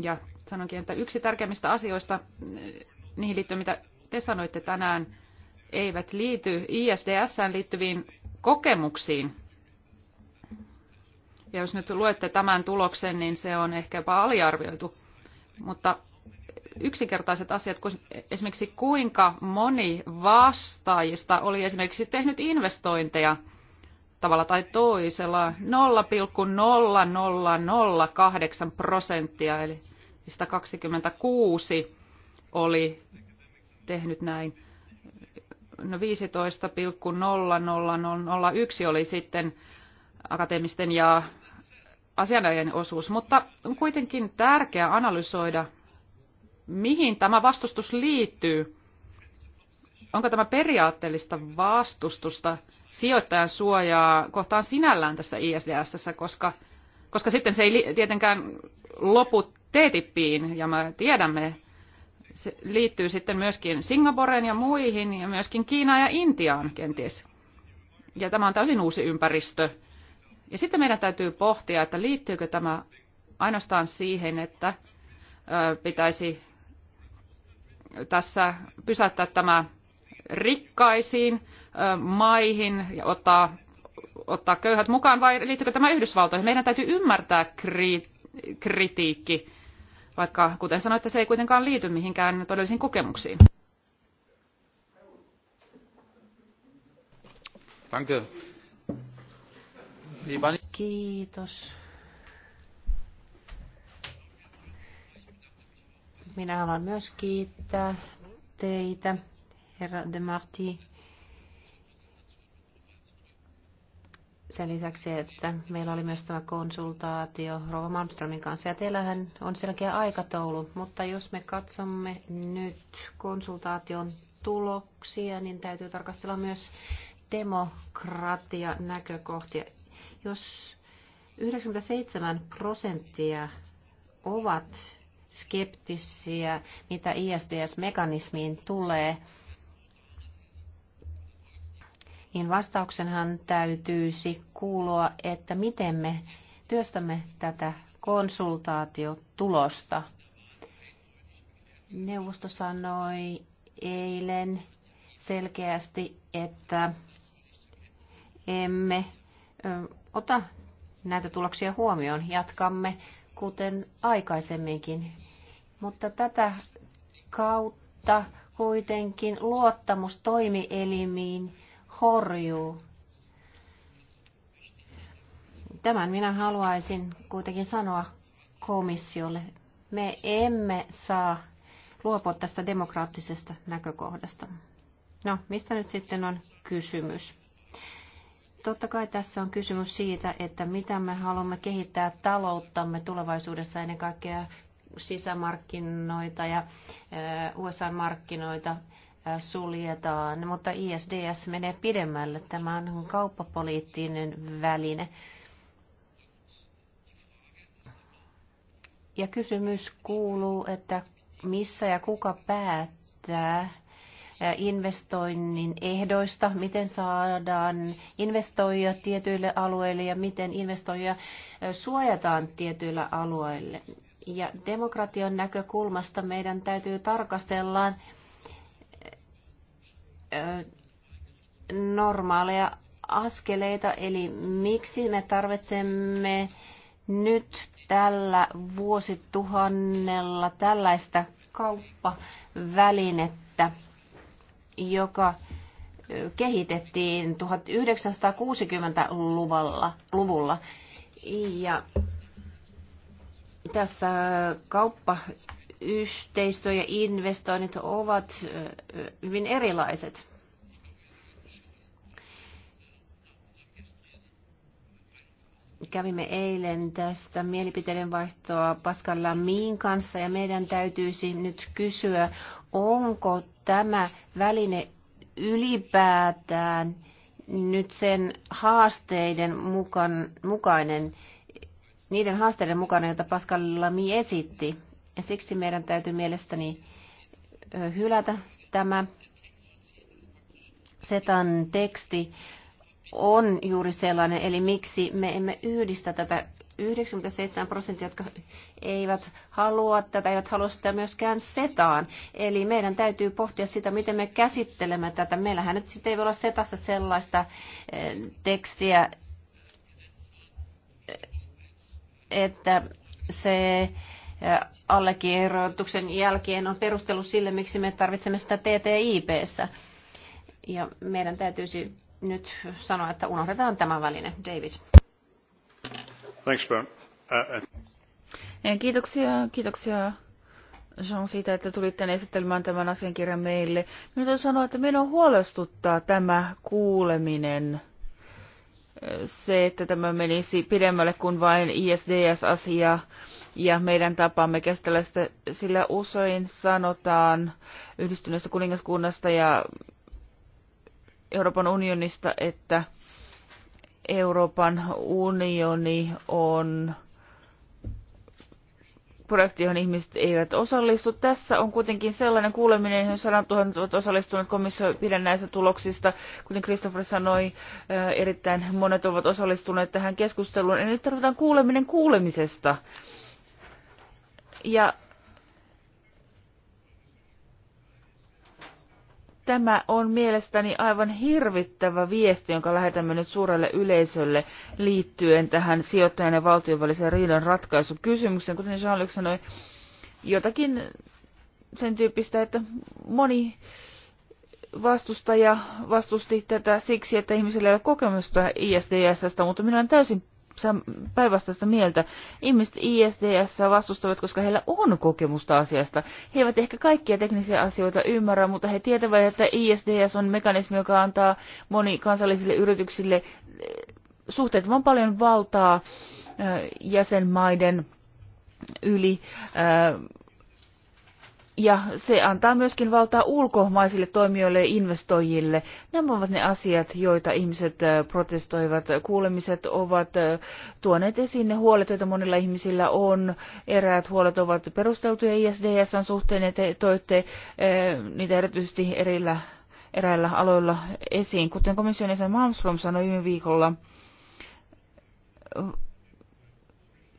Ja sanonkin, että yksi tärkeimmistä asioista eh, niihin liittyen, mitä te sanoitte tänään, eivät liity ISDSään liittyviin kokemuksiin. Ja jos nyt luette tämän tuloksen, niin se on ehkä jopa aliarvioitu. Mutta yksinkertaiset asiat, kun esimerkiksi kuinka moni vastaajista oli esimerkiksi tehnyt investointeja – tavalla tai toisella 0,0008 prosenttia, eli 126 oli tehnyt näin. No 15,0001 oli sitten akateemisten ja asianajajien osuus, mutta on kuitenkin tärkeää analysoida, mihin tämä vastustus liittyy onko tämä periaatteellista vastustusta sijoittajan suojaa kohtaan sinällään tässä ISDS, koska, koska sitten se ei tietenkään lopu TTIPiin, ja me tiedämme, se liittyy sitten myöskin Singaporeen ja muihin, ja myöskin Kiinaan ja Intiaan kenties. Ja tämä on täysin uusi ympäristö. Ja sitten meidän täytyy pohtia, että liittyykö tämä ainoastaan siihen, että pitäisi tässä pysäyttää tämä rikkaisiin maihin ja ottaa, ottaa köyhät mukaan vai liittyykö tämä Yhdysvaltoihin? Meidän täytyy ymmärtää kri, kritiikki, vaikka kuten sanoitte, se ei kuitenkaan liity mihinkään todellisiin kokemuksiin. Kiitos. Minä haluan myös kiittää teitä herra De Marti. Sen lisäksi, että meillä oli myös tämä konsultaatio Rova Malmströmin kanssa, ja teillähän on selkeä aikataulu, mutta jos me katsomme nyt konsultaation tuloksia, niin täytyy tarkastella myös demokratia näkökohtia. Jos 97 prosenttia ovat skeptisiä, mitä ISDS-mekanismiin tulee, niin vastauksenhan täytyisi kuulua, että miten me työstämme tätä konsultaatiotulosta. Neuvosto sanoi eilen selkeästi, että emme ota näitä tuloksia huomioon. Jatkamme kuten aikaisemminkin. Mutta tätä kautta kuitenkin luottamus toimielimiin horjuu. Tämän minä haluaisin kuitenkin sanoa komissiolle. Me emme saa luopua tästä demokraattisesta näkökohdasta. No, mistä nyt sitten on kysymys? Totta kai tässä on kysymys siitä, että mitä me haluamme kehittää talouttamme tulevaisuudessa ennen kaikkea sisämarkkinoita ja USA-markkinoita suljetaan, mutta ISDS menee pidemmälle. Tämä on kauppapoliittinen väline. Ja kysymys kuuluu, että missä ja kuka päättää investoinnin ehdoista, miten saadaan investoijia tietyille alueille ja miten investoijia suojataan tietyillä alueille. Ja demokratian näkökulmasta meidän täytyy tarkastella normaaleja askeleita, eli miksi me tarvitsemme nyt tällä vuosituhannella tällaista kauppavälinettä, joka kehitettiin 1960-luvulla. Ja tässä kauppa yhteistyö ja investoinnit ovat hyvin erilaiset. Kävimme eilen tästä mielipiteiden vaihtoa Pascal Lamin kanssa ja meidän täytyisi nyt kysyä, onko tämä väline ylipäätään nyt sen haasteiden mukaan, mukainen, niiden haasteiden mukana, joita Pascal Lamy esitti. Ja siksi meidän täytyy mielestäni hylätä tämä Setan teksti on juuri sellainen, eli miksi me emme yhdistä tätä 97 prosenttia, jotka eivät halua tätä, eivät halua sitä myöskään setaan. Eli meidän täytyy pohtia sitä, miten me käsittelemme tätä. Meillähän nyt sitten ei voi olla setassa sellaista tekstiä, että se allekirjoituksen jälkeen on perustelu sille, miksi me tarvitsemme sitä TTIPssä. Ja meidän täytyisi nyt sanoa, että unohdetaan tämä väline. David. Thanks, Ben. Uh, uh. Kiitoksia, kiitoksia Jean siitä, että tulitte esittelemään tämän asiakirjan meille. Nyt on sanoa, että minua huolestuttaa tämä kuuleminen. Se, että tämä menisi pidemmälle kuin vain ISDS-asia ja meidän tapaamme käsitellä sitä, sillä usein sanotaan yhdistyneestä kuningaskunnasta ja Euroopan unionista, että Euroopan unioni on projekti, johon ihmiset eivät osallistu. Tässä on kuitenkin sellainen kuuleminen, johon 100 000 ovat osallistuneet komissio pidän näistä tuloksista. Kuten Christopher sanoi, äh, erittäin monet ovat osallistuneet tähän keskusteluun. Ja nyt tarvitaan kuuleminen kuulemisesta. Ja tämä on mielestäni aivan hirvittävä viesti, jonka lähetämme nyt suurelle yleisölle liittyen tähän sijoittajan ja valtion välisen riidan ratkaisukysymykseen. Kuten Jean-Luc sanoi, jotakin sen tyyppistä, että moni vastustaja vastusti tätä siksi, että ihmisillä ei ole kokemusta ISDSstä, mutta minä olen täysin päinvastaista mieltä. Ihmiset ISDS vastustavat, koska heillä on kokemusta asiasta. He eivät ehkä kaikkia teknisiä asioita ymmärrä, mutta he tietävät, että ISDS on mekanismi, joka antaa monikansallisille yrityksille eh, suhteettoman paljon valtaa eh, jäsenmaiden yli eh, ja se antaa myöskin valtaa ulkomaisille toimijoille ja investoijille. Nämä ovat ne asiat, joita ihmiset äh, protestoivat. Kuulemiset ovat äh, tuoneet esiin ne huolet, joita monilla ihmisillä on. Eräät huolet ovat perusteltuja ISDSn suhteen, että toitte äh, niitä erityisesti erillä, eräillä aloilla esiin. Kuten komission jäsen Malmström sanoi viime viikolla,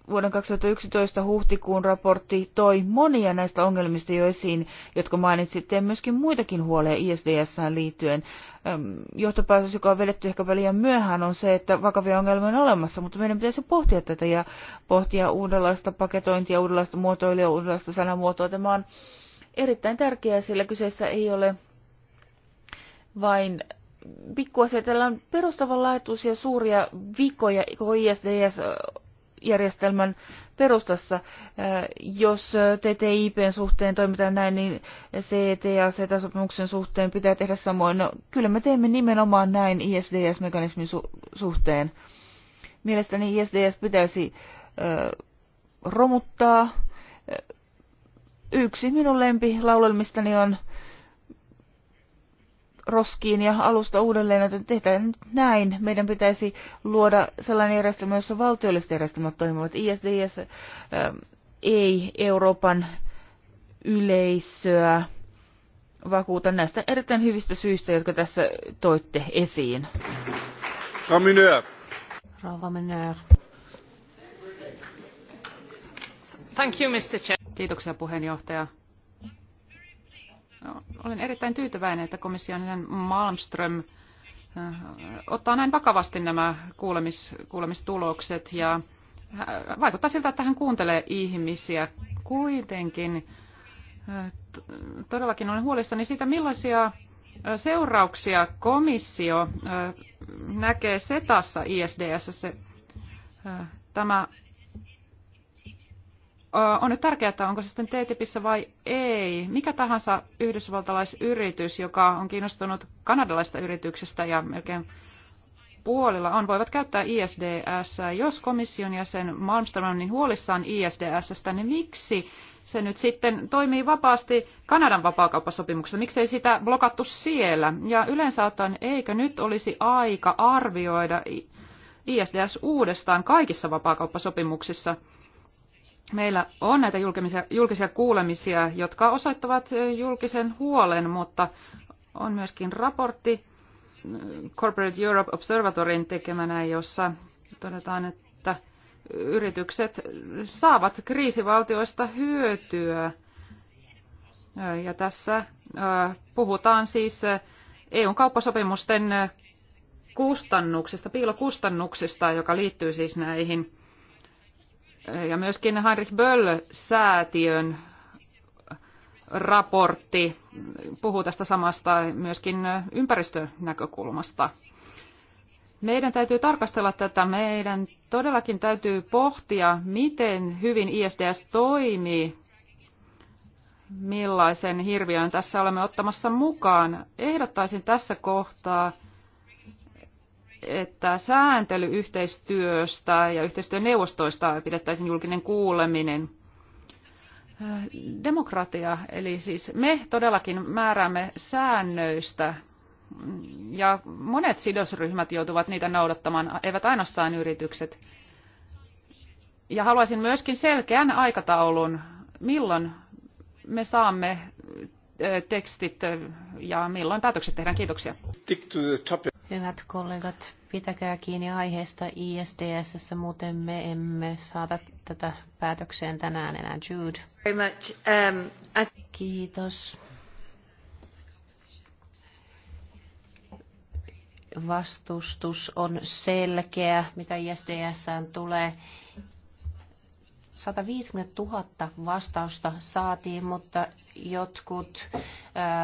vuoden 2011 huhtikuun raportti toi monia näistä ongelmista jo esiin, jotka mainitsitte, ja myöskin muitakin huoleja ISDSään liittyen. Johtopäätös, joka on vedetty ehkä liian myöhään, on se, että vakavia ongelmia on olemassa, mutta meidän pitäisi pohtia tätä ja pohtia uudenlaista paketointia, uudenlaista muotoilua, uudenlaista sanamuotoa. Tämä on erittäin tärkeää, sillä kyseessä ei ole vain pikkuasia. Tällä on perustavanlaatuisia suuria vikoja koko ISDS järjestelmän perustassa. Äh, jos TTIPn suhteen toimitaan näin, niin CET ja CETA-sopimuksen suhteen pitää tehdä samoin. No, kyllä me teemme nimenomaan näin ISDS-mekanismin su- suhteen. Mielestäni ISDS pitäisi äh, romuttaa. Äh, yksi minun lempilaulelmistani on roskiin ja alusta uudelleen, että tehdään nyt näin. Meidän pitäisi luoda sellainen järjestelmä, jossa valtiolliset järjestelmät toimivat. ISDS ähm, ei Euroopan yleisöä vakuuta näistä erittäin hyvistä syistä, jotka tässä toitte esiin. Rouva Mineur. Thank you, Mr. Kiitoksia puheenjohtaja. Olen erittäin tyytyväinen, että komission Malmström äh, ottaa näin vakavasti nämä kuulemis, kuulemistulokset ja äh, vaikuttaa siltä, että hän kuuntelee ihmisiä. Kuitenkin äh, todellakin olen huolissani siitä, millaisia seurauksia komissio näkee setassa ISDS. Tämä on nyt tärkeää, että onko se sitten TTIPissä vai ei. Mikä tahansa yhdysvaltalaisyritys, joka on kiinnostunut kanadalaista yrityksestä ja melkein puolilla on, voivat käyttää ISDS. Jos komission jäsen Malmström on niin huolissaan ISDSstä, niin miksi se nyt sitten toimii vapaasti Kanadan vapaakauppasopimuksessa? Miksei sitä blokattu siellä? Ja yleensä ottaen, eikö nyt olisi aika arvioida ISDS uudestaan kaikissa vapaakauppasopimuksissa? Meillä on näitä julkisia, julkisia kuulemisia, jotka osoittavat julkisen huolen, mutta on myöskin raportti Corporate Europe Observatorin tekemänä, jossa todetaan, että yritykset saavat kriisivaltioista hyötyä. Ja tässä puhutaan siis EUn kauppasopimusten kustannuksista, piilokustannuksista, joka liittyy siis näihin ja myöskin Heinrich Böll-säätiön raportti puhuu tästä samasta myöskin ympäristönäkökulmasta. Meidän täytyy tarkastella tätä. Meidän todellakin täytyy pohtia, miten hyvin ISDS toimii, millaisen hirviön tässä olemme ottamassa mukaan. Ehdottaisin tässä kohtaa, että sääntelyyhteistyöstä ja yhteistyöneuvostoista pidettäisiin julkinen kuuleminen. Demokratia, eli siis me todellakin määräämme säännöistä ja monet sidosryhmät joutuvat niitä noudattamaan, eivät ainoastaan yritykset. Ja haluaisin myöskin selkeän aikataulun, milloin me saamme eh, tekstit ja milloin päätökset tehdään. Kiitoksia. Hyvät kollegat, pitäkää kiinni aiheesta ISDS, muuten me emme saata tätä päätökseen tänään enää. Jude. Very much. Um, I... Kiitos. Vastustus on selkeä, mitä ISDS tulee. 150 000 vastausta saatiin, mutta jotkut äh,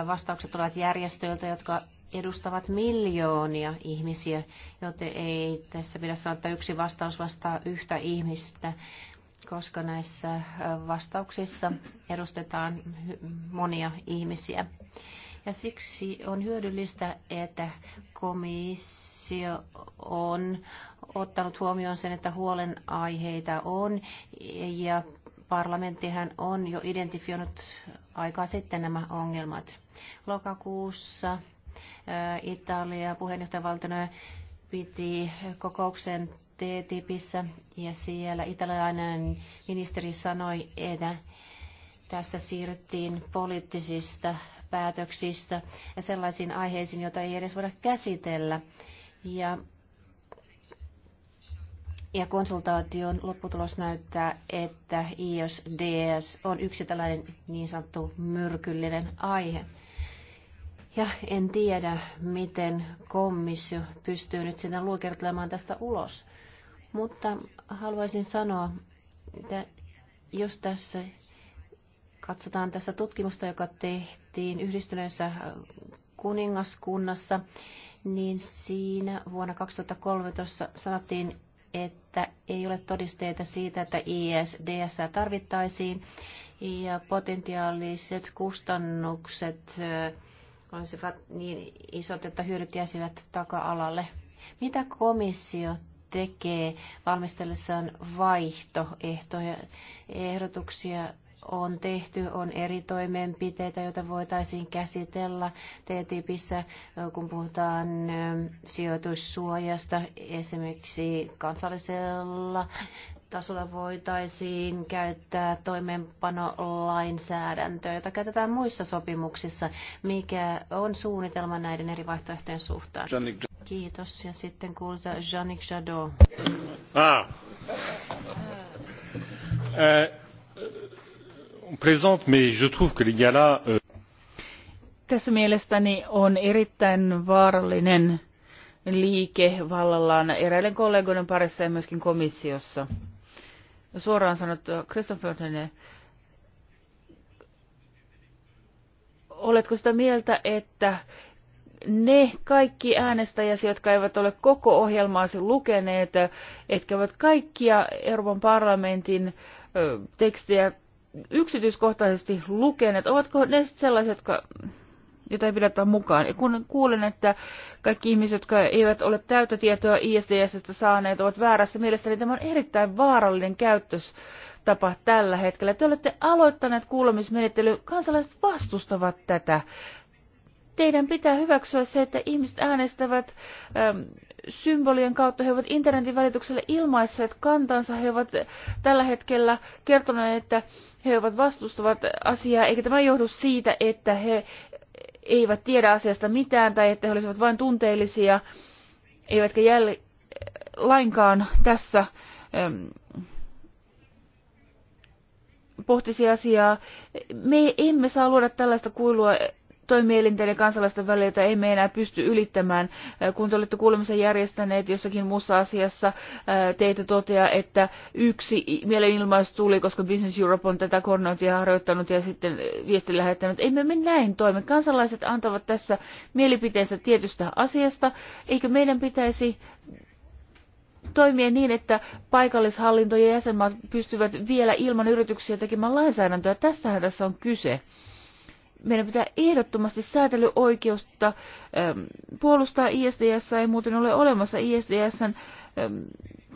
vastaukset tulevat järjestöiltä, jotka edustavat miljoonia ihmisiä, joten ei tässä pidä sanoa, että yksi vastaus vastaa yhtä ihmistä, koska näissä äh, vastauksissa edustetaan monia ihmisiä. Ja siksi on hyödyllistä, että komissio on ottanut huomioon sen, että huolenaiheita on ja parlamenttihän on jo identifioinut aikaa sitten nämä ongelmat. Lokakuussa Italia puheenjohtajavaltiona piti kokouksen TTIPissä ja siellä italialainen ministeri sanoi, että tässä siirryttiin poliittisista päätöksistä ja sellaisiin aiheisiin, joita ei edes voida käsitellä. Ja, ja konsultaation lopputulos näyttää, että ISDS on yksi tällainen niin sanottu myrkyllinen aihe. Ja en tiedä, miten komissio pystyy nyt sitä luokertelemaan tästä ulos. Mutta haluaisin sanoa, että jos tässä katsotaan tässä tutkimusta, joka tehtiin yhdistyneessä kuningaskunnassa, niin siinä vuonna 2013 sanottiin, että ei ole todisteita siitä, että ISDS tarvittaisiin ja potentiaaliset kustannukset olisivat niin isot, että hyödyt jäisivät taka-alalle. Mitä komissio tekee valmistellessaan vaihtoehtoja? Ehdotuksia on tehty, on eri toimenpiteitä, joita voitaisiin käsitellä TTIPissä, kun puhutaan sijoitussuojasta esimerkiksi kansallisella tasolla voitaisiin käyttää toimeenpanolainsäädäntöä, jota käytetään muissa sopimuksissa. Mikä on suunnitelma näiden eri vaihtoehtojen suhtaan? Kiitos. Ja sitten kuulsa Janik Jadot. Ah. Äh. On euh, Tässä mielestäni on erittäin vaarallinen liike vallallaan eräiden kollegoiden parissa ja myöskin komissiossa suoraan sanottuna, Christophersen, oletko sitä mieltä, että ne kaikki äänestäjäsi, jotka eivät ole koko ohjelmaasi lukeneet, etkä ovat kaikkia Euroopan parlamentin tekstejä yksityiskohtaisesti lukeneet, ovatko ne sellaiset, jotka jota ei pidä ottaa mukaan. Ja kun kuulen, että kaikki ihmiset, jotka eivät ole täyttä tietoa ISDSstä saaneet, ovat väärässä, niin tämä on erittäin vaarallinen käyttös tapa tällä hetkellä. Te olette aloittaneet kuulemismenettely. Kansalaiset vastustavat tätä. Teidän pitää hyväksyä se, että ihmiset äänestävät äm, symbolien kautta. He ovat internetin välityksellä ilmaisseet kantansa. He ovat tällä hetkellä kertoneet, että he ovat vastustavat asiaa, eikä tämä johdu siitä, että he eivät tiedä asiasta mitään tai että he olisivat vain tunteellisia, eivätkä jäl- lainkaan tässä äm, pohtisi asiaa. Me emme saa luoda tällaista kuilua toimielinten ja kansalaisten välillä, jota emme enää pysty ylittämään. Äh, kun te olette kuulemisen järjestäneet jossakin muussa asiassa, äh, teitä toteaa, että yksi mielenilmaisu tuli, koska Business Europe on tätä koordinointia harjoittanut ja sitten äh, viestin lähettänyt. Emme me näin toimi. Kansalaiset antavat tässä mielipiteensä tietystä asiasta. Eikö meidän pitäisi toimia niin, että paikallishallinto ja jäsenmaat pystyvät vielä ilman yrityksiä tekemään lainsäädäntöä. Tästähän tässä on kyse meidän pitää ehdottomasti säätelyoikeusta ähm, puolustaa ISDS, ei muuten ole olemassa ISDSn ähm,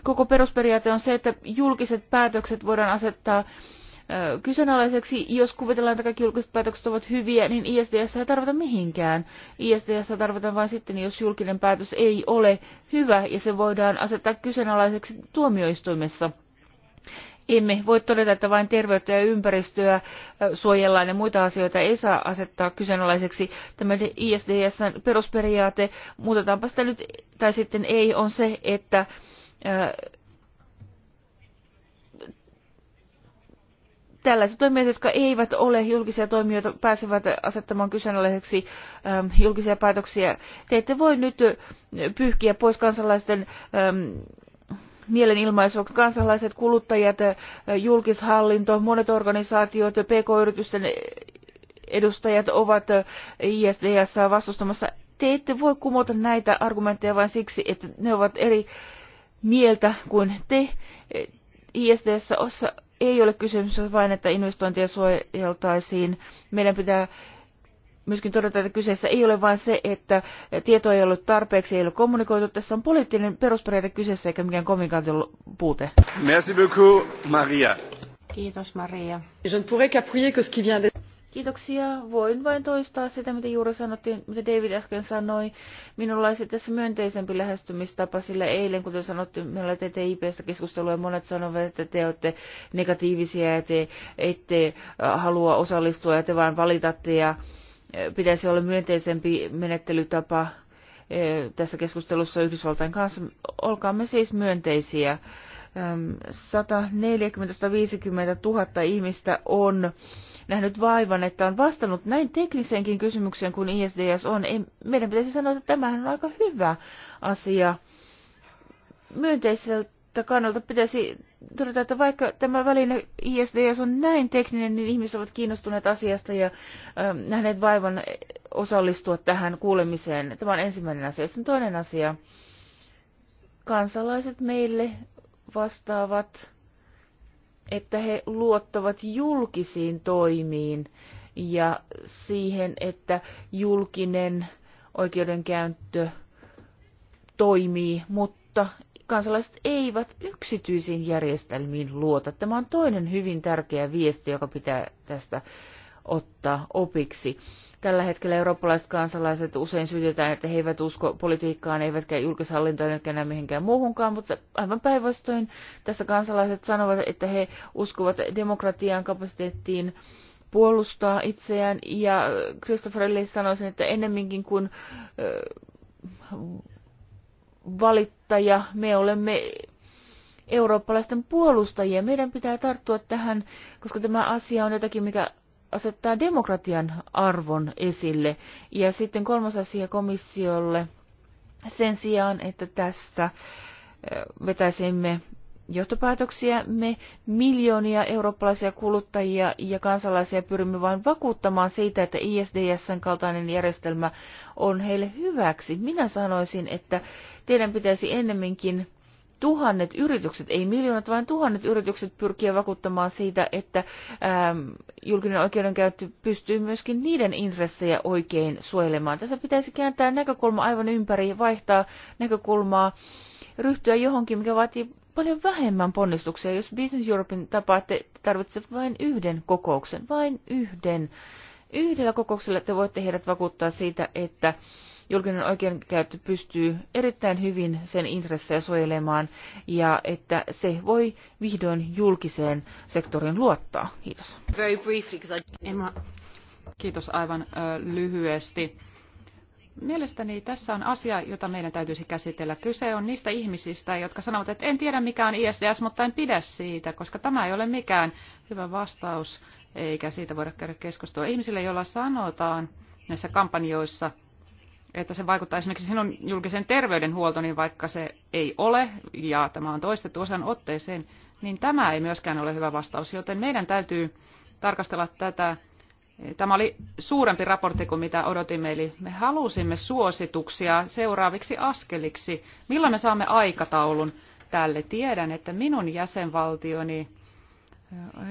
koko perusperiaate on se, että julkiset päätökset voidaan asettaa äh, kyseenalaiseksi, jos kuvitellaan, että kaikki julkiset päätökset ovat hyviä, niin ISDS ei tarvita mihinkään. ISDS tarvitaan vain sitten, jos julkinen päätös ei ole hyvä ja se voidaan asettaa kyseenalaiseksi tuomioistuimessa. Emme voi todeta, että vain terveyttä ja ympäristöä suojellaan ja muita asioita ei saa asettaa kyseenalaiseksi. Tämä ISDSn perusperiaate, muutetaanpa sitä nyt tai sitten ei, on se, että tällaiset toimijat, jotka eivät ole julkisia toimijoita, pääsevät asettamaan kyseenalaiseksi julkisia päätöksiä. Te ette voi nyt pyyhkiä pois kansalaisten äm, mielenilmaisu, kansalaiset, kuluttajat, julkishallinto, monet organisaatiot, pk-yritysten edustajat ovat ISDS vastustamassa. Te ette voi kumota näitä argumentteja vain siksi, että ne ovat eri mieltä kuin te. ISDS ei ole kysymys vain, että investointia suojeltaisiin. Meidän pitää myöskin todeta, että kyseessä ei ole vain se, että tieto ei ollut tarpeeksi, ei ole kommunikoitu. Tässä on poliittinen perusperiaate kyseessä eikä mikään kommunikaation puute. Merci beaucoup, Maria. Kiitos, Maria. Je ne pourrais qu'appuyer que ce qui vient de. Kiitoksia. Voin vain toistaa sitä, mitä juuri sanottiin, mitä David äsken sanoi. Minulla olisi tässä myönteisempi lähestymistapa, sillä eilen, kuten sanottiin, meillä oli TTIPstä keskustelua ja monet sanovat, että te olette negatiivisia ja te ette äh, halua osallistua ja te vain valitatte ja äh, pitäisi olla myönteisempi menettelytapa eh, tässä keskustelussa Yhdysvaltain kanssa. Olkaamme siis myönteisiä. 140 ehm, 000 ihmistä on nähnyt vaivan, että on vastannut näin tekniseenkin kysymykseen kuin ISDS on. Ei, meidän pitäisi sanoa, että tämähän on aika hyvä asia. Myönteisellä kannalta pitäisi todeta, että vaikka tämä väline ISDS on näin tekninen, niin ihmiset ovat kiinnostuneet asiasta ja äh, nähneet vaivan osallistua tähän kuulemiseen. Tämä on ensimmäinen asia. Sitten toinen asia. Kansalaiset meille vastaavat, että he luottavat julkisiin toimiin ja siihen, että julkinen oikeudenkäyttö toimii, mutta kansalaiset eivät yksityisiin järjestelmiin luota. Tämä on toinen hyvin tärkeä viesti, joka pitää tästä ottaa opiksi. Tällä hetkellä eurooppalaiset kansalaiset usein syytetään, että he eivät usko politiikkaan, eivätkä julkishallintoon, eivätkä enää mihinkään muuhunkaan, mutta aivan päinvastoin tässä kansalaiset sanovat, että he uskovat demokratian kapasiteettiin puolustaa itseään, ja Christopherille sanoisin, että ennemminkin kuin valittaja, me olemme eurooppalaisten puolustajia. Meidän pitää tarttua tähän, koska tämä asia on jotakin, mikä asettaa demokratian arvon esille. Ja sitten kolmas asia komissiolle. Sen sijaan, että tässä eh, vetäisimme johtopäätöksiä. Me miljoonia eurooppalaisia kuluttajia ja kansalaisia pyrimme vain vakuuttamaan siitä, että ISDSn kaltainen järjestelmä on heille hyväksi. Minä sanoisin, että teidän pitäisi ennemminkin tuhannet yritykset, ei miljoonat, vaan tuhannet yritykset pyrkiä vakuuttamaan siitä, että äm, julkinen oikeudenkäyttö pystyy myöskin niiden intressejä oikein suojelemaan. Tässä pitäisi kääntää näkökulma aivan ympäri, vaihtaa näkökulmaa, ryhtyä johonkin, mikä vaatii paljon vähemmän ponnistuksia, jos Business Europein tapaatte, tarvitse vain yhden kokouksen, vain yhden. Yhdellä kokouksella te voitte heidät vakuuttaa siitä, että julkinen oikeudenkäyttö pystyy erittäin hyvin sen intressejä suojelemaan ja että se voi vihdoin julkiseen sektoriin luottaa. Kiitos. Very briefly, I... Emma, kiitos aivan lyhyesti. Mielestäni tässä on asia, jota meidän täytyisi käsitellä. Kyse on niistä ihmisistä, jotka sanovat, että en tiedä mikä on ISDS, mutta en pidä siitä, koska tämä ei ole mikään hyvä vastaus, eikä siitä voida käydä keskustelua. Ihmisille, joilla sanotaan näissä kampanjoissa, että se vaikuttaa esimerkiksi sinun julkisen terveydenhuoltoon, niin vaikka se ei ole, ja tämä on toistettu osan otteeseen, niin tämä ei myöskään ole hyvä vastaus, joten meidän täytyy tarkastella tätä Tämä oli suurempi raportti kuin mitä odotimme, eli me halusimme suosituksia seuraaviksi askeliksi. Milloin me saamme aikataulun tälle? Tiedän, että minun jäsenvaltioni eh,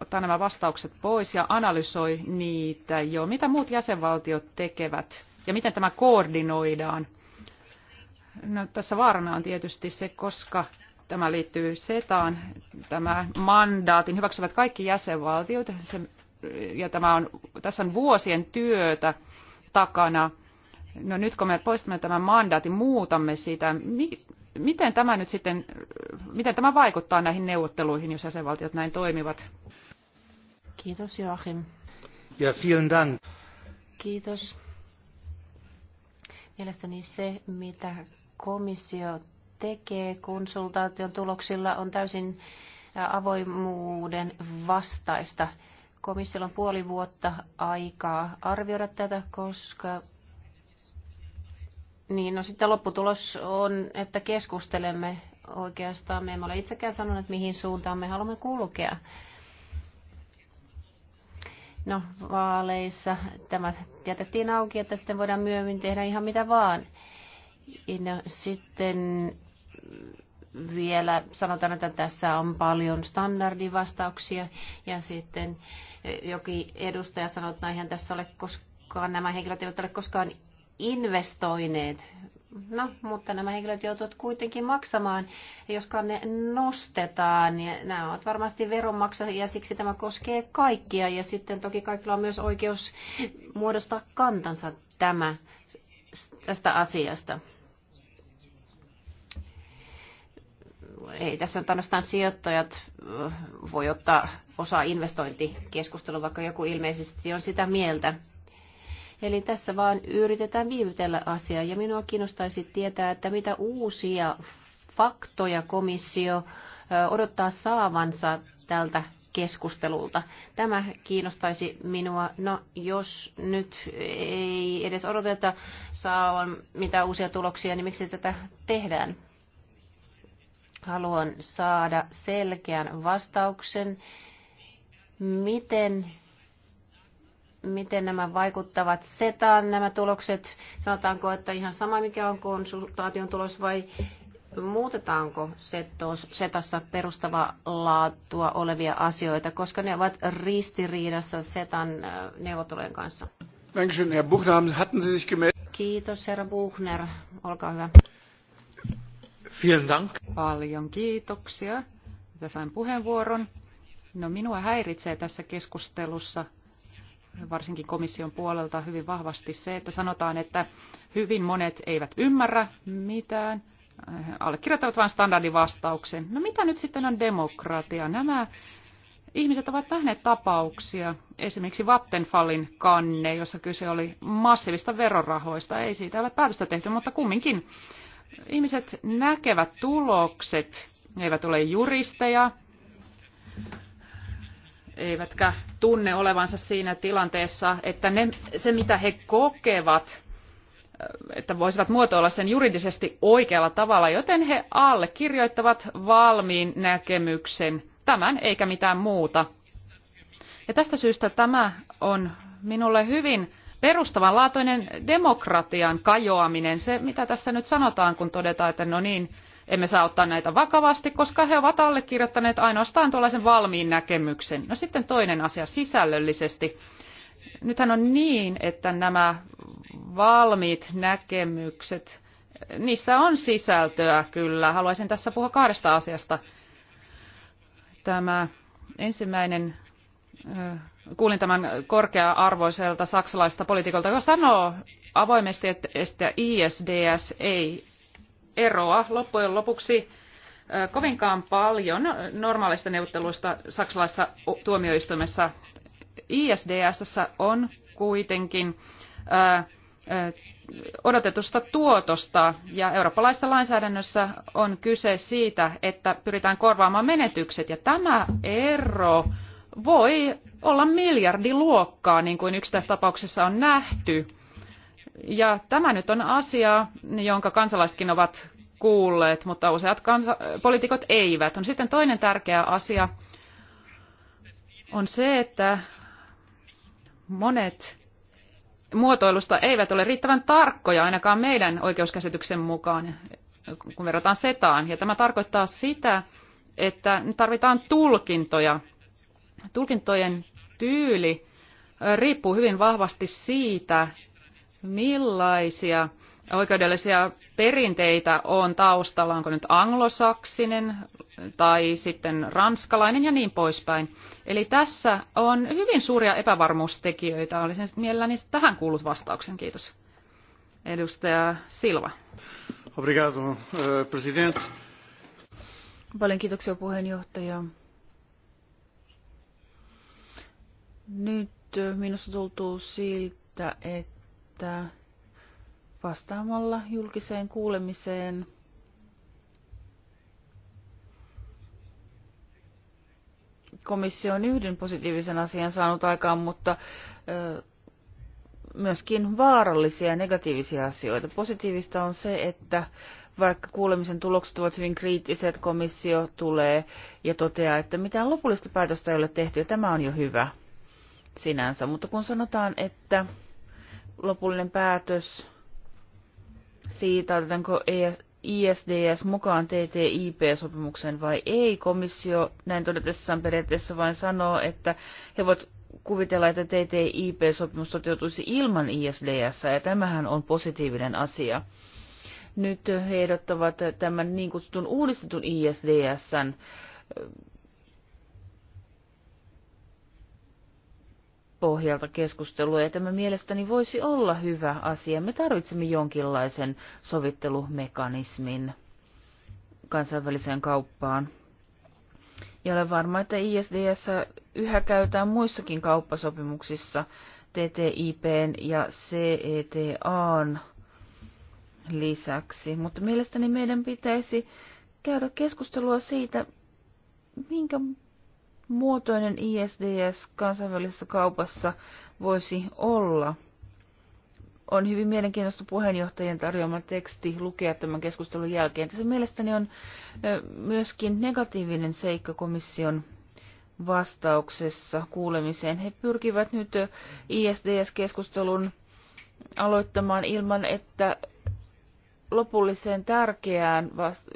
ottaa nämä vastaukset pois ja analysoi niitä jo, mitä muut jäsenvaltiot tekevät ja miten tämä koordinoidaan. No, tässä vaarana on tietysti se, koska tämä liittyy SETAan, tämä mandaatin hyväksyvät kaikki jäsenvaltiot. Se ja tämä on, tässä on vuosien työtä takana. No nyt kun me poistamme tämän mandaatin, muutamme sitä. Mi, miten tämä nyt sitten, miten tämä vaikuttaa näihin neuvotteluihin, jos jäsenvaltiot näin toimivat? Kiitos Joachim. Ja vielen dank. Kiitos. Mielestäni se, mitä komissio tekee konsultaation tuloksilla, on täysin avoimuuden vastaista. Komissiolla on puoli vuotta aikaa arvioida tätä, koska niin, no sitten lopputulos on, että keskustelemme oikeastaan. Me emme ole itsekään sanoneet, mihin suuntaan me haluamme kulkea. No, vaaleissa tämä jätettiin auki, että sitten voidaan myöhemmin tehdä ihan mitä vaan. No, sitten vielä sanotaan, että tässä on paljon standardivastauksia ja sitten eh, jokin edustaja sanoi, että näinhän tässä ole koskaan, nämä henkilöt eivät ole koskaan investoineet. No, mutta nämä henkilöt joutuvat kuitenkin maksamaan, joskaan ne nostetaan. Ja nämä ovat varmasti veronmaksajia, siksi tämä koskee kaikkia. Ja sitten toki kaikilla on myös oikeus muodostaa kantansa tämä, tästä asiasta. ei tässä nyt ainoastaan sijoittajat voi ottaa osaa investointikeskusteluun, vaikka joku ilmeisesti on sitä mieltä. Eli tässä vaan yritetään viivytellä asiaa ja minua kiinnostaisi tietää, että mitä uusia faktoja komissio odottaa saavansa tältä keskustelulta. Tämä kiinnostaisi minua, no jos nyt ei edes odoteta saa mitä uusia tuloksia, niin miksi tätä tehdään? Haluan saada selkeän vastauksen, miten miten nämä vaikuttavat SETAan nämä tulokset? Sanotaanko, että ihan sama mikä on konsultaation tulos vai muutetaanko SETassa perustava laatua olevia asioita, koska ne ovat ristiriidassa SETAn äh, neuvottelujen kanssa? Kiitos, herra Buchner. Olkaa hyvä. Vielen Dank. Paljon kiitoksia, että sain puheenvuoron. No, minua häiritsee tässä keskustelussa varsinkin komission puolelta hyvin vahvasti se, että sanotaan, että hyvin monet eivät ymmärrä mitään, allekirjoittavat vain standardivastauksen. No mitä nyt sitten on demokratia? Nämä ihmiset ovat nähneet tapauksia, esimerkiksi Vattenfallin kanne, jossa kyse oli massiivista verorahoista. Ei siitä ole päätöstä tehty, mutta kumminkin ihmiset näkevät tulokset. Ne eivät ole juristeja, eivätkä tunne olevansa siinä tilanteessa, että ne, se mitä he kokevat, että voisivat muotoilla sen juridisesti oikealla tavalla, joten he allekirjoittavat valmiin näkemyksen tämän eikä mitään muuta. Ja tästä syystä tämä on minulle hyvin perustavanlaatuinen demokratian kajoaminen, se mitä tässä nyt sanotaan, kun todetaan, että no niin, emme saa ottaa näitä vakavasti, koska he ovat allekirjoittaneet ainoastaan tuollaisen valmiin näkemyksen. No sitten toinen asia sisällöllisesti. Nythän on niin, että nämä valmiit näkemykset, niissä on sisältöä kyllä. Haluaisin tässä puhua kahdesta asiasta. Tämä ensimmäinen kuulin tämän korkea-arvoiselta saksalaiselta poliitikolta, joka sanoo avoimesti, että ISDS ei eroa loppujen lopuksi kovinkaan paljon normaalista neuvotteluista saksalaisessa tuomioistuimessa. ISDS on kuitenkin odotetusta tuotosta ja eurooppalaisessa lainsäädännössä on kyse siitä, että pyritään korvaamaan menetykset ja tämä ero voi olla miljardiluokkaa, niin kuin tapauksessa on nähty. Ja tämä nyt on asia, jonka kansalaisetkin ovat kuulleet, mutta useat kansa- poliitikot eivät. On sitten toinen tärkeä asia on se, että monet muotoilusta eivät ole riittävän tarkkoja ainakaan meidän oikeuskäsityksen mukaan, kun verrataan setaan. Ja tämä tarkoittaa sitä, että tarvitaan tulkintoja tulkintojen tyyli riippuu hyvin vahvasti siitä, millaisia oikeudellisia perinteitä on taustalla, onko nyt anglosaksinen tai sitten ranskalainen ja niin poispäin. Eli tässä on hyvin suuria epävarmuustekijöitä. Olisin mielelläni tähän kuullut vastauksen. Kiitos. Edustaja Silva. Obrigado, eh, president. Paljon kiitoksia puheenjohtaja. Nyt minusta tuntuu siltä, että vastaamalla julkiseen kuulemiseen komissio on yhden positiivisen asian saanut aikaan, mutta myöskin vaarallisia ja negatiivisia asioita. Positiivista on se, että vaikka kuulemisen tulokset ovat hyvin kriittiset, komissio tulee ja toteaa, että mitään lopullista päätöstä ei ole tehty ja tämä on jo hyvä sinänsä, mutta kun sanotaan, että lopullinen päätös siitä, otetaanko ISDS e mukaan ttip sopimuksen vai ei, komissio näin todetessaan periaatteessa vain sanoo, että he voivat kuvitella, että TTIP-sopimus toteutuisi ilman ISDS, ja tämähän on positiivinen asia. Nyt he ehdottavat tämän niin kutsutun uudistetun ISDSn pohjalta keskustelua, ja tämä mielestäni voisi olla hyvä asia. Me tarvitsemme jonkinlaisen sovittelumekanismin kansainväliseen kauppaan. Ja olen varma, että ISDS yhä käytetään muissakin kauppasopimuksissa TTIPn ja CETAn lisäksi. Mutta mielestäni meidän pitäisi käydä keskustelua siitä, minkä muotoinen ISDS kansainvälisessä kaupassa voisi olla. On hyvin mielenkiintoista puheenjohtajien tarjoama teksti lukea tämän keskustelun jälkeen. Se mielestäni on myöskin negatiivinen seikka komission vastauksessa kuulemiseen. He pyrkivät nyt ISDS-keskustelun aloittamaan ilman, että lopulliseen tärkeään vast-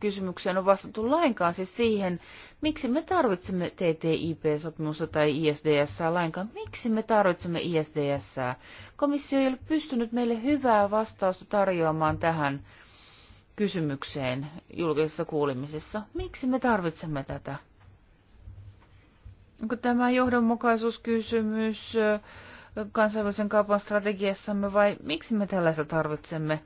kysymykseen on vastattu lainkaan, siis siihen, miksi me tarvitsemme TTIP-sopimusta tai ISDS lainkaan. Miksi me tarvitsemme ISDS? Komissio ei ole pystynyt meille hyvää vastausta tarjoamaan tähän kysymykseen julkisessa kuulemisessa. Miksi me tarvitsemme tätä? Onko tämä johdonmukaisuuskysymys kansainvälisen kaupan strategiassamme vai miksi me tällaista tarvitsemme?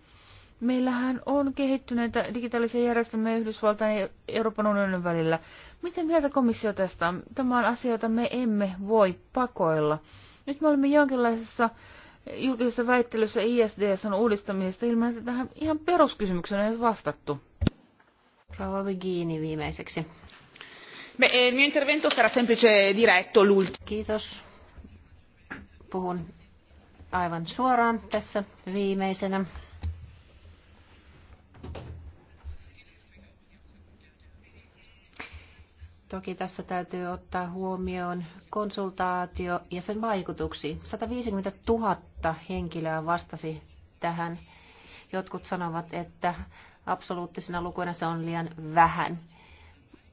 Meillähän on kehittyneitä digitaalisia järjestelmiä Yhdysvaltain ja Euroopan unionin välillä. Miten mieltä komissio tästä on? Tämä on asia, jota me emme voi pakoilla. Nyt me olemme jonkinlaisessa julkisessa väittelyssä ISDSn uudistamisesta ilman, että tähän ihan peruskysymykseen on edes vastattu. Rauha Begini viimeiseksi. Eh, mio intervento sarà semplice e diretto l'ultimo. Kiitos. Puhun aivan suoraan tässä viimeisenä. Toki tässä täytyy ottaa huomioon konsultaatio ja sen vaikutuksi. 150 000 henkilöä vastasi tähän. Jotkut sanovat, että absoluuttisena lukuina se on liian vähän.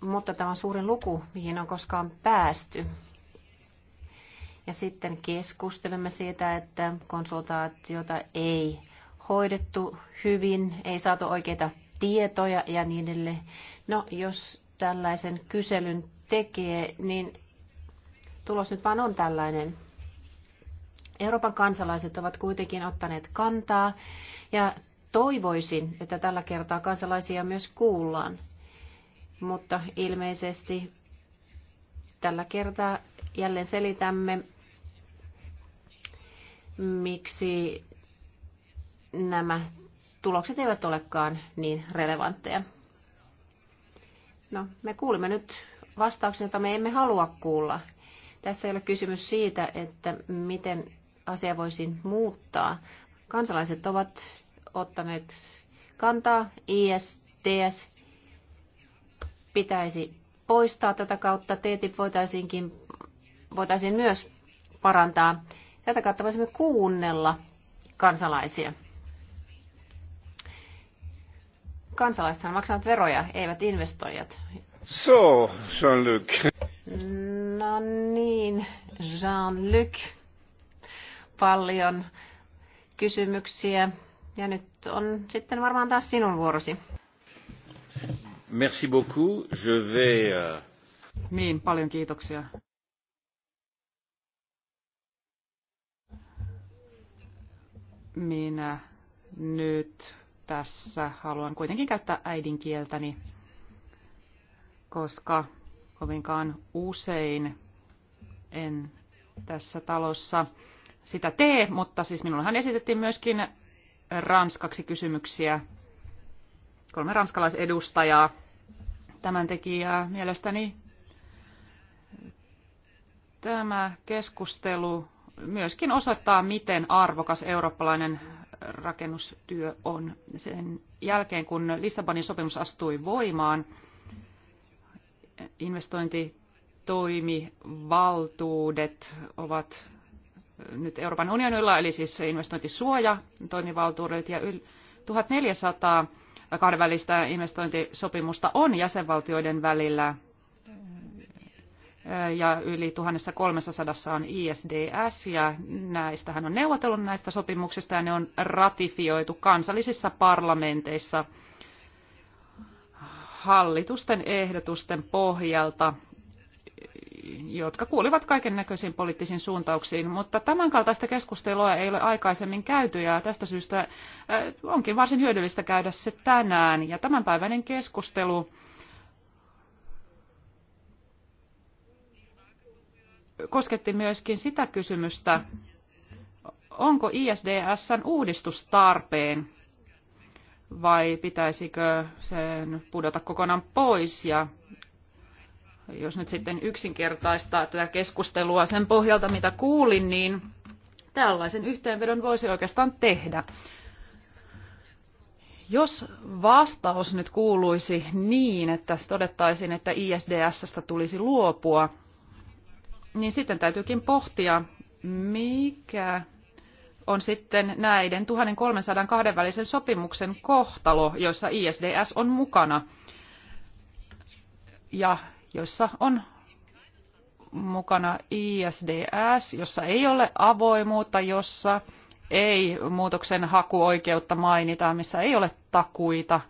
Mutta tämä on suurin luku, mihin on koskaan päästy. Ja sitten keskustelemme siitä, että konsultaatiota ei hoidettu hyvin, ei saatu oikeita tietoja ja niin edelleen. No, jos tällaisen kyselyn tekee, niin tulos nyt vaan on tällainen. Euroopan kansalaiset ovat kuitenkin ottaneet kantaa ja toivoisin, että tällä kertaa kansalaisia myös kuullaan. Mutta ilmeisesti tällä kertaa jälleen selitämme, miksi nämä tulokset eivät olekaan niin relevantteja. No, me kuulimme nyt vastauksen, jota me emme halua kuulla. Tässä ei ole kysymys siitä, että miten asia voisi muuttaa. Kansalaiset ovat ottaneet kantaa. ISTS pitäisi poistaa tätä kautta. TTIP voitaisiinkin, voitaisiin myös parantaa. Tätä kautta voisimme kuunnella kansalaisia. kansalaisethan maksavat veroja, eivät investoijat. So, Jean-Luc. No niin, Jean-Luc. Paljon kysymyksiä. Ja nyt on sitten varmaan taas sinun vuorosi. Merci beaucoup. Je vais... Euh, niin, paljon kiitoksia. Minä nyt tässä haluan kuitenkin käyttää äidinkieltäni, koska kovinkaan usein en tässä talossa sitä tee, mutta siis minullahan esitettiin myöskin ranskaksi kysymyksiä. Kolme ranskalaisedustajaa. Tämän teki mielestäni tämä keskustelu myöskin osoittaa, miten arvokas eurooppalainen rakennustyö on. Sen jälkeen, kun Lissabonin sopimus astui voimaan, investointitoimivaltuudet ovat nyt Euroopan unionilla, eli siis investointisuoja toimivaltuudet ja 1400 kahdenvälistä investointisopimusta on jäsenvaltioiden välillä ja yli 1300 on ISDS ja hän on neuvotellut näistä sopimuksista ja ne on ratifioitu kansallisissa parlamenteissa hallitusten ehdotusten pohjalta jotka kuulivat kaiken näköisiin poliittisiin suuntauksiin, mutta tämänkaltaista keskustelua ei ole aikaisemmin käyty ja tästä syystä onkin varsin hyödyllistä käydä se tänään. Ja tämänpäiväinen keskustelu kosketti myöskin sitä kysymystä, onko ISDSn uudistus tarpeen vai pitäisikö sen pudota kokonaan pois ja jos nyt sitten yksinkertaistaa tätä keskustelua sen pohjalta, mitä kuulin, niin tällaisen yhteenvedon voisi oikeastaan tehdä. Jos vastaus nyt kuuluisi niin, että todettaisiin, että ISDSstä tulisi luopua, niin sitten täytyykin pohtia, mikä on sitten näiden 1300 kahdenvälisen sopimuksen kohtalo, joissa ISDS on mukana ja joissa on mukana ISDS, jossa ei ole avoimuutta, jossa ei muutoksen hakuoikeutta mainita, missä ei ole takuita,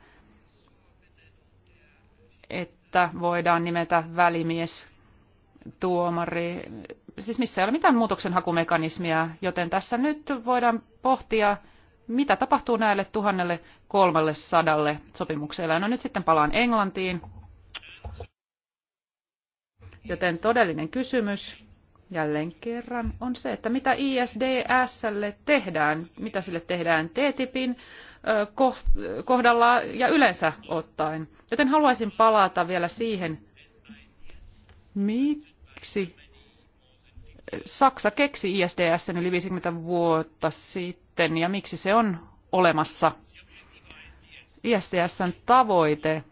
että voidaan nimetä välimies tuomari. Siis missä ei ole mitään muutoksenhakumekanismia, joten tässä nyt voidaan pohtia, mitä tapahtuu näille tuhannelle kolmelle sadalle sopimukselle. No nyt sitten palaan Englantiin. Joten todellinen kysymys jälleen kerran on se, että mitä ISDSlle tehdään, mitä sille tehdään TTIPin kohdalla ja yleensä ottaen. Joten haluaisin palata vielä siihen, mitä Esimerkiksi Saksa keksi ISDS yli 50 vuotta sitten ja miksi se on olemassa. ISDSn tavoite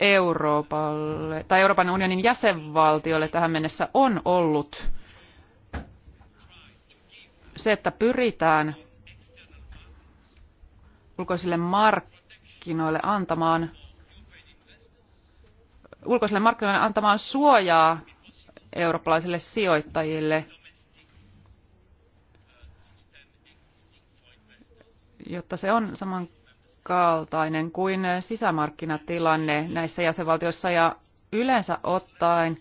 Euroopalle tai Euroopan unionin jäsenvaltiolle tähän mennessä on ollut se, että pyritään ulkoisille markkinoille antamaan ulkoisille markkinoille antamaan suojaa eurooppalaisille sijoittajille, jotta se on samankaltainen kuin sisämarkkinatilanne näissä jäsenvaltioissa ja yleensä ottaen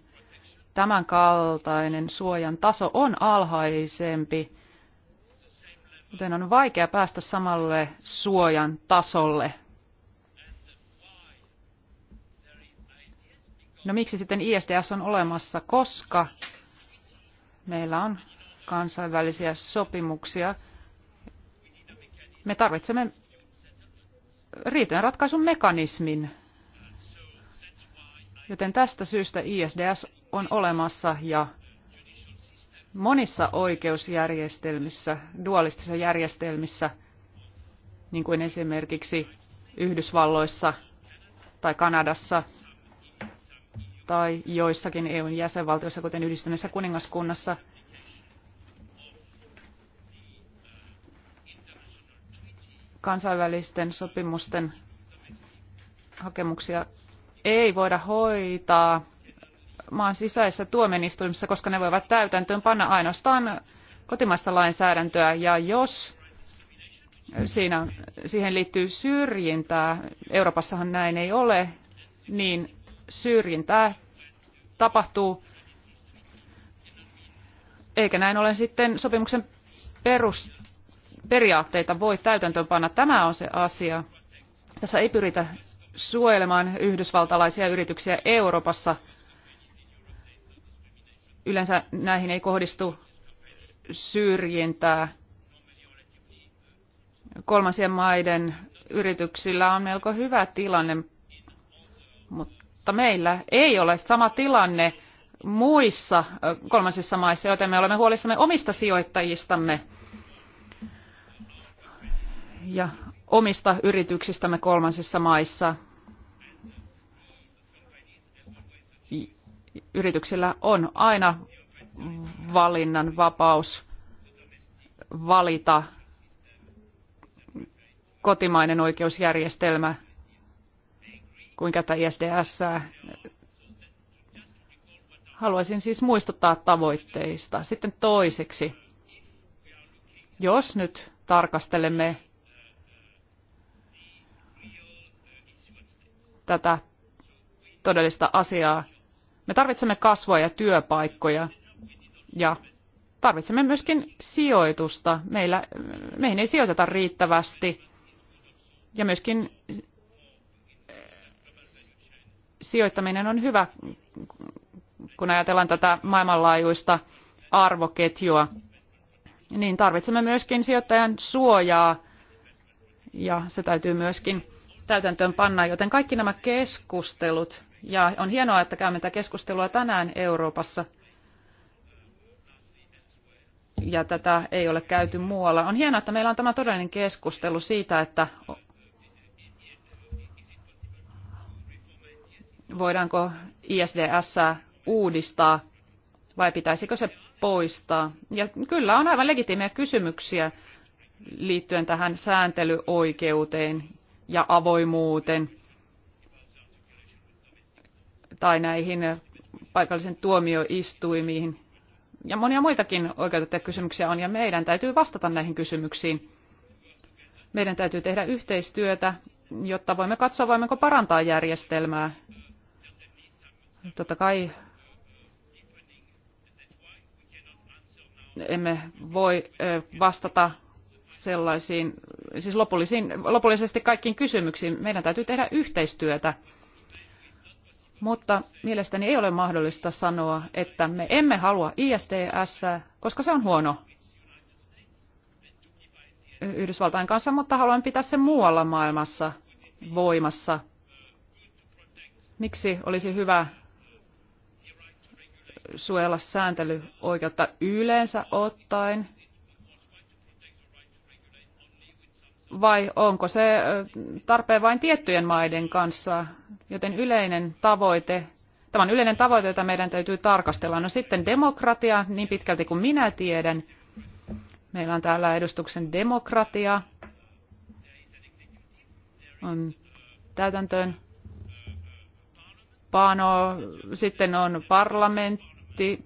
tämänkaltainen suojan taso on alhaisempi, joten on vaikea päästä samalle suojan tasolle No miksi sitten ISDS on olemassa? Koska meillä on kansainvälisiä sopimuksia. Me tarvitsemme riitojenratkaisun mekanismin. Joten tästä syystä ISDS on olemassa ja monissa oikeusjärjestelmissä, dualistisissa järjestelmissä, niin kuin esimerkiksi Yhdysvalloissa tai Kanadassa – tai joissakin EUn jäsenvaltioissa, kuten yhdistyneessä kuningaskunnassa, kansainvälisten sopimusten hakemuksia ei voida hoitaa maan sisäisessä tuomioistuimissa, koska ne voivat täytäntöön panna ainoastaan kotimaista lainsäädäntöä. Ja jos siinä, siihen liittyy syrjintää, Euroopassahan näin ei ole, niin syrjintää tapahtuu, eikä näin ole sitten sopimuksen perus, periaatteita voi täytäntöönpanna. Tämä on se asia. Tässä ei pyritä suojelemaan yhdysvaltalaisia yrityksiä Euroopassa. Yleensä näihin ei kohdistu syrjintää. Kolmansien maiden yrityksillä on melko hyvä tilanne, mutta mutta meillä ei ole sama tilanne muissa kolmansissa maissa, joten me olemme huolissamme omista sijoittajistamme ja omista yrityksistämme kolmansissa maissa. Yrityksillä on aina valinnan vapaus valita kotimainen oikeusjärjestelmä kuin käyttää ISDS. Haluaisin siis muistuttaa tavoitteista. Sitten toiseksi, jos nyt tarkastelemme tätä todellista asiaa, me tarvitsemme kasvua ja työpaikkoja ja tarvitsemme myöskin sijoitusta. Meillä, meihin ei sijoiteta riittävästi ja myöskin sijoittaminen on hyvä, kun ajatellaan tätä maailmanlaajuista arvoketjua, niin tarvitsemme myöskin sijoittajan suojaa ja se täytyy myöskin täytäntöön panna, joten kaikki nämä keskustelut, ja on hienoa, että käymme tätä keskustelua tänään Euroopassa, ja tätä ei ole käyty muualla. On hienoa, että meillä on tämä todellinen keskustelu siitä, että voidaanko ISDS uudistaa vai pitäisikö se poistaa. Ja kyllä on aivan legitiimejä kysymyksiä liittyen tähän sääntelyoikeuteen ja avoimuuteen tai näihin paikallisen tuomioistuimiin. Ja monia muitakin oikeutettuja kysymyksiä on, ja meidän täytyy vastata näihin kysymyksiin. Meidän täytyy tehdä yhteistyötä, jotta voimme katsoa, voimmeko parantaa järjestelmää Totta kai emme voi vastata sellaisiin, siis lopullisiin, lopullisesti kaikkiin kysymyksiin. Meidän täytyy tehdä yhteistyötä. Mutta mielestäni ei ole mahdollista sanoa, että me emme halua ISDS, koska se on huono Yhdysvaltain kanssa, mutta haluan pitää sen muualla maailmassa voimassa. Miksi olisi hyvä suojella sääntelyoikeutta yleensä ottaen, vai onko se tarpeen vain tiettyjen maiden kanssa, joten yleinen tavoite, tämä on yleinen tavoite, jota meidän täytyy tarkastella. No sitten demokratia, niin pitkälti kuin minä tiedän, meillä on täällä edustuksen demokratia, on täytäntöön pano, sitten on parlamentti, parlamentti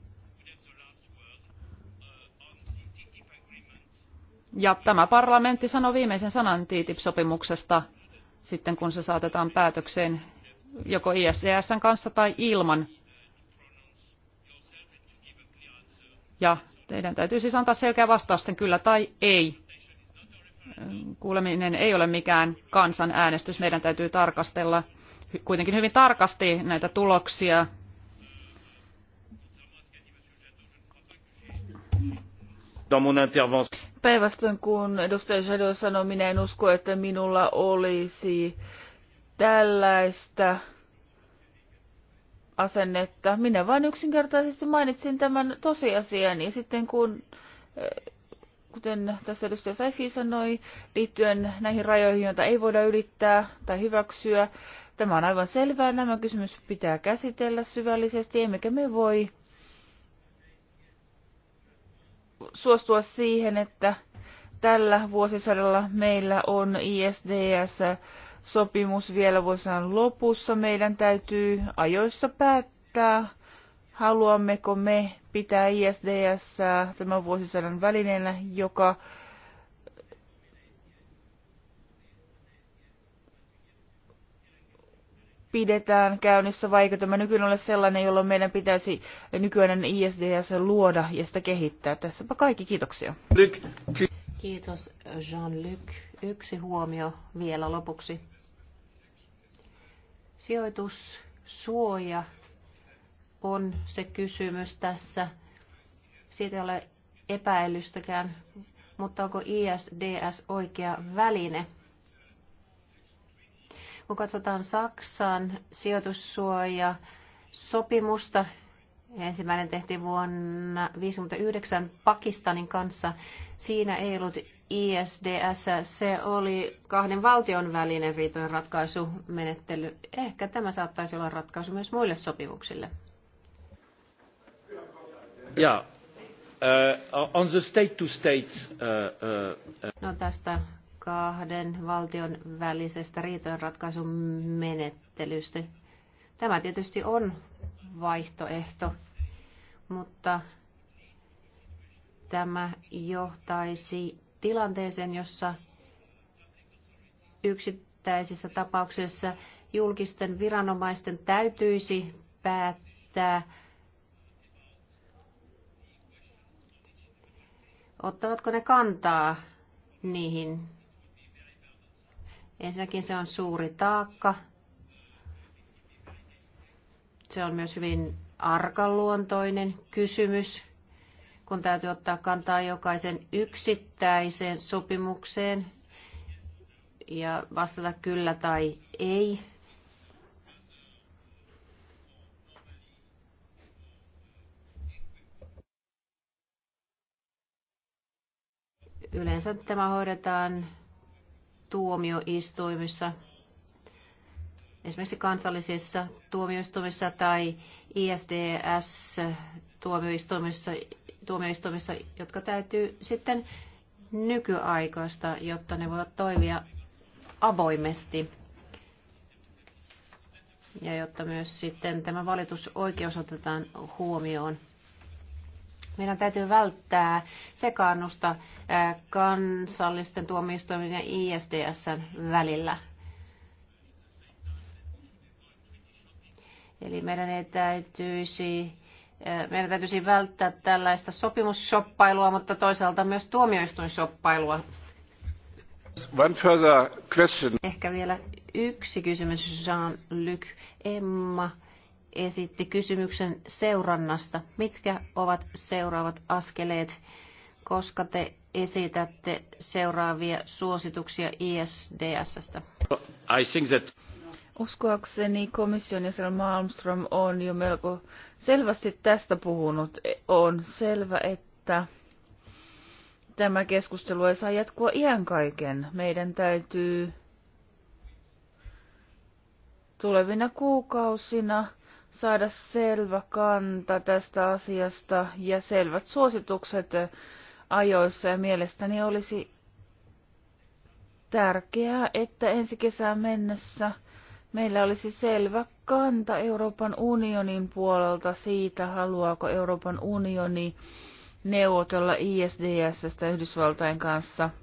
ja tämä parlamentti sanoi viimeisen sanan TTIP-sopimuksesta sitten kun se saatetaan päätökseen joko ISCSn e kanssa tai ilman. Ja teidän täytyy siis antaa selkeä vastausten kyllä tai ei. Kuuleminen ei ole mikään kansanäänestys. Meidän täytyy tarkastella kuitenkin hyvin tarkasti näitä tuloksia dans mon intervention. Päinvastoin kun edustaja Shadow sanoi, minä en usko, että minulla olisi tällaista asennetta. Minä vain yksinkertaisesti mainitsin tämän tosiasian ja sitten kun, eh, kuten tässä edustaja Saifi sanoi, liittyen näihin rajoihin, joita ei voida ylittää tai hyväksyä, tämä on aivan selvää. Nämä kysymys pitää käsitellä syvällisesti, emmekä me voi suostua siihen, että tällä vuosisadalla meillä on ISDS-sopimus vielä vuosien lopussa. Meidän täytyy ajoissa päättää, haluammeko me pitää ISDS tämän vuosisadan välineenä, joka pidetään käynnissä, vai eikö tämä nykyinen ole sellainen, jolloin meidän pitäisi nykyinen ISDS luoda ja sitä kehittää. Tässäpä kaikki, kiitoksia. Kiitos Jean-Luc. Yksi huomio vielä lopuksi. Sijoitussuoja on se kysymys tässä. Siitä ei ole epäilystäkään, mutta onko ISDS oikea väline? Kun katsotaan Saksan sijoitussuojasopimusta, sopimusta, ensimmäinen tehtiin vuonna 1959 Pakistanin kanssa, siinä ei ollut ISDS, se oli kahden valtion välinen riitojen ratkaisumenettely. Ehkä tämä saattaisi olla ratkaisu myös muille sopimuksille. Yeah. Uh, on the state to state, uh, uh, uh, no tästä kahden valtion välisestä riitojenratkaisun menettelystä. Tämä tietysti on vaihtoehto, mutta tämä johtaisi tilanteeseen, jossa yksittäisissä tapauksissa julkisten viranomaisten täytyisi päättää, ottavatko ne kantaa niihin Ensinnäkin se on suuri taakka. Se on myös hyvin arkaluontoinen kysymys, kun täytyy ottaa kantaa jokaisen yksittäiseen sopimukseen ja vastata kyllä tai ei. Yleensä tämä hoidetaan tuomioistuimissa, esimerkiksi kansallisissa tuomioistuimissa tai ISDS-tuomioistuimissa, tuomioistuimissa, jotka täytyy sitten nykyaikaista, jotta ne voivat toimia avoimesti. Ja jotta myös sitten tämä valitusoikeus otetaan huomioon. Meidän täytyy välttää sekaannusta äh, kansallisten tuomioistuimien ja ISDSn välillä. Eli meidän ei täytyisi, äh, meidän täytyisi välttää tällaista sopimusshoppailua, mutta toisaalta myös tuomioistuinshoppailua. One further question. Ehkä vielä yksi kysymys, Jean-Luc Emma esitti kysymyksen seurannasta. Mitkä ovat seuraavat askeleet, koska te esitätte seuraavia suosituksia ISDSstä? I think that... Uskoakseni komission jäsen Malmström on jo melko selvästi tästä puhunut. On selvä, että tämä keskustelu ei saa jatkua iän kaiken. Meidän täytyy tulevina kuukausina – saada selvä kanta tästä asiasta ja selvät suositukset ajoissa ja mielestäni olisi tärkeää, että ensi kesään mennessä meillä olisi selvä kanta Euroopan unionin puolelta siitä, haluaako Euroopan unioni neuvotella ISDSstä Yhdysvaltain kanssa –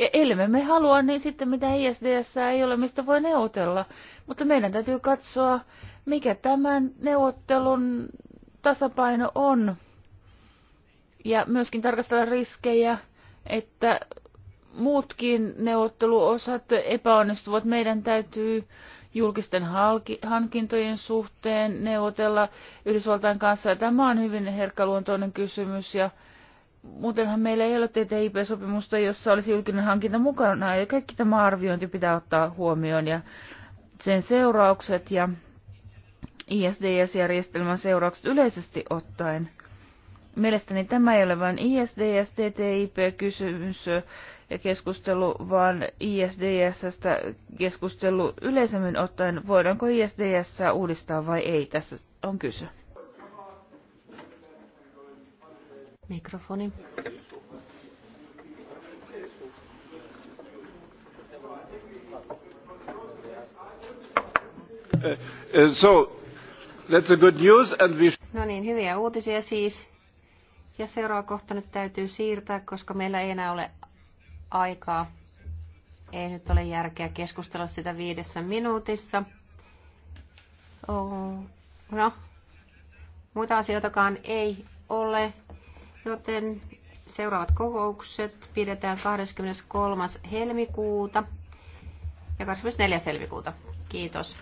Ja ellei me halua, niin sitten mitä ISDS ei ole, mistä voi neuvotella. Mutta meidän täytyy katsoa, mikä tämän neuvottelun tasapaino on. Ja myöskin tarkastella riskejä, että muutkin neuvotteluosat epäonnistuvat. Meidän täytyy julkisten hankintojen suhteen neuvotella Yhdysvaltain kanssa. Ja tämä on hyvin herkkäluontoinen kysymys ja Muutenhan meillä ei ole TTIP-sopimusta, jossa olisi julkinen hankinta mukana, ja kaikki tämä arviointi pitää ottaa huomioon, ja sen seuraukset ja ISDS-järjestelmän seuraukset yleisesti ottaen. Mielestäni tämä ei ole vain ISDS, TTIP-kysymys ja keskustelu, vaan isds keskustelu yleisemmin ottaen, voidaanko ISDS uudistaa vai ei, tässä on kyse. Mikrofoni. Eh, eh, so, that's a good news and we... No niin, hyviä uutisia siis. Ja seuraava kohta nyt täytyy siirtää, koska meillä ei enää ole aikaa. Ei nyt ole järkeä keskustella sitä viidessä minuutissa. Oh, no, muita asioitakaan ei ole joten seuraavat kokoukset pidetään 23. helmikuuta ja 24. helmikuuta. Kiitos.